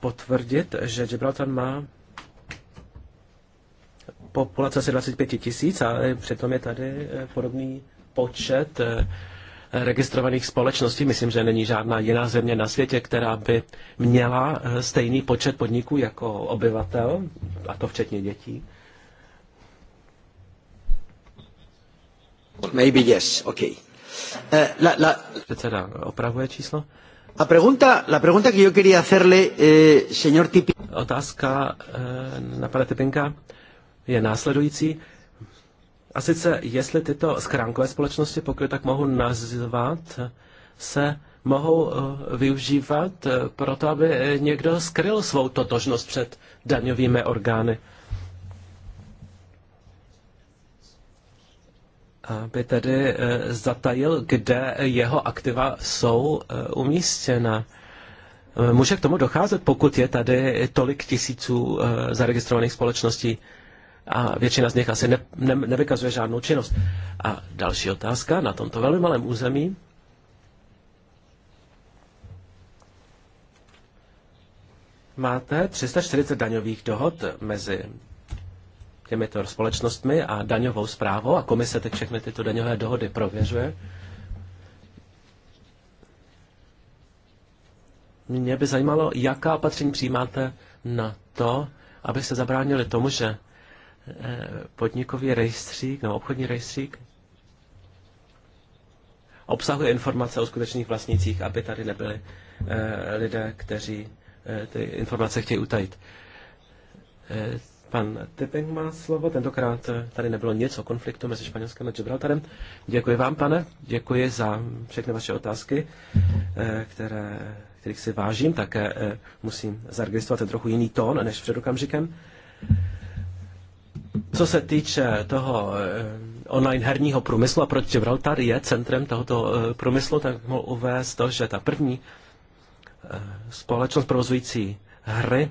potvrdit, že Gibraltar má populace asi 25 tisíc a přitom je tady eh, podobný počet eh, registrovaných společností. Myslím, že není žádná jiná země na světě, která by měla eh, stejný počet podniků jako obyvatel, a to včetně dětí. Maybe yes, okay. Uh, la, la... Předseda opravuje číslo. La pregunta, la pregunta que yo quería hacerle, eh, señor Tipi... Otázka eh, na pana Tipinka. Eh, je následující. A sice, jestli tyto schránkové společnosti, pokud tak mohu nazvat, se mohou eh, využívat eh, pro to, aby někdo skryl svou totožnost před daňovými orgány. Aby tedy eh, zatajil, kde jeho aktiva jsou umístěna. Může k tomu docházet, pokud je tady tolik tisíců zaregistrovaných společností a většina z nich asi ne, ne, nevykazuje žádnou činnost. A další otázka na tomto velmi malém území. Máte 340 daňových dohod mezi těmito společnostmi a daňovou zprávou a komise teď všechny tyto daňové dohody prověřuje. Mě by zajímalo, jaká opatření přijímáte na to, aby se zabránili tomu, že podnikový rejstřík no, obchodní rejstřík obsahuje informace o skutečných vlastnicích, aby tady nebyli eh, lidé, kteří eh, ty informace chtějí utajit. Eh, pan Tipping má slovo. Tentokrát tady nebylo nic o konfliktu mezi Španělskem a Gibraltarem. Děkuji vám, pane. Děkuji za všechny vaše otázky, které, kterých si vážím. Také musím zaregistrovat trochu jiný tón než před okamžikem. Co se týče toho eh, online herního průmyslu a proč Gibraltar je centrem tohoto eh, průmyslu, tak mohl uvést to, že ta první eh, společnost provozující hry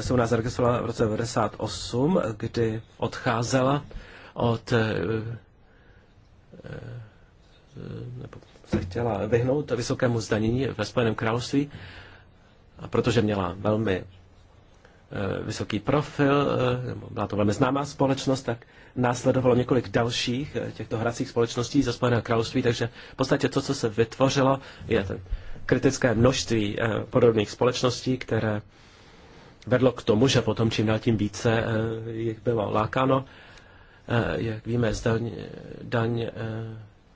se u nás zaregistrovala v roce 1998, kdy odcházela od nebo se chtěla vyhnout vysokému zdanění ve Spojeném království, protože měla velmi Eh, vysoký profil, eh, byla to velmi známá společnost, tak následovalo několik dalších eh, těchto hracích společností ze Spojeného království, takže v podstatě to, co se vytvořilo, je ten kritické množství podobných společností, které vedlo k tomu, že potom čím dál tím více jich bylo lákáno. Jak víme, z daň, daň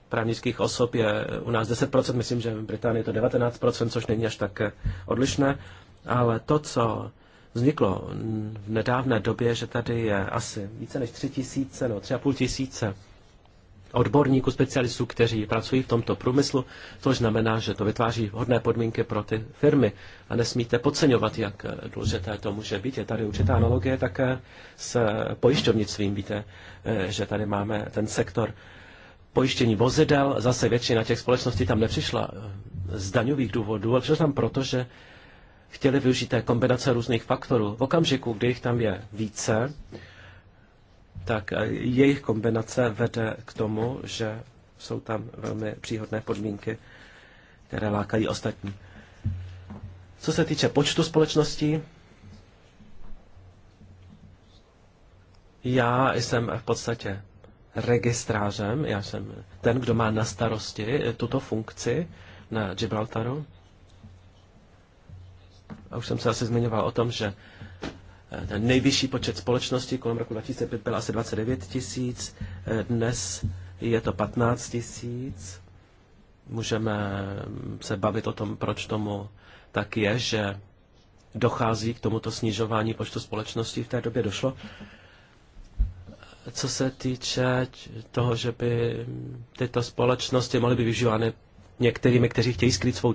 právnických osob je u nás 10%, myslím, že v Británii je to 19%, což není až tak odlišné, ale to, co vzniklo v nedávné době, že tady je asi více než tři tisíce, no tři a půl tisíce odborníků, specialistů, kteří pracují v tomto průmyslu, což znamená, že to vytváří hodné podmínky pro ty firmy a nesmíte podceňovat, jak důležité to může být. Je tady určitá analogie také s pojišťovnictvím. Víte, eh, že tady máme ten sektor pojištění vozidel, zase většina těch společností tam nepřišla eh, z daňových důvodů, ale přišla tam proto, že chtěli využít té kombinace různých faktorů. V okamžiku, kdy jich tam je více, tak eh, jejich kombinace vede k tomu, že jsou tam velmi příhodné podmínky, které lákají ostatní. Co se týče počtu společností, já jsem v podstatě registrářem, já jsem ten, kdo má na starosti tuto funkci na Gibraltaru. A už jsem se asi zmiňoval o tom, že eh, ten nejvyšší počet společností kolem roku 2005 byl asi 29 tisíc, eh, dnes je to 15 tisíc. Můžeme mm, se bavit o tom, proč tomu tak je, že dochází k tomuto snižování počtu společností v té době došlo. Co se týče toho, že by tyto společnosti mohly být využívány některými, kteří chtějí skrýt svou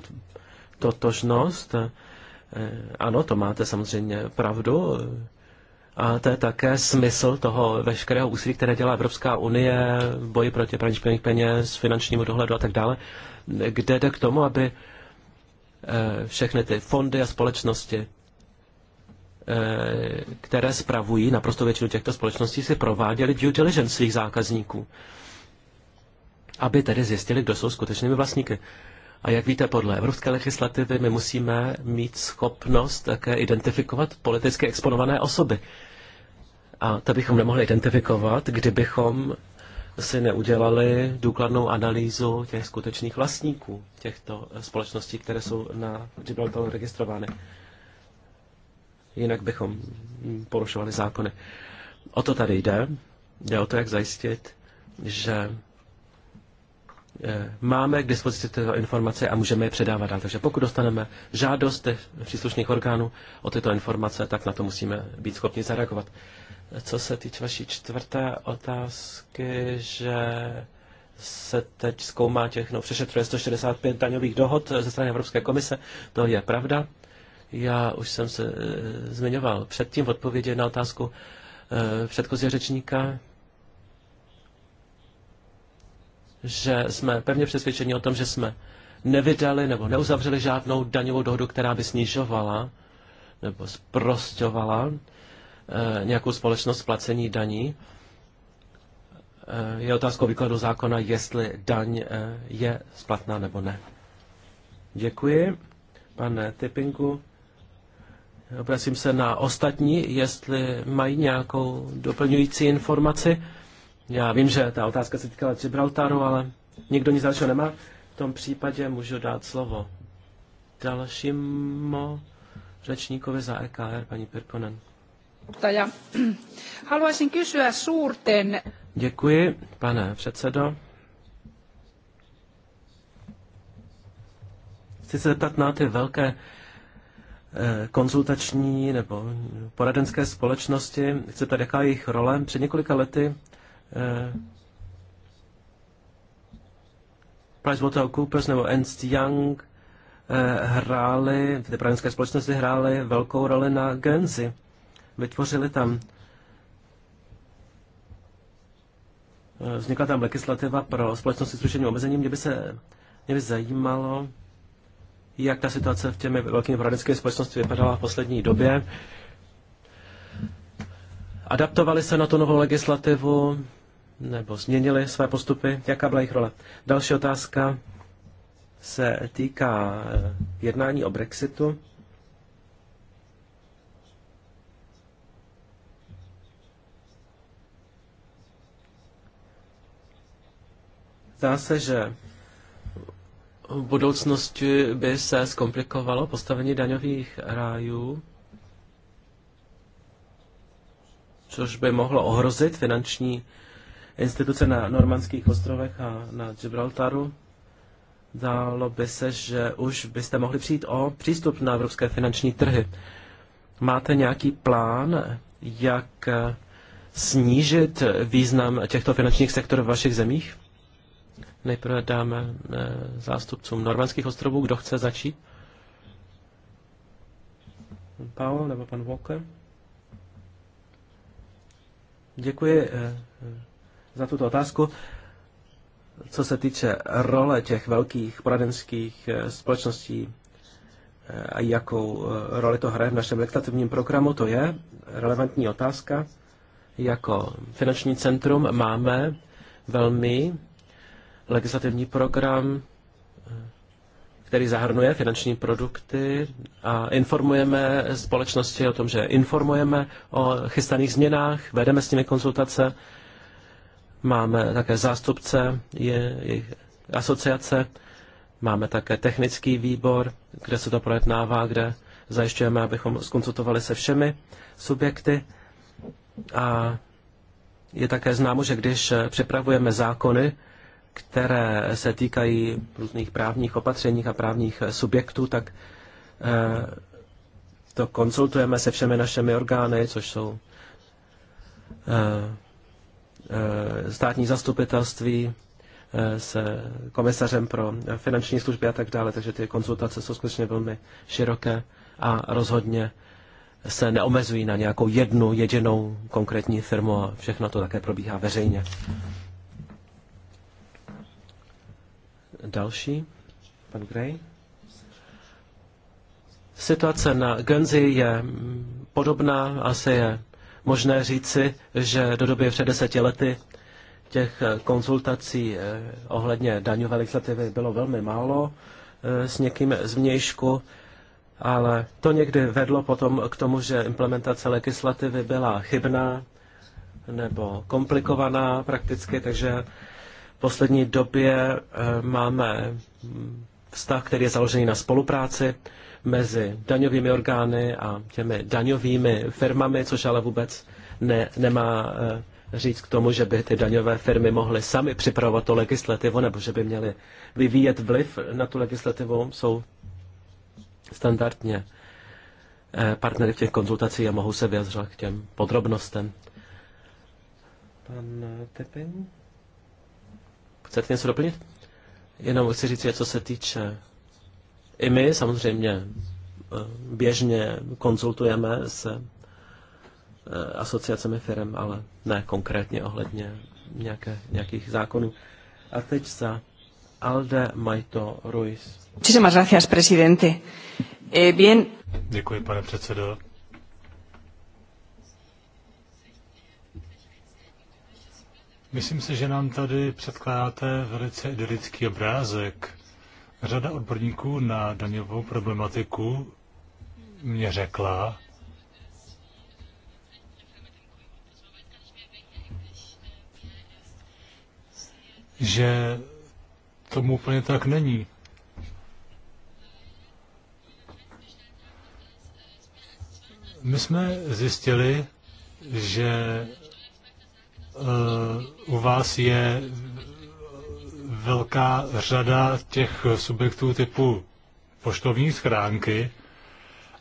totožnost, Eh, ano, to máte samozřejmě pravdu. A to je také smysl toho veškerého úsilí, které dělá Evropská unie v boji proti praní špinavých peněz, finančnímu dohledu a tak dále, kde jde k tomu, aby eh, všechny ty fondy a společnosti, eh, které spravují naprosto většinu těchto společností, si prováděly due diligence svých zákazníků, aby tedy zjistili, kdo jsou skutečnými vlastníky. A jak víte, podle evropské legislativy my musíme mít schopnost také identifikovat politicky exponované osoby. A to bychom nemohli identifikovat, kdybychom si neudělali důkladnou analýzu těch skutečných vlastníků těchto společností, které jsou na Gibraltaru registrovány. Jinak bychom porušovali zákony. O to tady jde. Jde o to, jak zajistit, že Eh, máme k dispozici tyto informace a můžeme je předávat dál. Takže pokud dostaneme žádost příslušných orgánů o tyto informace, tak na to musíme být schopni zareagovat. Co se týče vaší čtvrté otázky, že se teď zkoumá těch, no přešetřuje 165 daňových dohod ze strany Evropské komise, to je pravda. Já už jsem se eh, zmiňoval předtím v odpovědi na otázku eh, předchozího řečníka, že jsme pevně přesvědčeni o tom, že jsme nevydali nebo neuzavřeli žádnou daňovou dohodu, která by snižovala nebo zprostovala e, eh, nějakou společnost placení daní. E, je otázkou výkladu zákona, jestli daň e, je splatná nebo ne. Děkuji, pane Typinku. Obracím se na ostatní, jestli mají nějakou doplňující informaci. Já vím, že ta otázka se týkala Gibraltaru, ale nikdo nic dalšího nemá. V tom případě můžu dát slovo dalšímu řečníkovi za EKR, paní Pirkonen. Děkuji, pane předsedo. Chci se zeptat na ty velké eh, konzultační nebo poradenské společnosti. Chci tady, jaká je jejich role. Před několika lety Eh, PricewaterhouseCoopers nebo Ernst Young eh, hráli, ty právnické společnosti hráli velkou roli na Guernsey. Vytvořili tam eh, vznikla tam legislativa pro společnosti s rušením omezením. Mě by, se, mě by zajímalo, jak ta situace v těmi velkými poradenskými společnosti vypadala v poslední době. Adaptovali se na tu novou legislativu, nebo změnili své postupy, jaká byla jejich role. Další otázka se týká eh, jednání o Brexitu. Zdá se, že v budoucnosti by se zkomplikovalo postavení daňových rájů, což by mohlo ohrozit finanční instituce na Normandských ostrovech a na Gibraltaru. Dálo by se, že už byste mohli přijít o přístup na evropské finanční trhy. Máte nějaký plán, jak snížit význam těchto finančních sektorů v vašich zemích? Nejprve dáme eh, zástupcům Normandských ostrovů, kdo chce začít. Pan nebo pan Walker? Děkuji eh, za tuto otázku. Co se týče role těch velkých poradenských eh, společností eh, a jakou eh, roli to hraje v našem legislativním programu, to je relevantní otázka. Jako finanční centrum máme velmi legislativní program, který zahrnuje finanční produkty a informujeme společnosti o tom, že informujeme o chystaných změnách, vedeme s nimi konzultace Máme také zástupce je, jejich asociace, máme také technický výbor, kde se to projednává, kde zajišťujeme, abychom skonsultovali se všemi subjekty. A je také známo, že když připravujeme zákony, které se týkají různých právních opatřeních a právních subjektů, tak eh, to konsultujeme se všemi našimi orgány, což jsou eh, Eh, státní zastupitelství eh, s komisařem pro finanční služby a tak dále, takže ty konzultace jsou skutečně velmi široké a rozhodně se neomezují na nějakou jednu jedinou konkrétní firmu a všechno to také probíhá veřejně. Další, pan Gray. Situace na Guernsey je podobná, asi je možné říci, že do doby před deseti lety těch eh, konzultací eh, ohledně daňové legislativy bylo velmi málo eh, s někým z vnějšku, ale to někdy vedlo potom k tomu, že implementace legislativy byla chybná nebo komplikovaná prakticky, takže v poslední době máme mm, vztah, který je založený na spolupráci mezi daňovými orgány a těmi daňovými firmami, což ale vůbec ne, nemá eh, říct k tomu, že by ty daňové firmy mohly sami připravovat to legislativu, nebo že by měly vyvíjet vliv na tu legislativu, jsou standardně eh, partnery v těch konzultacích a mohou se vyjadřovat k těm podrobnostem. Pan eh, Tepin? Chcete něco doplnit? Jenom chci říct, co se týče i my samozřejmě eh, běžně konzultujeme s eh, asociacemi firm, ale ne konkrétně ohledně nějaké, nějakých zákonů. A teď za Alde Maito Ruiz. Muchísimas gracias, presidente. Eh, bien. Děkuji, pane předsedo. Myslím si, že nám tady předkládáte velice idylický obrázek Řada odborníků na daňovou problematiku mě řekla, že tomu úplně tak není. My jsme zjistili, že uh, u vás je velká řada těch subjektů typu poštovní schránky,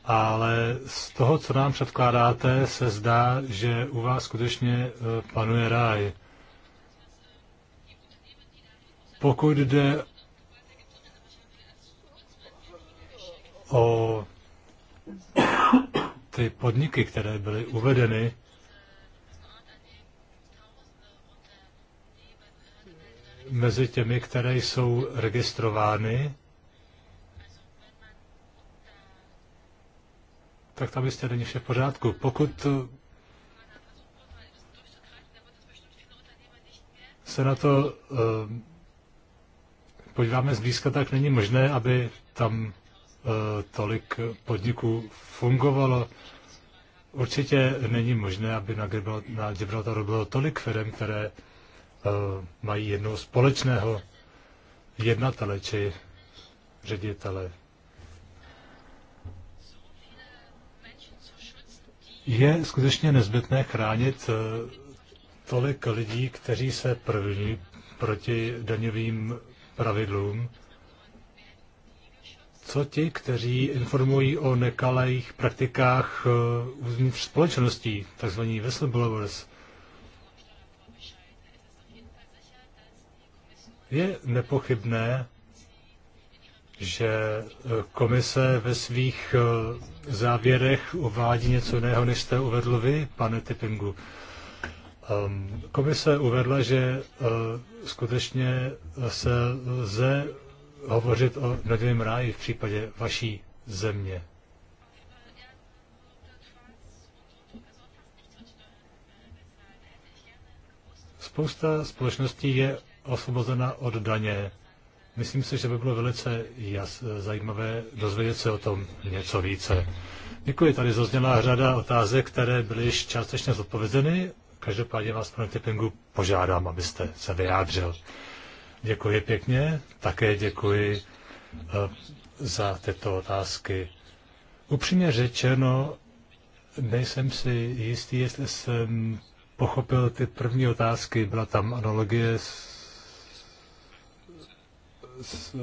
ale z toho, co nám předkládáte, se zdá, že u vás skutečně e, panuje ráj. Pokud jde o ty podniky, které byly uvedeny, mezi těmi, které jsou registrovány, tak tam jistě není vše v pořádku. Pokud se na to uh, podíváme zblízka, tak není možné, aby tam uh, tolik podniků fungovalo. Určitě není možné, aby na, Gibraltaru bylo tolik firm, které uh, Eh, mají jednoho společného jednatele či ředitele. Je skutečně nezbytné chránit eh, tolik lidí, kteří se první proti daňovým pravidlům. Co ti, kteří informují o nekalých praktikách eh, uvnitř společností, takzvaní whistleblowers? Je nepochybné, že e, komise ve svých e, závěrech uvádí něco jiného, než jste uvedl vy, pane Tippingu. Ehm, komise uvedla, že e, skutečně se lze hovořit o daňovém ráji v případě vaší země. Spousta společností je osvobozena od daně. Myslím si, že by bylo velice jas, zajímavé dozvědět se o tom něco více. Děkuji, tady zazněla řada otázek, které byly již částečně zodpovězeny. Každopádně vás, pane Tippingu, požádám, abyste se vyjádřil. Děkuji pěkně, také děkuji eh, za tyto otázky. Upřímně řečeno, nejsem si jistý, jestli jsem pochopil ty první otázky. Byla tam analogie s s eh,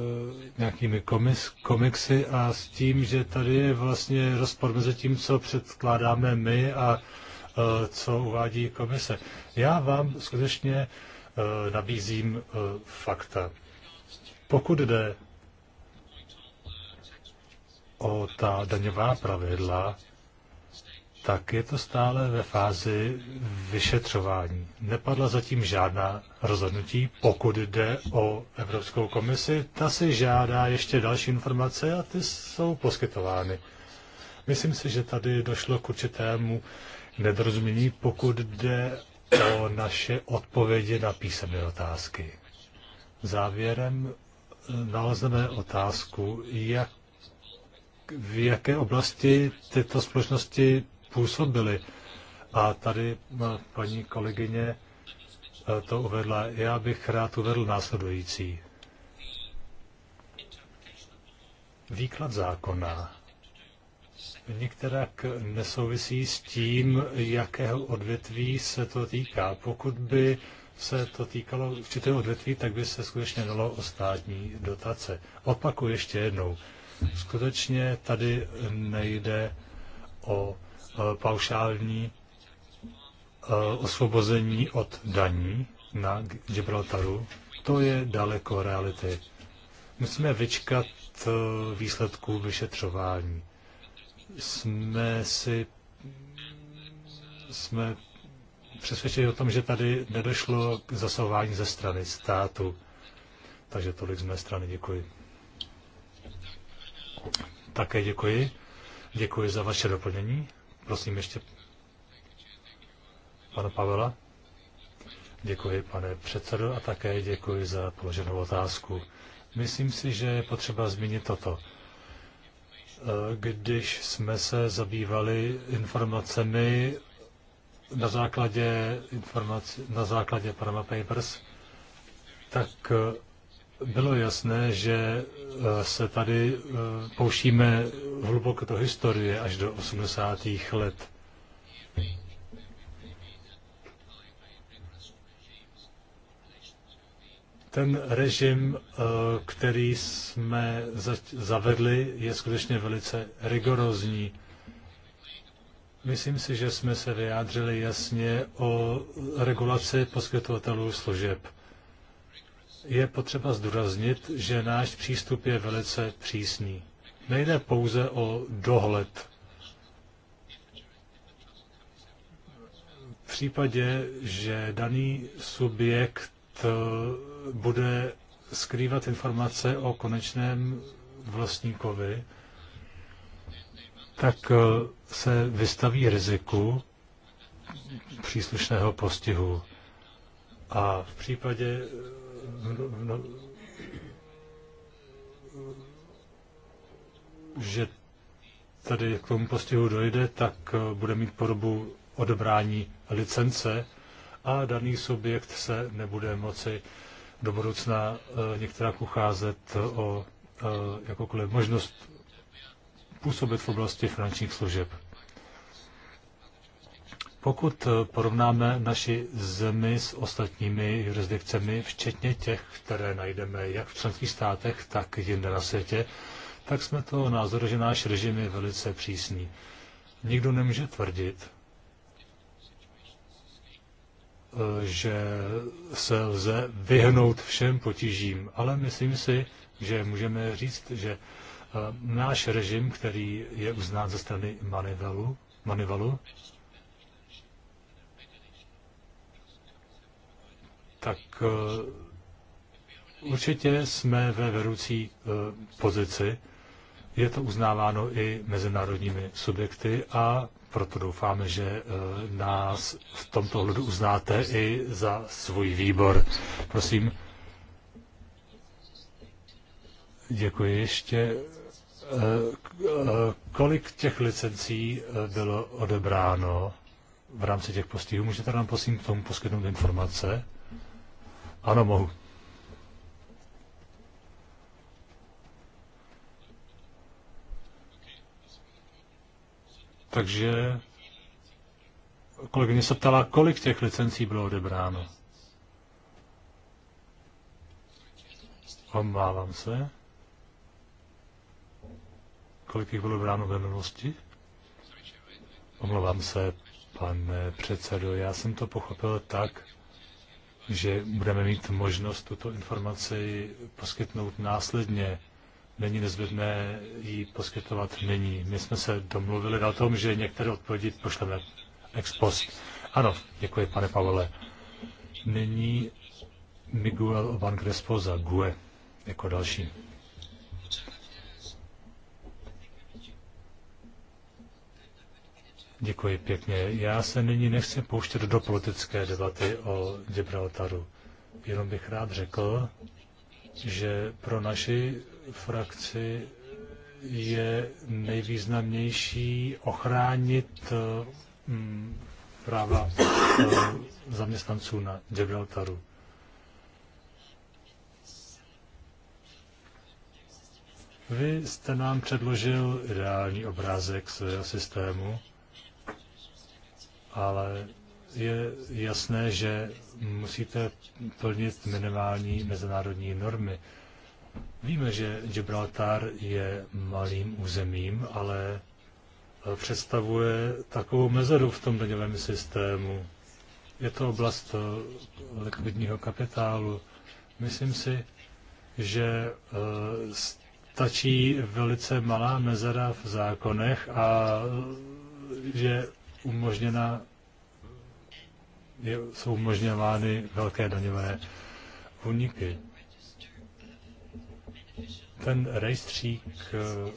nějakými komis, komiksy a s tím, že tady je vlastně rozpor mezi tím, co předkládáme my a eh, co uvádí komise. Já vám skutečně eh, nabízím fakta. Pokud jde o ta daňová pravidla, tak je to stále ve fázi vyšetřování. Nepadla zatím žádná rozhodnutí, pokud jde o Evropskou komisi. Ta si žádá ještě další informace a ty jsou poskytovány. Myslím si, že tady došlo k určitému nedorozumění, pokud jde o naše odpovědi na písemné otázky. Závěrem eh, nalezneme otázku, jak v jaké oblasti tyto společnosti působili. A tady no, paní kolegyně eh, to uvedla. Já bych rád uvedl následující. Výklad zákona některak nesouvisí s tím, jakého odvětví se to týká. Pokud by se to týkalo určitého odvětví, tak by se skutečně dalo o státní dotace. Opakuju ještě jednou. Skutečně tady nejde o Eh, paušální eh, osvobození od daní na Gibraltaru, to je daleko reality. Musíme vyčkat eh, výsledků vyšetřování. Jsme si jsme přesvědčeni o tom, že tady nedošlo k zasahování ze strany státu. Takže tolik z mé strany děkuji. Také děkuji. Děkuji za vaše doplnění. Prosím ještě pana Pavela. Děkuji, pane předsedo, a také děkuji za položenou otázku. Myslím si, že je potřeba zmínit toto. Když jsme se zabývali informacemi na základě, informací, na základě Panama Papers, tak bylo jasné, že eh, se tady eh, pouštíme hluboko do historie až do 80. let. Ten režim, eh, který jsme zavedli, je skutečně velice rigorózní. Myslím si, že jsme se vyjádřili jasně o regulaci poskytovatelů služeb je potřeba zdůraznit, že náš přístup je velice přísný. Nejde pouze o dohled. V případě, že daný subjekt eh, bude skrývat informace o konečném vlastníkovi, tak eh, se vystaví riziku příslušného postihu. A v případě že tady k tomu postihu dojde, tak eh, bude mít podobu odebrání licence a daný subjekt se nebude moci do budoucna eh, některá ucházet o eh, jakoukoliv možnost působit v oblasti finančních služeb. Pokud eh, porovnáme naši zemi s ostatními jurisdikcemi, včetně těch, které najdeme jak v členských státech, tak jinde na světě, tak jsme toho názoru, že náš režim je velice přísný. Nikdo nemůže tvrdit, eh, že se lze vyhnout všem potížím, ale myslím si, že můžeme říct, že eh, náš režim, který je uznán ze strany Manivalu, Manivalu tak eh, určitě jsme ve vedoucí eh, pozici. Je to uznáváno i mezinárodními subjekty a proto doufáme, že eh, nás v tomto hledu uznáte i za svůj výbor. Prosím. Děkuji ještě. Kolik těch licencí bylo odebráno v rámci těch postihů? Můžete nám prosím k tomu poskytnout informace? Ano, mohu. Takže kolegyně se ptala, kolik těch licencí bylo odebráno. Omlávám se. Kolik jich bylo odebráno ve minulosti? Omlouvám se, pane předsedo, já jsem to pochopil tak, že budeme mít možnost tuto informaci poskytnout následně. Není nezbytné ji poskytovat nyní. My jsme se domluvili na tom, že některé odpovědi pošleme ex post. Ano, děkuji, pane Pavle. Nyní Miguel Van Crespo za GUE jako další. Děkuji pěkně. Já se nyní nechci pouštět do politické debaty o Gibraltaru. Jenom bych rád řekl, že pro naši frakci je nejvýznamnější ochránit mm, práva eh, zaměstnanců na Gibraltaru. Vy jste nám předložil ideální obrázek svého systému ale je jasné, že musíte plnit minimální mezinárodní normy. Víme, že Gibraltar je malým územím, ale představuje takovou mezeru v tom daňovém systému. Je to oblast likvidního kapitálu. Myslím si, že eh, stačí velice malá mezera v zákonech a že umožněna, je, jsou umožňovány velké daňové úniky. Ten rejstřík eh,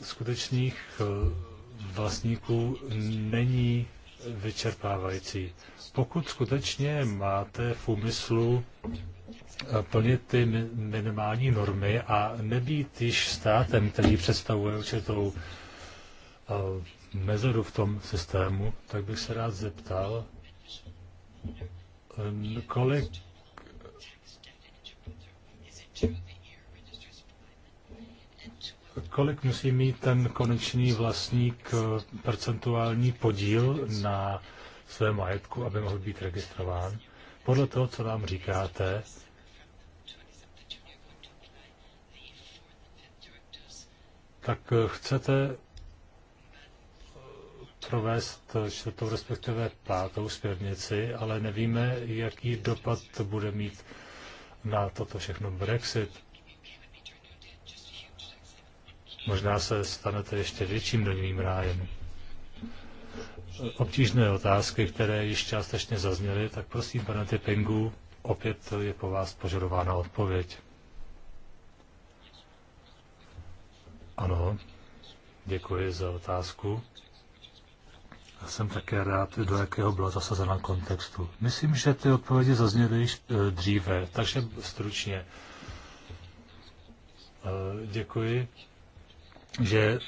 skutečných eh, vlastníků není vyčerpávající. Pokud skutečně máte v úmyslu eh, plnit ty minimální normy a nebýt již státem, který představuje určitou mezeru v tom systému, tak bych se rád zeptal, kolik kolik musí mít ten konečný vlastník eh, percentuální podíl na své majetku, aby mohl být registrován. Podle toho, co nám říkáte, tak eh, chcete provést čtvrtou, respektive pátou směrnici, ale nevíme, jaký dopad to bude mít na toto všechno Brexit. Možná se stanete ještě větším daňovým rájem. Obtížné otázky, které již částečně zazněly, tak prosím, pane Typingu, opět je po vás požadována odpověď. Ano, děkuji za otázku jsem také rád, do jakého byla zasazena kontextu. Myslím, že ty odpovědi zazněly již e, dříve, takže stručně. E, děkuji, že e,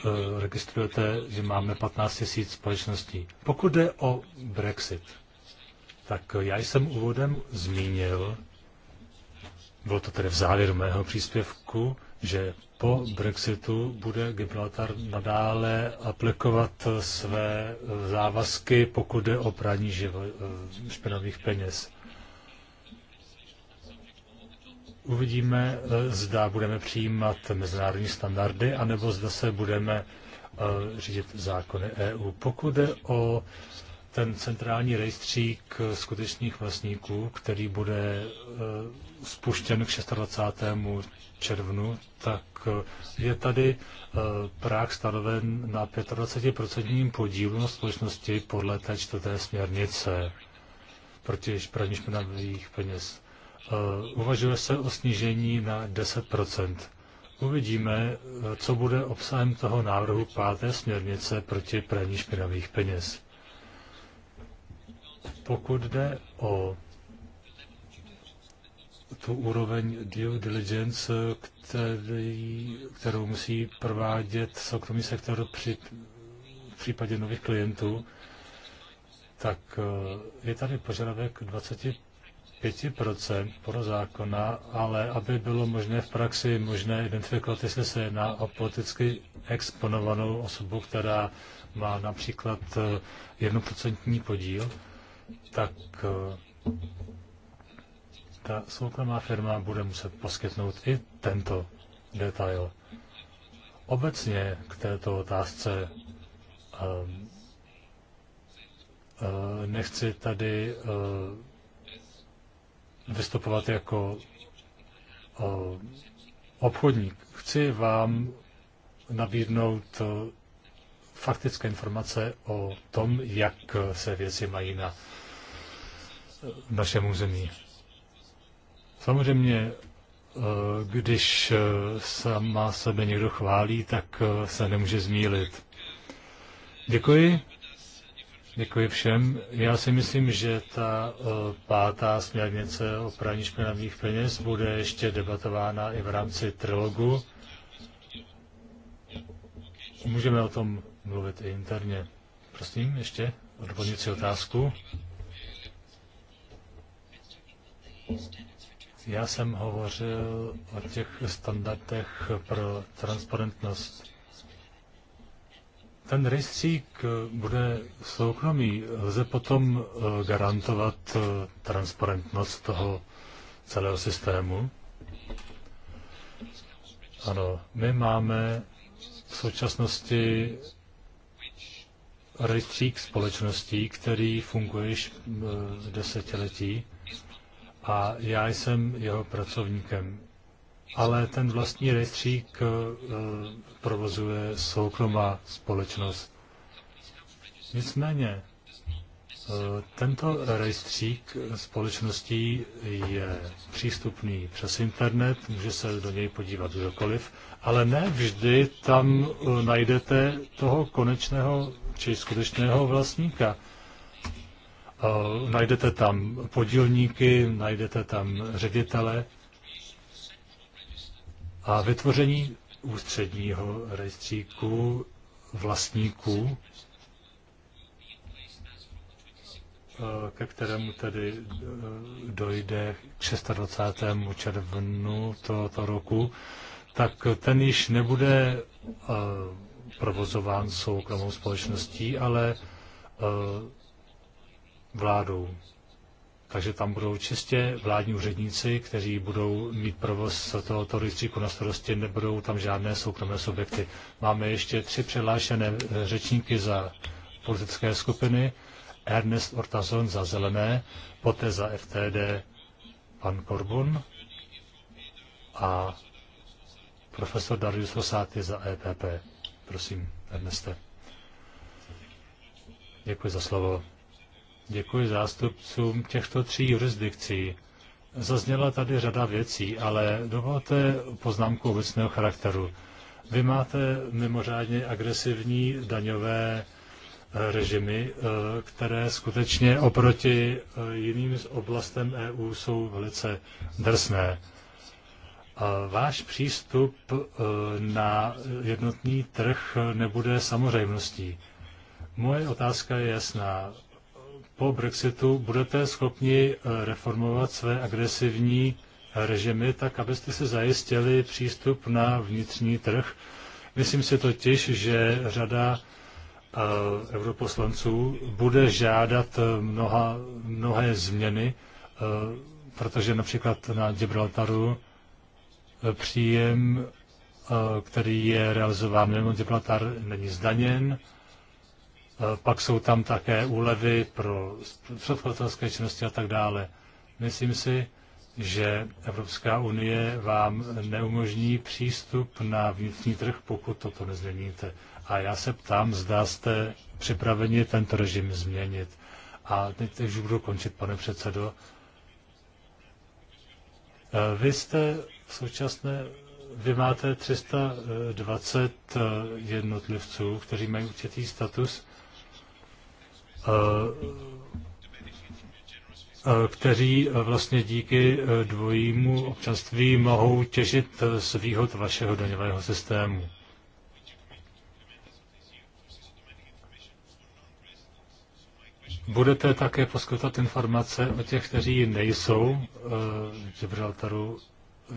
registrujete, že máme 15 000 společností. Pokud jde o Brexit, tak já jsem úvodem zmínil, bylo to tedy v závěru mého příspěvku, že po Brexitu bude Gibraltar nadále aplikovat své závazky, pokud jde o praní eh, špinavých peněz. Uvidíme, eh, zda budeme přijímat mezinárodní standardy, anebo zda se budeme eh, řídit zákony EU. Pokud jde o ten centrální rejstřík skutečných vlastníků, který bude spuštěn k 26. červnu, tak eh, je tady eh, práh stanoven na 25% podílu na společnosti podle té čtvrté směrnice proti praní špinavých peněz. Eh, uvažuje se o snížení na 10%. Uvidíme, co bude obsahem toho návrhu páté směrnice proti praní špinavých peněz. Pokud jde o tu úroveň due diligence, který, kterou musí provádět soukromý sektor při v případě nových klientů, tak eh, je tady požadavek 25% pro zákona, ale aby bylo možné v praxi možné identifikovat, jestli se jedná o politicky exponovanou osobu, která má například eh, jednoprocentní podíl, tak eh, ta soukromá firma bude muset poskytnout i tento detail. Obecně k této otázce um, uh, nechci tady uh, vystupovat jako uh, obchodník. Chci vám nabídnout eh, faktické informace o tom, jak se věci mají na našem území. Samozřejmě, eh, když eh, sama sebe někdo chválí, tak eh, se nemůže zmílit. Děkuji. Děkuji všem. Já si myslím, že ta pátá směrnice o praní špinavých peněz bude ještě debatována i v rámci trilogu. Můžeme o tom mluvit i interně. Prosím, ještě doplňující otázku. Já jsem hovořil o těch standardech pro transparentnost. Ten rejstřík eh, bude soukromý. Lze potom eh, garantovat eh, transparentnost toho celého systému? Ano, my máme v současnosti rejstřík společností, který funguje již desetiletí a já jsem jeho pracovníkem. Ale ten vlastní rejstřík eh, provozuje soukromá společnost. Nicméně, eh, tento rejstřík společností je přístupný přes internet, může se do něj podívat kdokoliv, ale ne vždy tam eh, najdete toho konečného či skutečného vlastníka. Najdete tam podílníky, najdete tam ředitele a vytvoření ústředního rejstříku vlastníků, ke kterému tedy e, dojde k 26. červnu tohoto roku, tak ten již nebude e, provozován soukromou společností, ale e, vládou. Takže tam budou čistě vládní úředníci, kteří budou mít provoz tohoto rejstříku na starosti, nebudou tam žádné soukromé subjekty. Máme ještě tři přihlášené eh, řečníky za politické skupiny. Ernest Ortazon za Zelené, poté za FTD pan Korbun a profesor Darius Rosáty za EPP. Prosím, Erneste. Děkuji za slovo. Děkuji zástupcům těchto tří jurisdikcí. Zazněla tady řada věcí, ale dovolte poznámku obecného charakteru. Vy máte mimořádně agresivní daňové eh, režimy, eh, které skutečně oproti eh, jiným oblastem EU jsou velice drsné. Váš přístup na jednotný trh nebude samozřejmostí. Moje otázka je jasná po Brexitu budete schopni eh, reformovat své agresivní režimy, tak abyste se zajistili přístup na vnitřní trh. Myslím si totiž, že řada eh, europoslanců bude žádat eh, mnoha, mnohé změny, protože například na Gibraltaru příjem, který je realizován mimo Gibraltar, není zdaněn pak jsou tam také úlevy pro zprostředkovatelské činnosti a tak dále. Myslím si, že Evropská unie vám neumožní přístup na vnitřní trh, pokud toto nezměníte. A já se ptám, zda jste připraveni tento režim změnit. A teď už budu končit, pane předsedo. E, vy jste v současné, vy máte 320 e, jednotlivců, kteří mají určitý status. Eh, eh, kteří eh, vlastně díky dvojímu občanství mohou těžit z výhod vašeho daňového systému. Budete také poskytovat informace o těch, kteří nejsou v Gibraltaru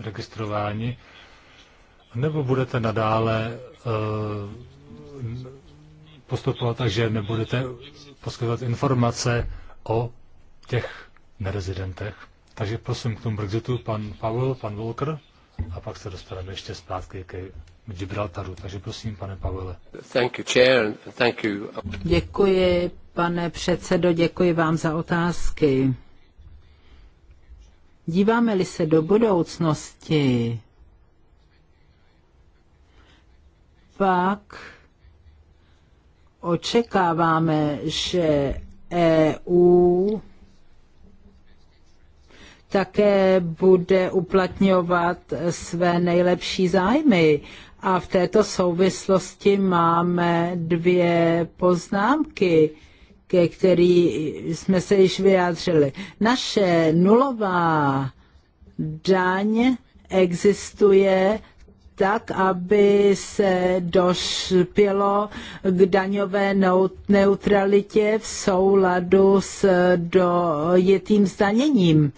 registrováni, nebo budete nadále postupovat tak, že nebudete poskytovat informace o těch nerezidentech. Takže prosím k tomu Brexitu pan Pavel, pan Volker a pak se dostaneme ještě zpátky ke Gibraltaru. Takže prosím, pane Pavele. Thank you, chair, thank you. Děkuji, pane předsedo, děkuji vám za otázky. Díváme-li se do budoucnosti, pak očekáváme, že EU také bude uplatňovat své nejlepší zájmy. A v této souvislosti máme dvě poznámky, ke který jsme se již vyjádřili. Naše nulová daň existuje tak, aby se došpělo k daňové neutralitě v souladu s dojetým zdaněním.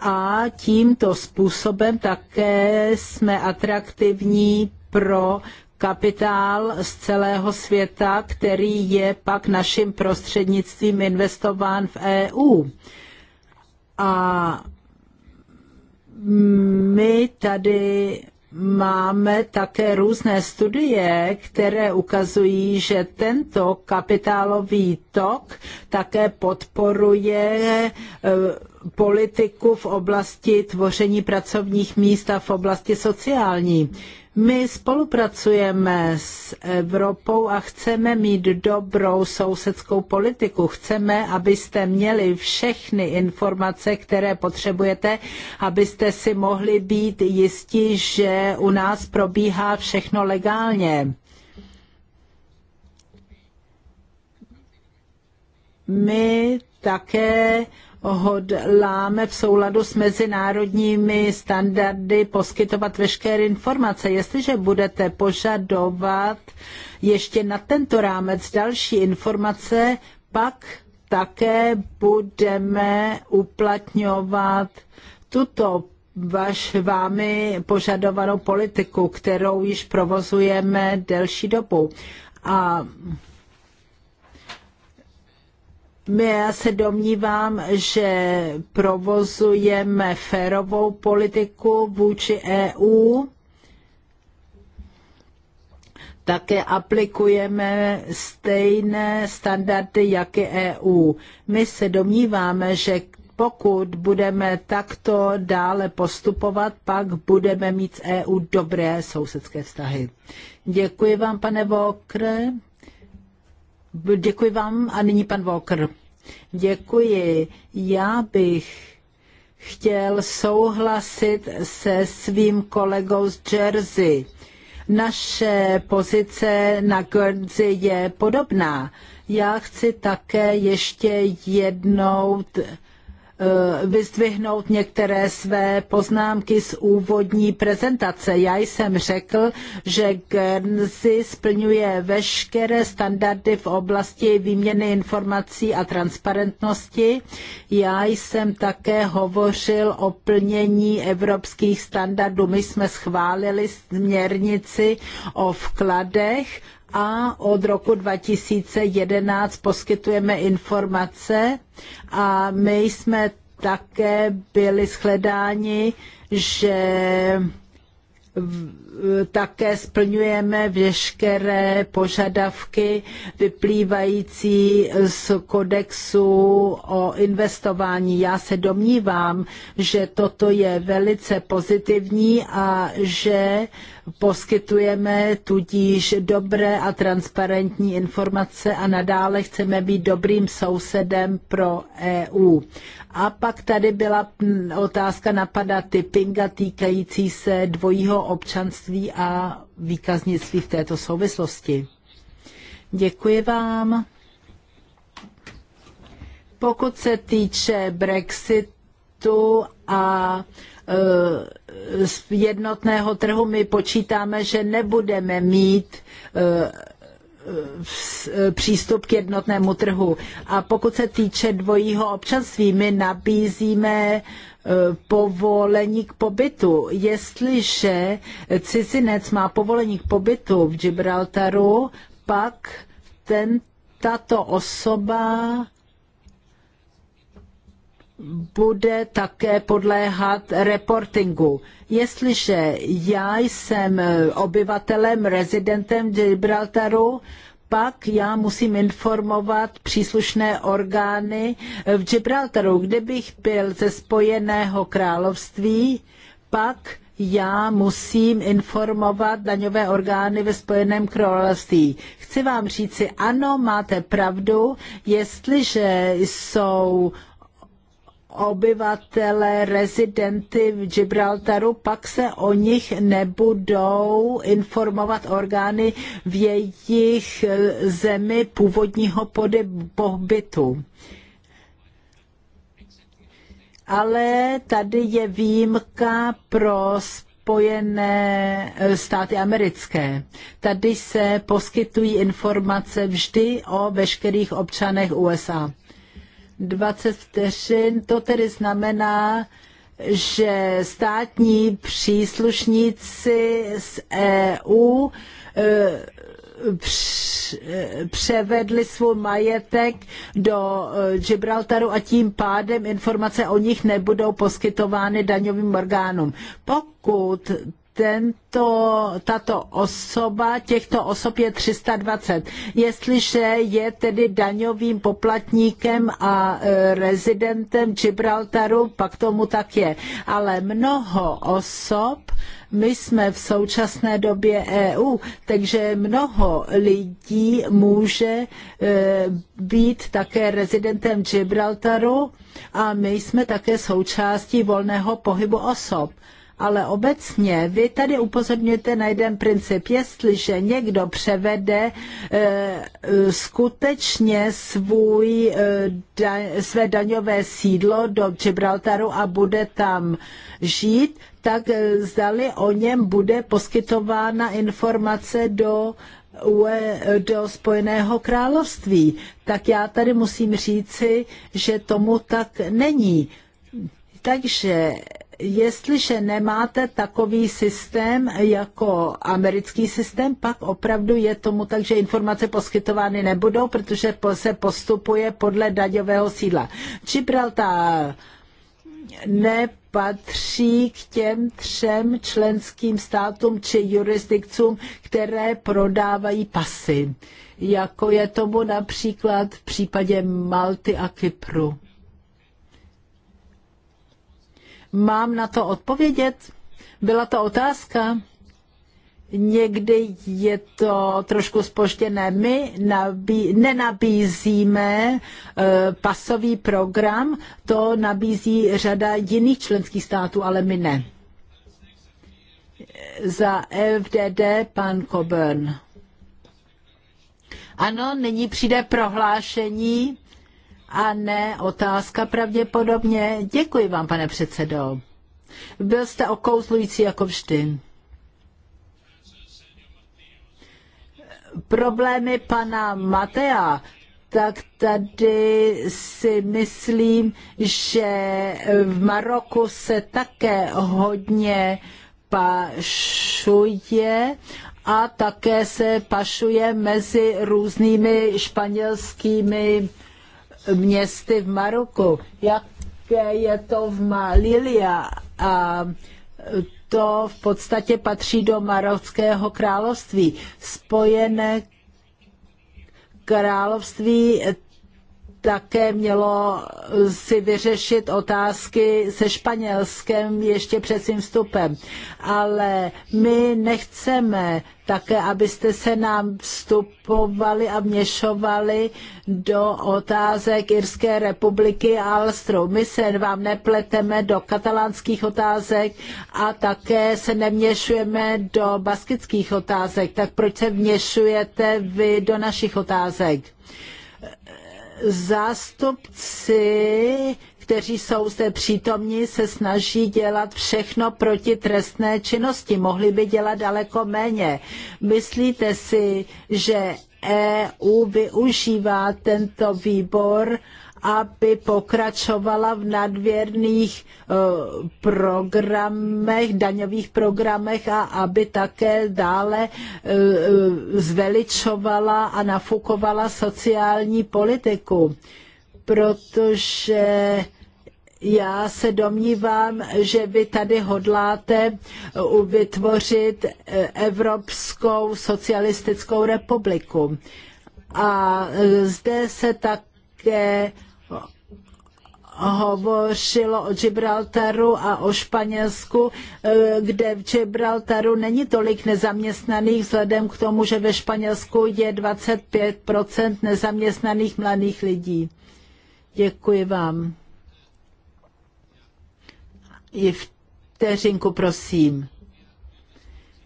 A tímto způsobem také jsme atraktivní pro kapitál z celého světa, který je pak naším prostřednictvím investován v EU. A my tady máme také různé studie, které ukazují, že tento kapitálový tok také podporuje eh, politiku v oblasti tvoření pracovních míst a v oblasti sociální. My spolupracujeme s Evropou a chceme mít dobrou sousedskou politiku. Chceme, abyste měli všechny informace, které potřebujete, abyste si mohli být jistí, že u nás probíhá všechno legálně. My také hodláme v souladu s mezinárodními standardy poskytovat veškeré informace. Jestliže budete požadovat ještě na tento rámec další informace, pak také budeme uplatňovat tuto vaš vámi požadovanou politiku, kterou již provozujeme delší dobu. A my se domnívám, že provozujeme férovou politiku vůči EU. Také aplikujeme stejné standardy, jak i EU. My se domníváme, že pokud budeme takto dále postupovat, pak budeme mít EU dobré sousedské vztahy. Děkuji vám, pane Vokre. Děkuji vám a nyní pan Walker. Děkuji. Já bych chtěl souhlasit se svým kolegou z Jersey. Naše pozice na Guernsey je podobná. Já chci také ještě jednou t- Eh, vyzdvihnout některé své poznámky z úvodní prezentace. Já jsem řekl, že Guernsey splňuje veškeré standardy v oblasti výměny informací a transparentnosti. Já jsem také hovořil o plnění evropských standardů. My jsme schválili směrnici o vkladech a od roku 2011 poskytujeme informace a my jsme také byli shledáni, že také splňujeme veškeré požadavky vyplývající z kodexu o investování. Já se domnívám, že toto je velice pozitivní a že poskytujeme tudíž dobré a transparentní informace a nadále chceme být dobrým sousedem pro EU. A pak tady byla otázka na pana Typinga týkající se dvojího občanství hospodářství a výkaznictví v této souvislosti. Děkuji vám. Pokud se týče Brexitu a z e, jednotného trhu my počítáme, že nebudeme mít e, e, přístup k jednotnému trhu. A pokud se týče dvojího občanství, my nabízíme E, povolení k pobytu. Jestliže cizinec má povolení k pobytu v Gibraltaru, pak ten, tato osoba bude také podléhat reportingu. Jestliže já jsem obyvatelem, rezidentem Gibraltaru, pak já musím informovat příslušné orgány v Gibraltaru. Kdybych byl ze Spojeného království, pak já musím informovat daňové orgány ve Spojeném království. Chci vám říci, ano, máte pravdu, jestliže jsou obyvatele, rezidenty v Gibraltaru, pak se o nich nebudou informovat orgány v jejich eh, zemi původního pobytu ale tady je výjimka pro Spojené eh, státy americké. Tady se poskytují informace vždy o veškerých občanech USA. 20 vteřin. To tedy znamená, že státní příslušníci z EU e, převedli svůj majetek do e, Gibraltaru a tím pádem informace o nich nebudou poskytovány daňovým orgánům. Pokud tento, tato osoba, těchto osob je 320. Jestliže je tedy daňovým poplatníkem a e, rezidentem Gibraltaru, pak tomu tak je. Ale mnoho osob, my jsme v současné době EU, takže mnoho lidí může e, být také rezidentem Gibraltaru a my jsme také součástí volného pohybu osob ale obecně vy tady upozorňujete na jeden princip. Jestliže někdo převede e, skutečně svůj, e, da, své daňové sídlo do Gibraltaru a bude tam žít, tak eh, zdali o něm bude poskytována informace do e, do Spojeného království, tak já tady musím říci, že tomu tak není. Takže jestliže nemáte takový systém jako americký systém, pak opravdu je tomu tak, že informace poskytovány nebudou, protože se postupuje podle daňového sídla. Gibraltar nepatří k těm třem členským státům či jurisdikcům, které prodávají pasy, jako je tomu například v případě Malty a Kypru. Mám na to odpovědět? Byla to otázka? Někdy je to trošku spožděné. My nabí, nenabízíme e, pasový program, to nabízí řada jiných členských států, ale my ne. Za FDD pan Coburn. Ano, nyní přijde prohlášení a ne otázka pravděpodobně. Děkuji vám, pane předsedo. Byl jste okouzlující jako vždy. Problémy pana Matea, tak tady si myslím, že v Maroku se také hodně pašuje a také se pašuje mezi různými španělskými městy v Maroku. Jaké je to v Malilia a e, to v podstatě patří do Marockého království. Spojené království také mělo eh, si vyřešit otázky se Španělskem ještě před svým vstupem. Ale my nechceme také, abyste se nám vstupovali a měšovali do otázek Irské republiky a Alstru. My se vám nepleteme do katalánských otázek a také se neměšujeme do baskických otázek. Tak proč se měšujete vy do našich otázek? zástupci kteří jsou zde přítomní, se snaží dělat všechno proti trestné činnosti. Mohli by dělat daleko méně. Myslíte si, že EU využívá tento výbor aby pokračovala v nadvěrných eh, programech, daňových programech a aby také dále eh, eh, zveličovala a nafukovala sociální politiku. Protože já se domnívám, že vy tady hodláte vytvořit Evropskou socialistickou republiku. A zde se také hovořilo o Gibraltaru a o Španělsku, eh, kde v Gibraltaru není tolik nezaměstnaných vzhledem k tomu, že ve Španělsku je 25 nezaměstnaných mladých lidí. Děkuji vám. I vteřinku, prosím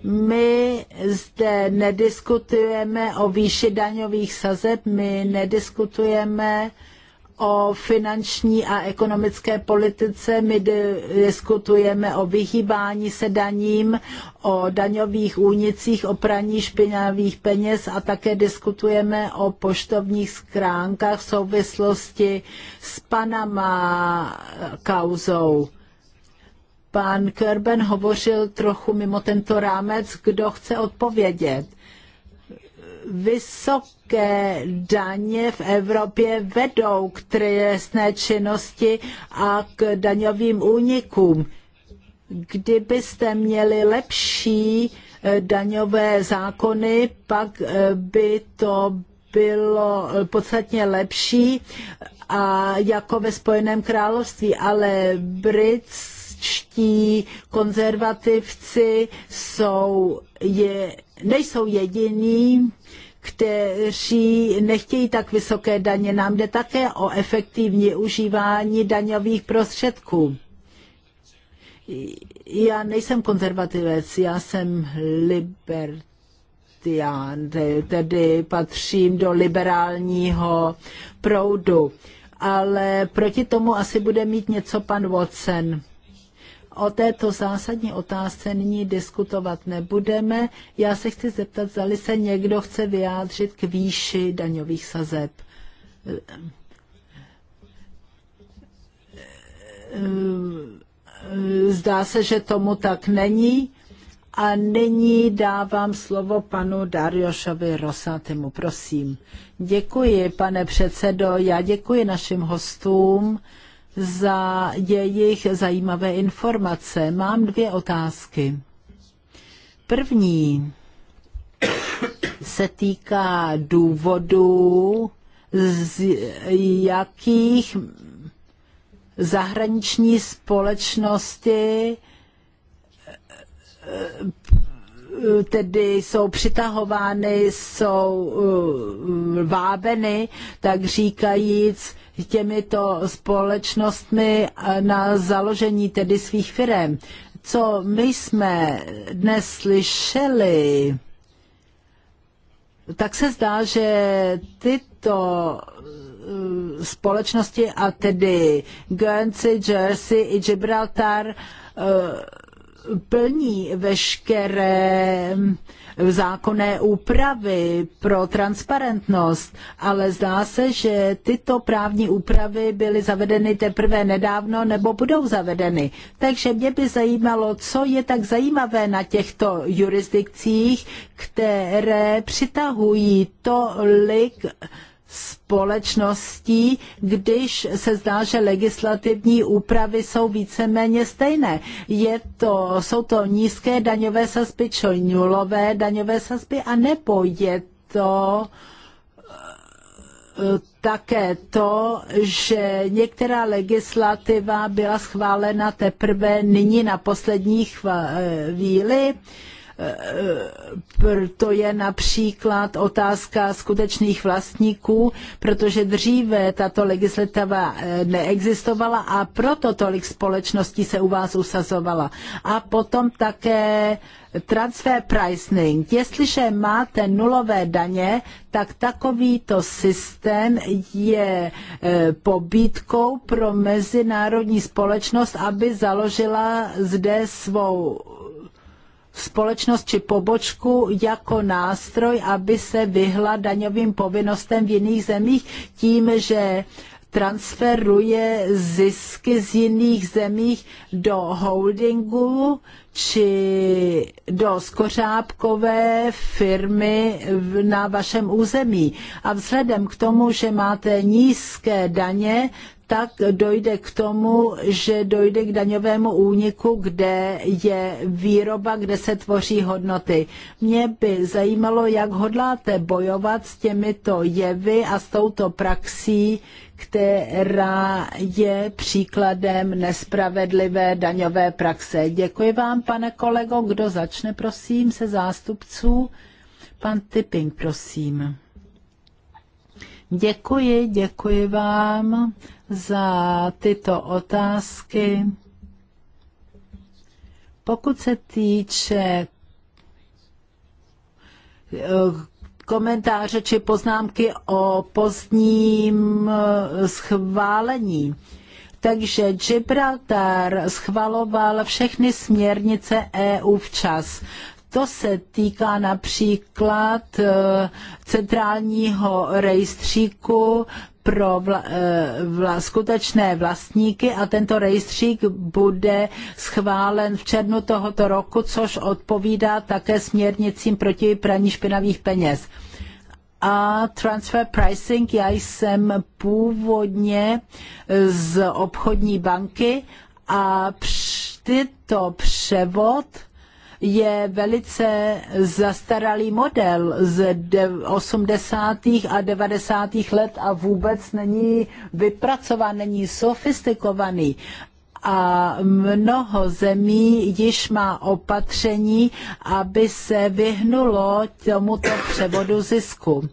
my zde nediskutujeme o výši daňových sazeb, my nediskutujeme o finanční a ekonomické politice, my diskutujeme o vyhýbání se daním, o daňových únicích, o praní špinavých peněz a také diskutujeme o poštovních skránkách v souvislosti s Panama kauzou. Pan Kerben hovořil trochu mimo tento rámec. Kdo chce odpovědět? vysoké daně v Evropě vedou k trestné činnosti a k daňovým únikům. Kdybyste měli lepší eh, daňové zákony, pak eh, by to bylo eh, podstatně lepší a jako ve Spojeném království, ale Brits političtí konzervativci jsou, je, nejsou jediní, kteří nechtějí tak vysoké daně. Nám jde také o efektivní užívání daňových prostředků. Já nejsem konzervativec, já jsem libert tedy patřím do liberálního proudu. Ale proti tomu asi bude mít něco pan Watson. O této zásadní otázce nyní diskutovat nebudeme. Já se chci zeptat, zda se někdo chce vyjádřit k výši daňových sazeb. Zdá se, že tomu tak není. A nyní dávám slovo panu Dariošovi Rosatému, prosím. Děkuji, pane předsedo, já děkuji našim hostům za jejich zajímavé informace. Mám dvě otázky. První se týká důvodů, z jakých zahraniční společnosti tedy jsou přitahovány, jsou eh, vábeny, tak říkajíc, těmito společnostmi na založení tedy svých firm. Co my jsme dnes slyšeli, tak se zdá, že tyto eh, společnosti a tedy Guernsey, Jersey i Gibraltar eh, plní veškeré zákonné úpravy pro transparentnost, ale zdá se, že tyto právní úpravy byly zavedeny teprve nedávno nebo budou zavedeny. Takže mě by zajímalo, co je tak zajímavé na těchto jurisdikcích, které přitahují tolik společností, když se zdá, že legislativní úpravy jsou víceméně stejné. Je to, jsou to nízké daňové sazby, či nulové daňové sazby, a nebo je to eh, také to, že některá legislativa byla schválena teprve nyní na poslední chvíli. Eh, Chv- to je například otázka skutečných vlastníků, protože dříve tato legislativa eh, neexistovala a proto tolik společností se u vás usazovala. A potom také transfer pricing. Jestliže máte nulové daně, tak takovýto systém je eh, pobídkou pro mezinárodní společnost, aby založila zde svou společnost či pobočku jako nástroj, aby se vyhla daňovým povinnostem v jiných zemích tím, že transferuje zisky z jiných zemích do holdingu či do skořápkové firmy na vašem území. A vzhledem k tomu, že máte nízké daně, tak dojde k tomu, že dojde k daňovému úniku, kde je výroba, kde se tvoří hodnoty. Mě by zajímalo, jak hodláte bojovat s těmito jevy a s touto praxí, která je příkladem nespravedlivé daňové praxe. Děkuji vám, pane kolego. Kdo začne, prosím, se zástupců? Pan Tipping, prosím. Děkuji, děkuji vám za tyto otázky. Pokud se týče eh, komentáře či poznámky o pozdním eh, schválení. Takže Gibraltar schvaloval všechny směrnice EU včas. To se týká například eh, centrálního rejstříku pro vla, eh, vla, skutečné vlastníky a tento rejstřík bude schválen v červnu tohoto roku, což odpovídá také směrnicím proti praní špinavých peněz. A transfer pricing, já jsem původně eh, z obchodní banky a tyto převod je velice zastaralý model z 80. a 90. let a vůbec není vypracován, není sofistikovaný a mnoho zemí již má opatření, aby se vyhnulo tomuto převodu zisku.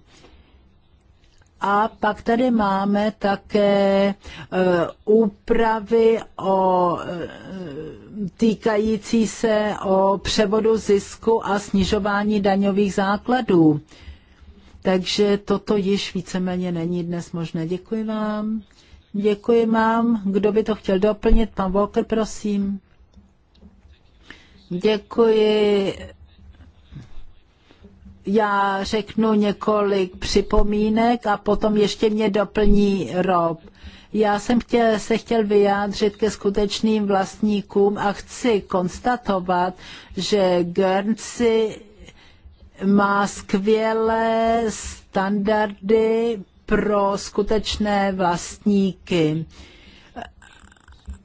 A pak tady máme také eh, úpravy o eh, týkající se o převodu zisku a snižování daňových základů. Takže toto již víceméně není dnes možné. Děkuji vám. Děkuji vám. Kdo by to chtěl doplnit? Pan Walker, prosím. Děkuji já řeknu několik připomínek a potom ještě mě doplní Rob. Já jsem chtěl, se chtěl vyjádřit ke skutečným vlastníkům a chci konstatovat, že Guernsey má skvělé standardy pro skutečné vlastníky.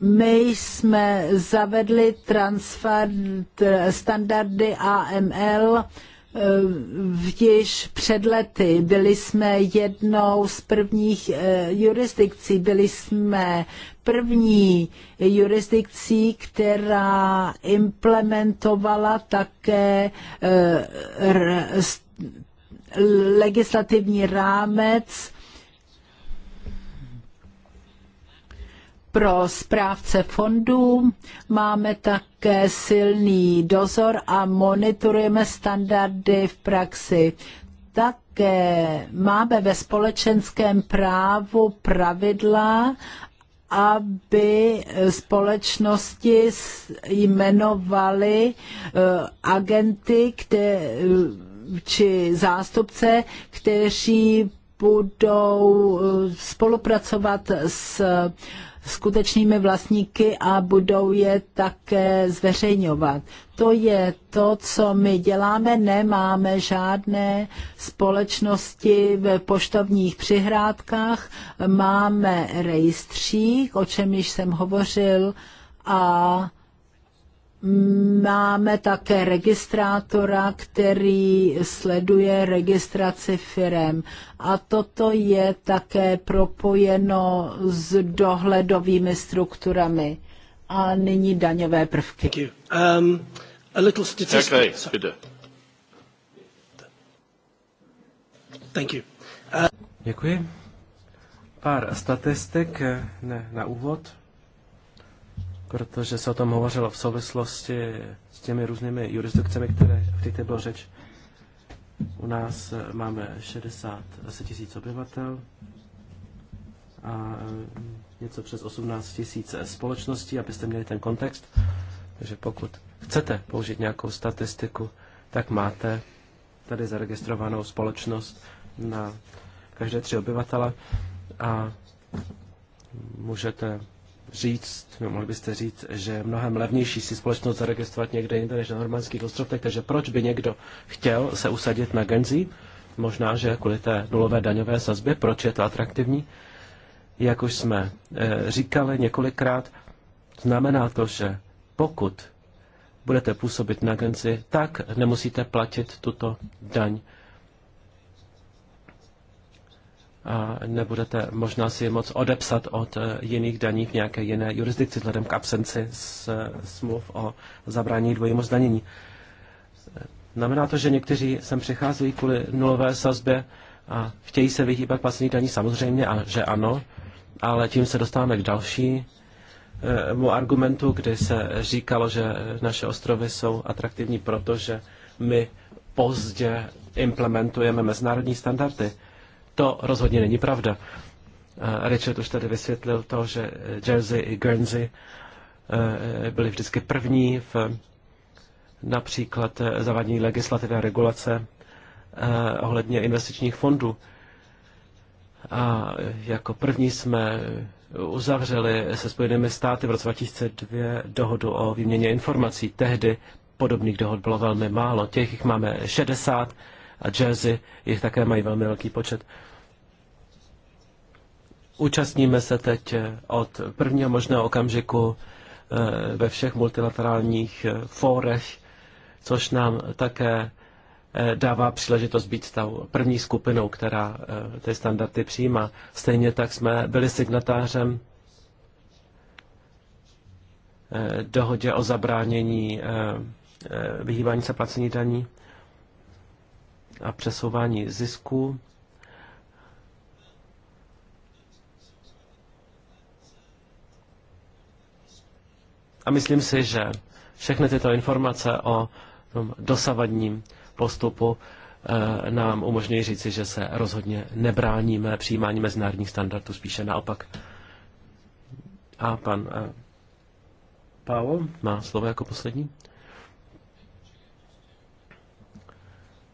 My jsme zavedli transfer standardy AML, již před lety byli jsme jednou z prvních eh, jurisdikcí, byli jsme první jurisdikcí, která implementovala také eh, legislativní rámec pro správce fondů. Máme také silný dozor a monitorujeme standardy v praxi. Také máme ve společenském právu pravidla, aby společnosti jmenovaly eh, agenty kde, či zástupce, kteří budou eh, spolupracovat s skutečnými vlastníky a budou je také zveřejňovat. To je to, co my děláme. Nemáme žádné společnosti v poštovních přihrádkách. Máme rejstřík, o čem již jsem hovořil, a Máme také registrátora, který sleduje registraci firem. A toto je také propojeno s dohledovými strukturami. A nyní daňové prvky. Um, a little statistics. Thank you. Děkuji. Pár statistik eh, ne, na úvod protože se o tom hovořilo v souvislosti s těmi různými jurisdikcemi, které, v té bylo řeč. U nás eh, máme 60 tisíc obyvatel a eh, něco přes 18 tisíc společností, abyste měli ten kontext. Takže pokud chcete použít nějakou statistiku, tak máte tady zaregistrovanou společnost na každé tři obyvatele a můžete říct, no, mohli byste říct, že je mnohem levnější si společnost zaregistrovat někde jinde než na normandských ostrovech, takže proč by někdo chtěl se usadit na Genzi? Možná, že kvůli té nulové daňové sazbě, proč je to atraktivní? Jak už jsme e, říkali několikrát, znamená to, že pokud budete působit na Genzi, tak nemusíte platit tuto daň a nebudete možná si je moc odepsat od eh, jiných daní v nějaké jiné jurisdikci, vzhledem k absenci eh, smluv o zabrání dvojímu zdanění. Znamená to, že někteří sem přicházejí kvůli nulové sazbě a chtějí se vyhýbat placení daní samozřejmě, a že ano, ale tím se dostáváme k dalšímu eh, argumentu, kdy se říkalo, že naše ostrovy jsou atraktivní, protože my pozdě implementujeme mezinárodní standardy. To rozhodně není pravda. Eh, Richard už tady vysvětlil to, že Jersey i Guernsey eh, eh, byly vždycky první v například zavádění legislativy a regulace ohledně investičních fondů. A jako první jsme uzavřeli se Spojenými státy v roce 2002 dohodu o výměně informací. Tehdy podobných dohod bylo velmi málo. Těch jich máme 60 a Jersey jich také mají velmi velký počet. Účastníme se teď eh, od prvního možného okamžiku eh, ve všech multilaterálních eh, fórech, což nám také dává příležitost být tou první skupinou, která ty standardy přijímá. Stejně tak jsme byli signatářem dohodě o zabránění vyhýbání se placení daní a přesouvání zisků. A myslím si, že všechny tyto informace o dosavadním postupu e, nám umožňují říci, že se rozhodně nebráníme přijímání mezinárodních standardů, spíše naopak. A pan e, Pavel má slovo jako poslední.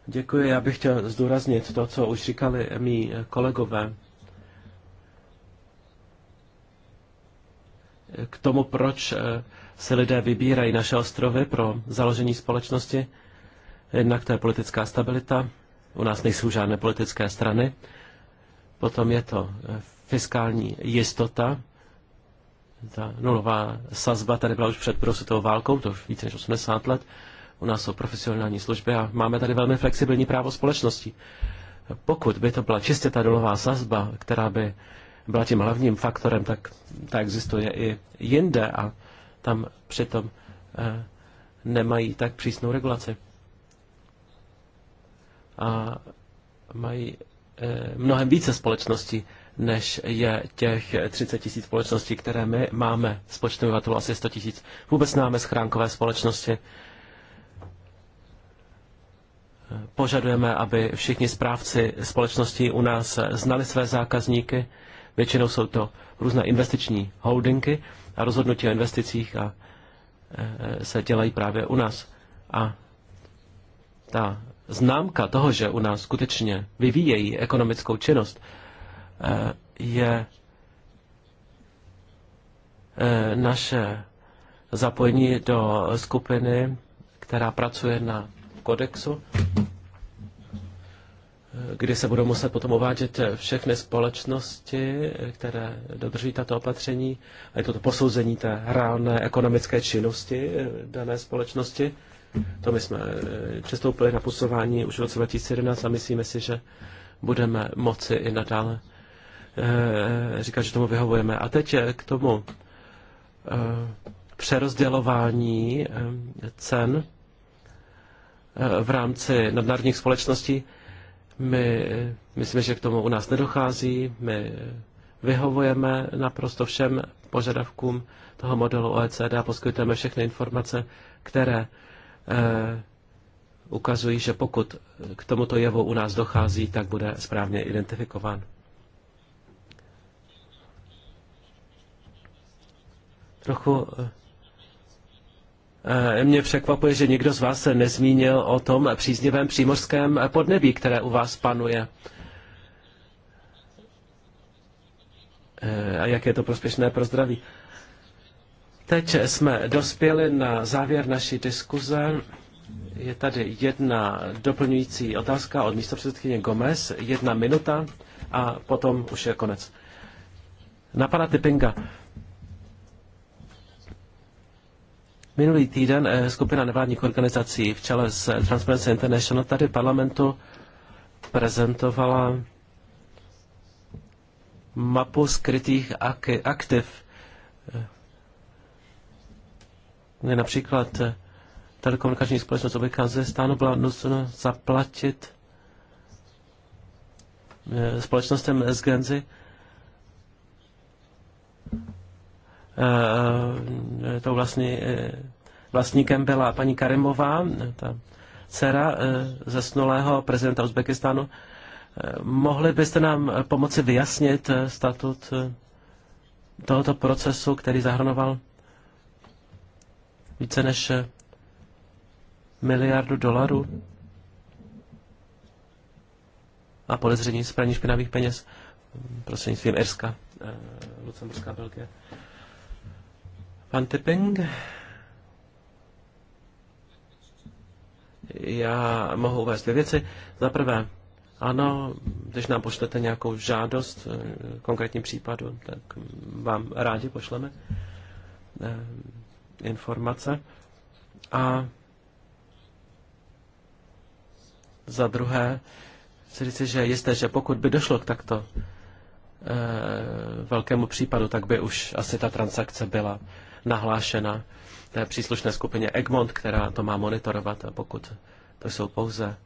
Děkuji, já bych chtěl zdůraznit to, co už říkali mý kolegové. K tomu, proč e, se lidé vybírají naše ostrovy pro založení společnosti. Jednak to je politická stabilita, u nás nejsou žádné politické strany. Potom je to eh, fiskální jistota, ta nulová sazba tady byla už před prosutou válkou, to už více než 80 let. U nás jsou profesionální služby a máme tady velmi flexibilní právo společnosti. Pokud by to byla čistě ta nulová sazba, která by byla tím hlavním faktorem, tak ta existuje i jinde a tam přitom eh, nemají tak přísnou regulaci. A mají eh, mnohem více společností, než je těch 30 tisíc společností, které my máme s počtem obyvatelů asi 100 tisíc. Vůbec nemáme schránkové společnosti. Požadujeme, aby všichni správci společností u nás znali své zákazníky. Většinou jsou to různé investiční holdingy a rozhodnutí o investicích a, e, se dělají právě u nás. A ta známka toho, že u nás skutečně vyvíjejí ekonomickou činnost, e, je e, naše zapojení do skupiny, která pracuje na kodexu kdy se budou muset potom uvádět všechny společnosti, které dodržují tato opatření, a je to, to posouzení té reálné ekonomické činnosti eh, dané společnosti. To my jsme eh, přestoupili na posování už v roce 2011 a myslíme si, že budeme moci i nadále eh, říkat, že tomu vyhovujeme. A teď k tomu přerozdělování cen v rámci nadnárodních společností. My myslíme, že k tomu u nás nedochází, my vyhovujeme naprosto všem požadavkům toho modelu OECD a poskytujeme všechny informace, které eh, ukazují, že pokud k tomuto jevu u nás dochází, tak bude správně identifikován. Trochu eh, Eh, mě překvapuje, že nikdo z vás se nezmínil o tom příznivém přímořském podnebí, které u vás panuje. Eh, a jak je to prospěšné pro zdraví. Teď jsme dospěli na závěr naší diskuze. Je tady jedna doplňující otázka od místopředsedkyně Gomez, jedna minuta a potom už je konec. Na pana Typinga. Minulý týden eh, skupina nevládních organizací v čele s Transparency International tady parlamentu prezentovala mapu skrytých aktiv, eh, kde například eh, telekomunikační společnost v stánu byla nucena zaplatit společnostem z Genzy Eh, eh, tou vlastní, eh, vlastníkem byla paní Karimová, ta dcera zesnulého prezidenta Uzbekistánu. Mohli byste nám pomoci vyjasnit statut tohoto procesu, který zahrnoval více než miliardu dolarů a podezření z praní špinavých peněz mm, prostřednictvím Irska, Lucemburská, Belgie. Pan Tepeng, Já mohu uvést dvě věci. Za prvé, ano, když nám pošlete nějakou žádost, eh, konkrétní případu, tak vám rádi pošleme eh, informace. A za druhé, chci říci, že jisté, že pokud by došlo k takto eh, velkému případu, tak by už asi ta transakce byla nahlášena té příslušné skupině Egmont, která to má monitorovat a pokud to jsou pouze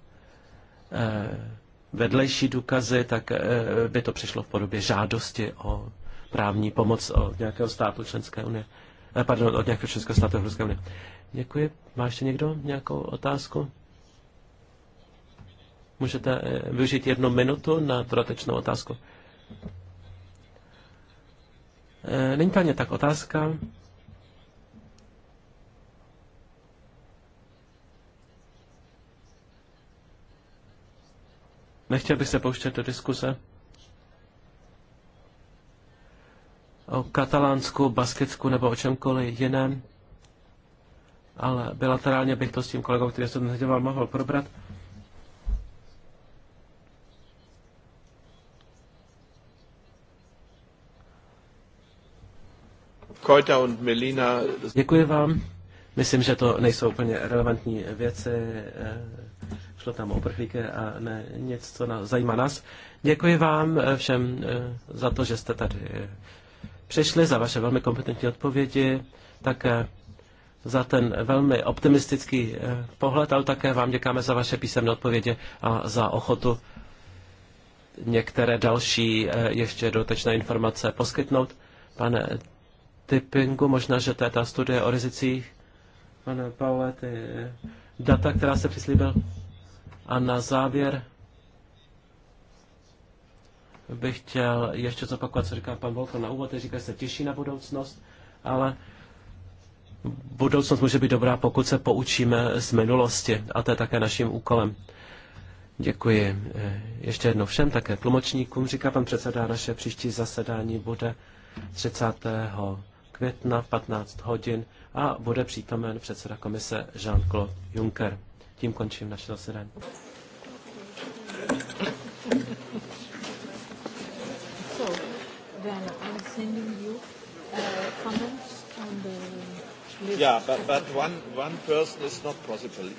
eh, vedlejší důkazy, tak eh, by to přišlo v podobě žádosti o právní pomoc od nějakého státu členské unie. Eh, pardon, od nějakého členského státu Evropské unie. Děkuji. Má ještě někdo nějakou otázku? Můžete využít jednu minutu na dodatečnou otázku. Není to ani tak otázka, Nechtěl bych se pouštět do diskuse o Katalánsku, Baskicku nebo o čemkoliv jiném, ale bilaterálně bych to s tím kolegou, který se dnes mohl probrat. und Melina. Děkuji vám. Myslím, že to nejsou úplně relevantní věci. Eh, přišlo tam o prchlíky a ne něco co nás, zajímá nás. Děkuji vám eh, všem eh, za to, že jste tady eh, přišli, za vaše velmi kompetentní odpovědi, také za ten velmi optimistický pohled, ale také vám děkáme za vaše písemné odpovědi a za ochotu některé další ještě dotečné informace poskytnout. Pane Typingu, možná, že to je ta studie o rizicích, pane Paule, ty data, která se přislíbil. A na závěr bych chtěl ještě zopakovat, co říká pan Volko na úvod, říká, že se těší na budoucnost, ale budoucnost může být dobrá, pokud se poučíme z minulosti a to je také naším úkolem. Děkuji ještě jednou všem, také tlumočníkům. Říká pan předseda, naše příští zasedání bude 30. května v 15 hodin a bude přítomen předseda komise Jean-Claude Juncker. Tím končím naše zasedání. Uh, yeah, but, but one, one person is not possible.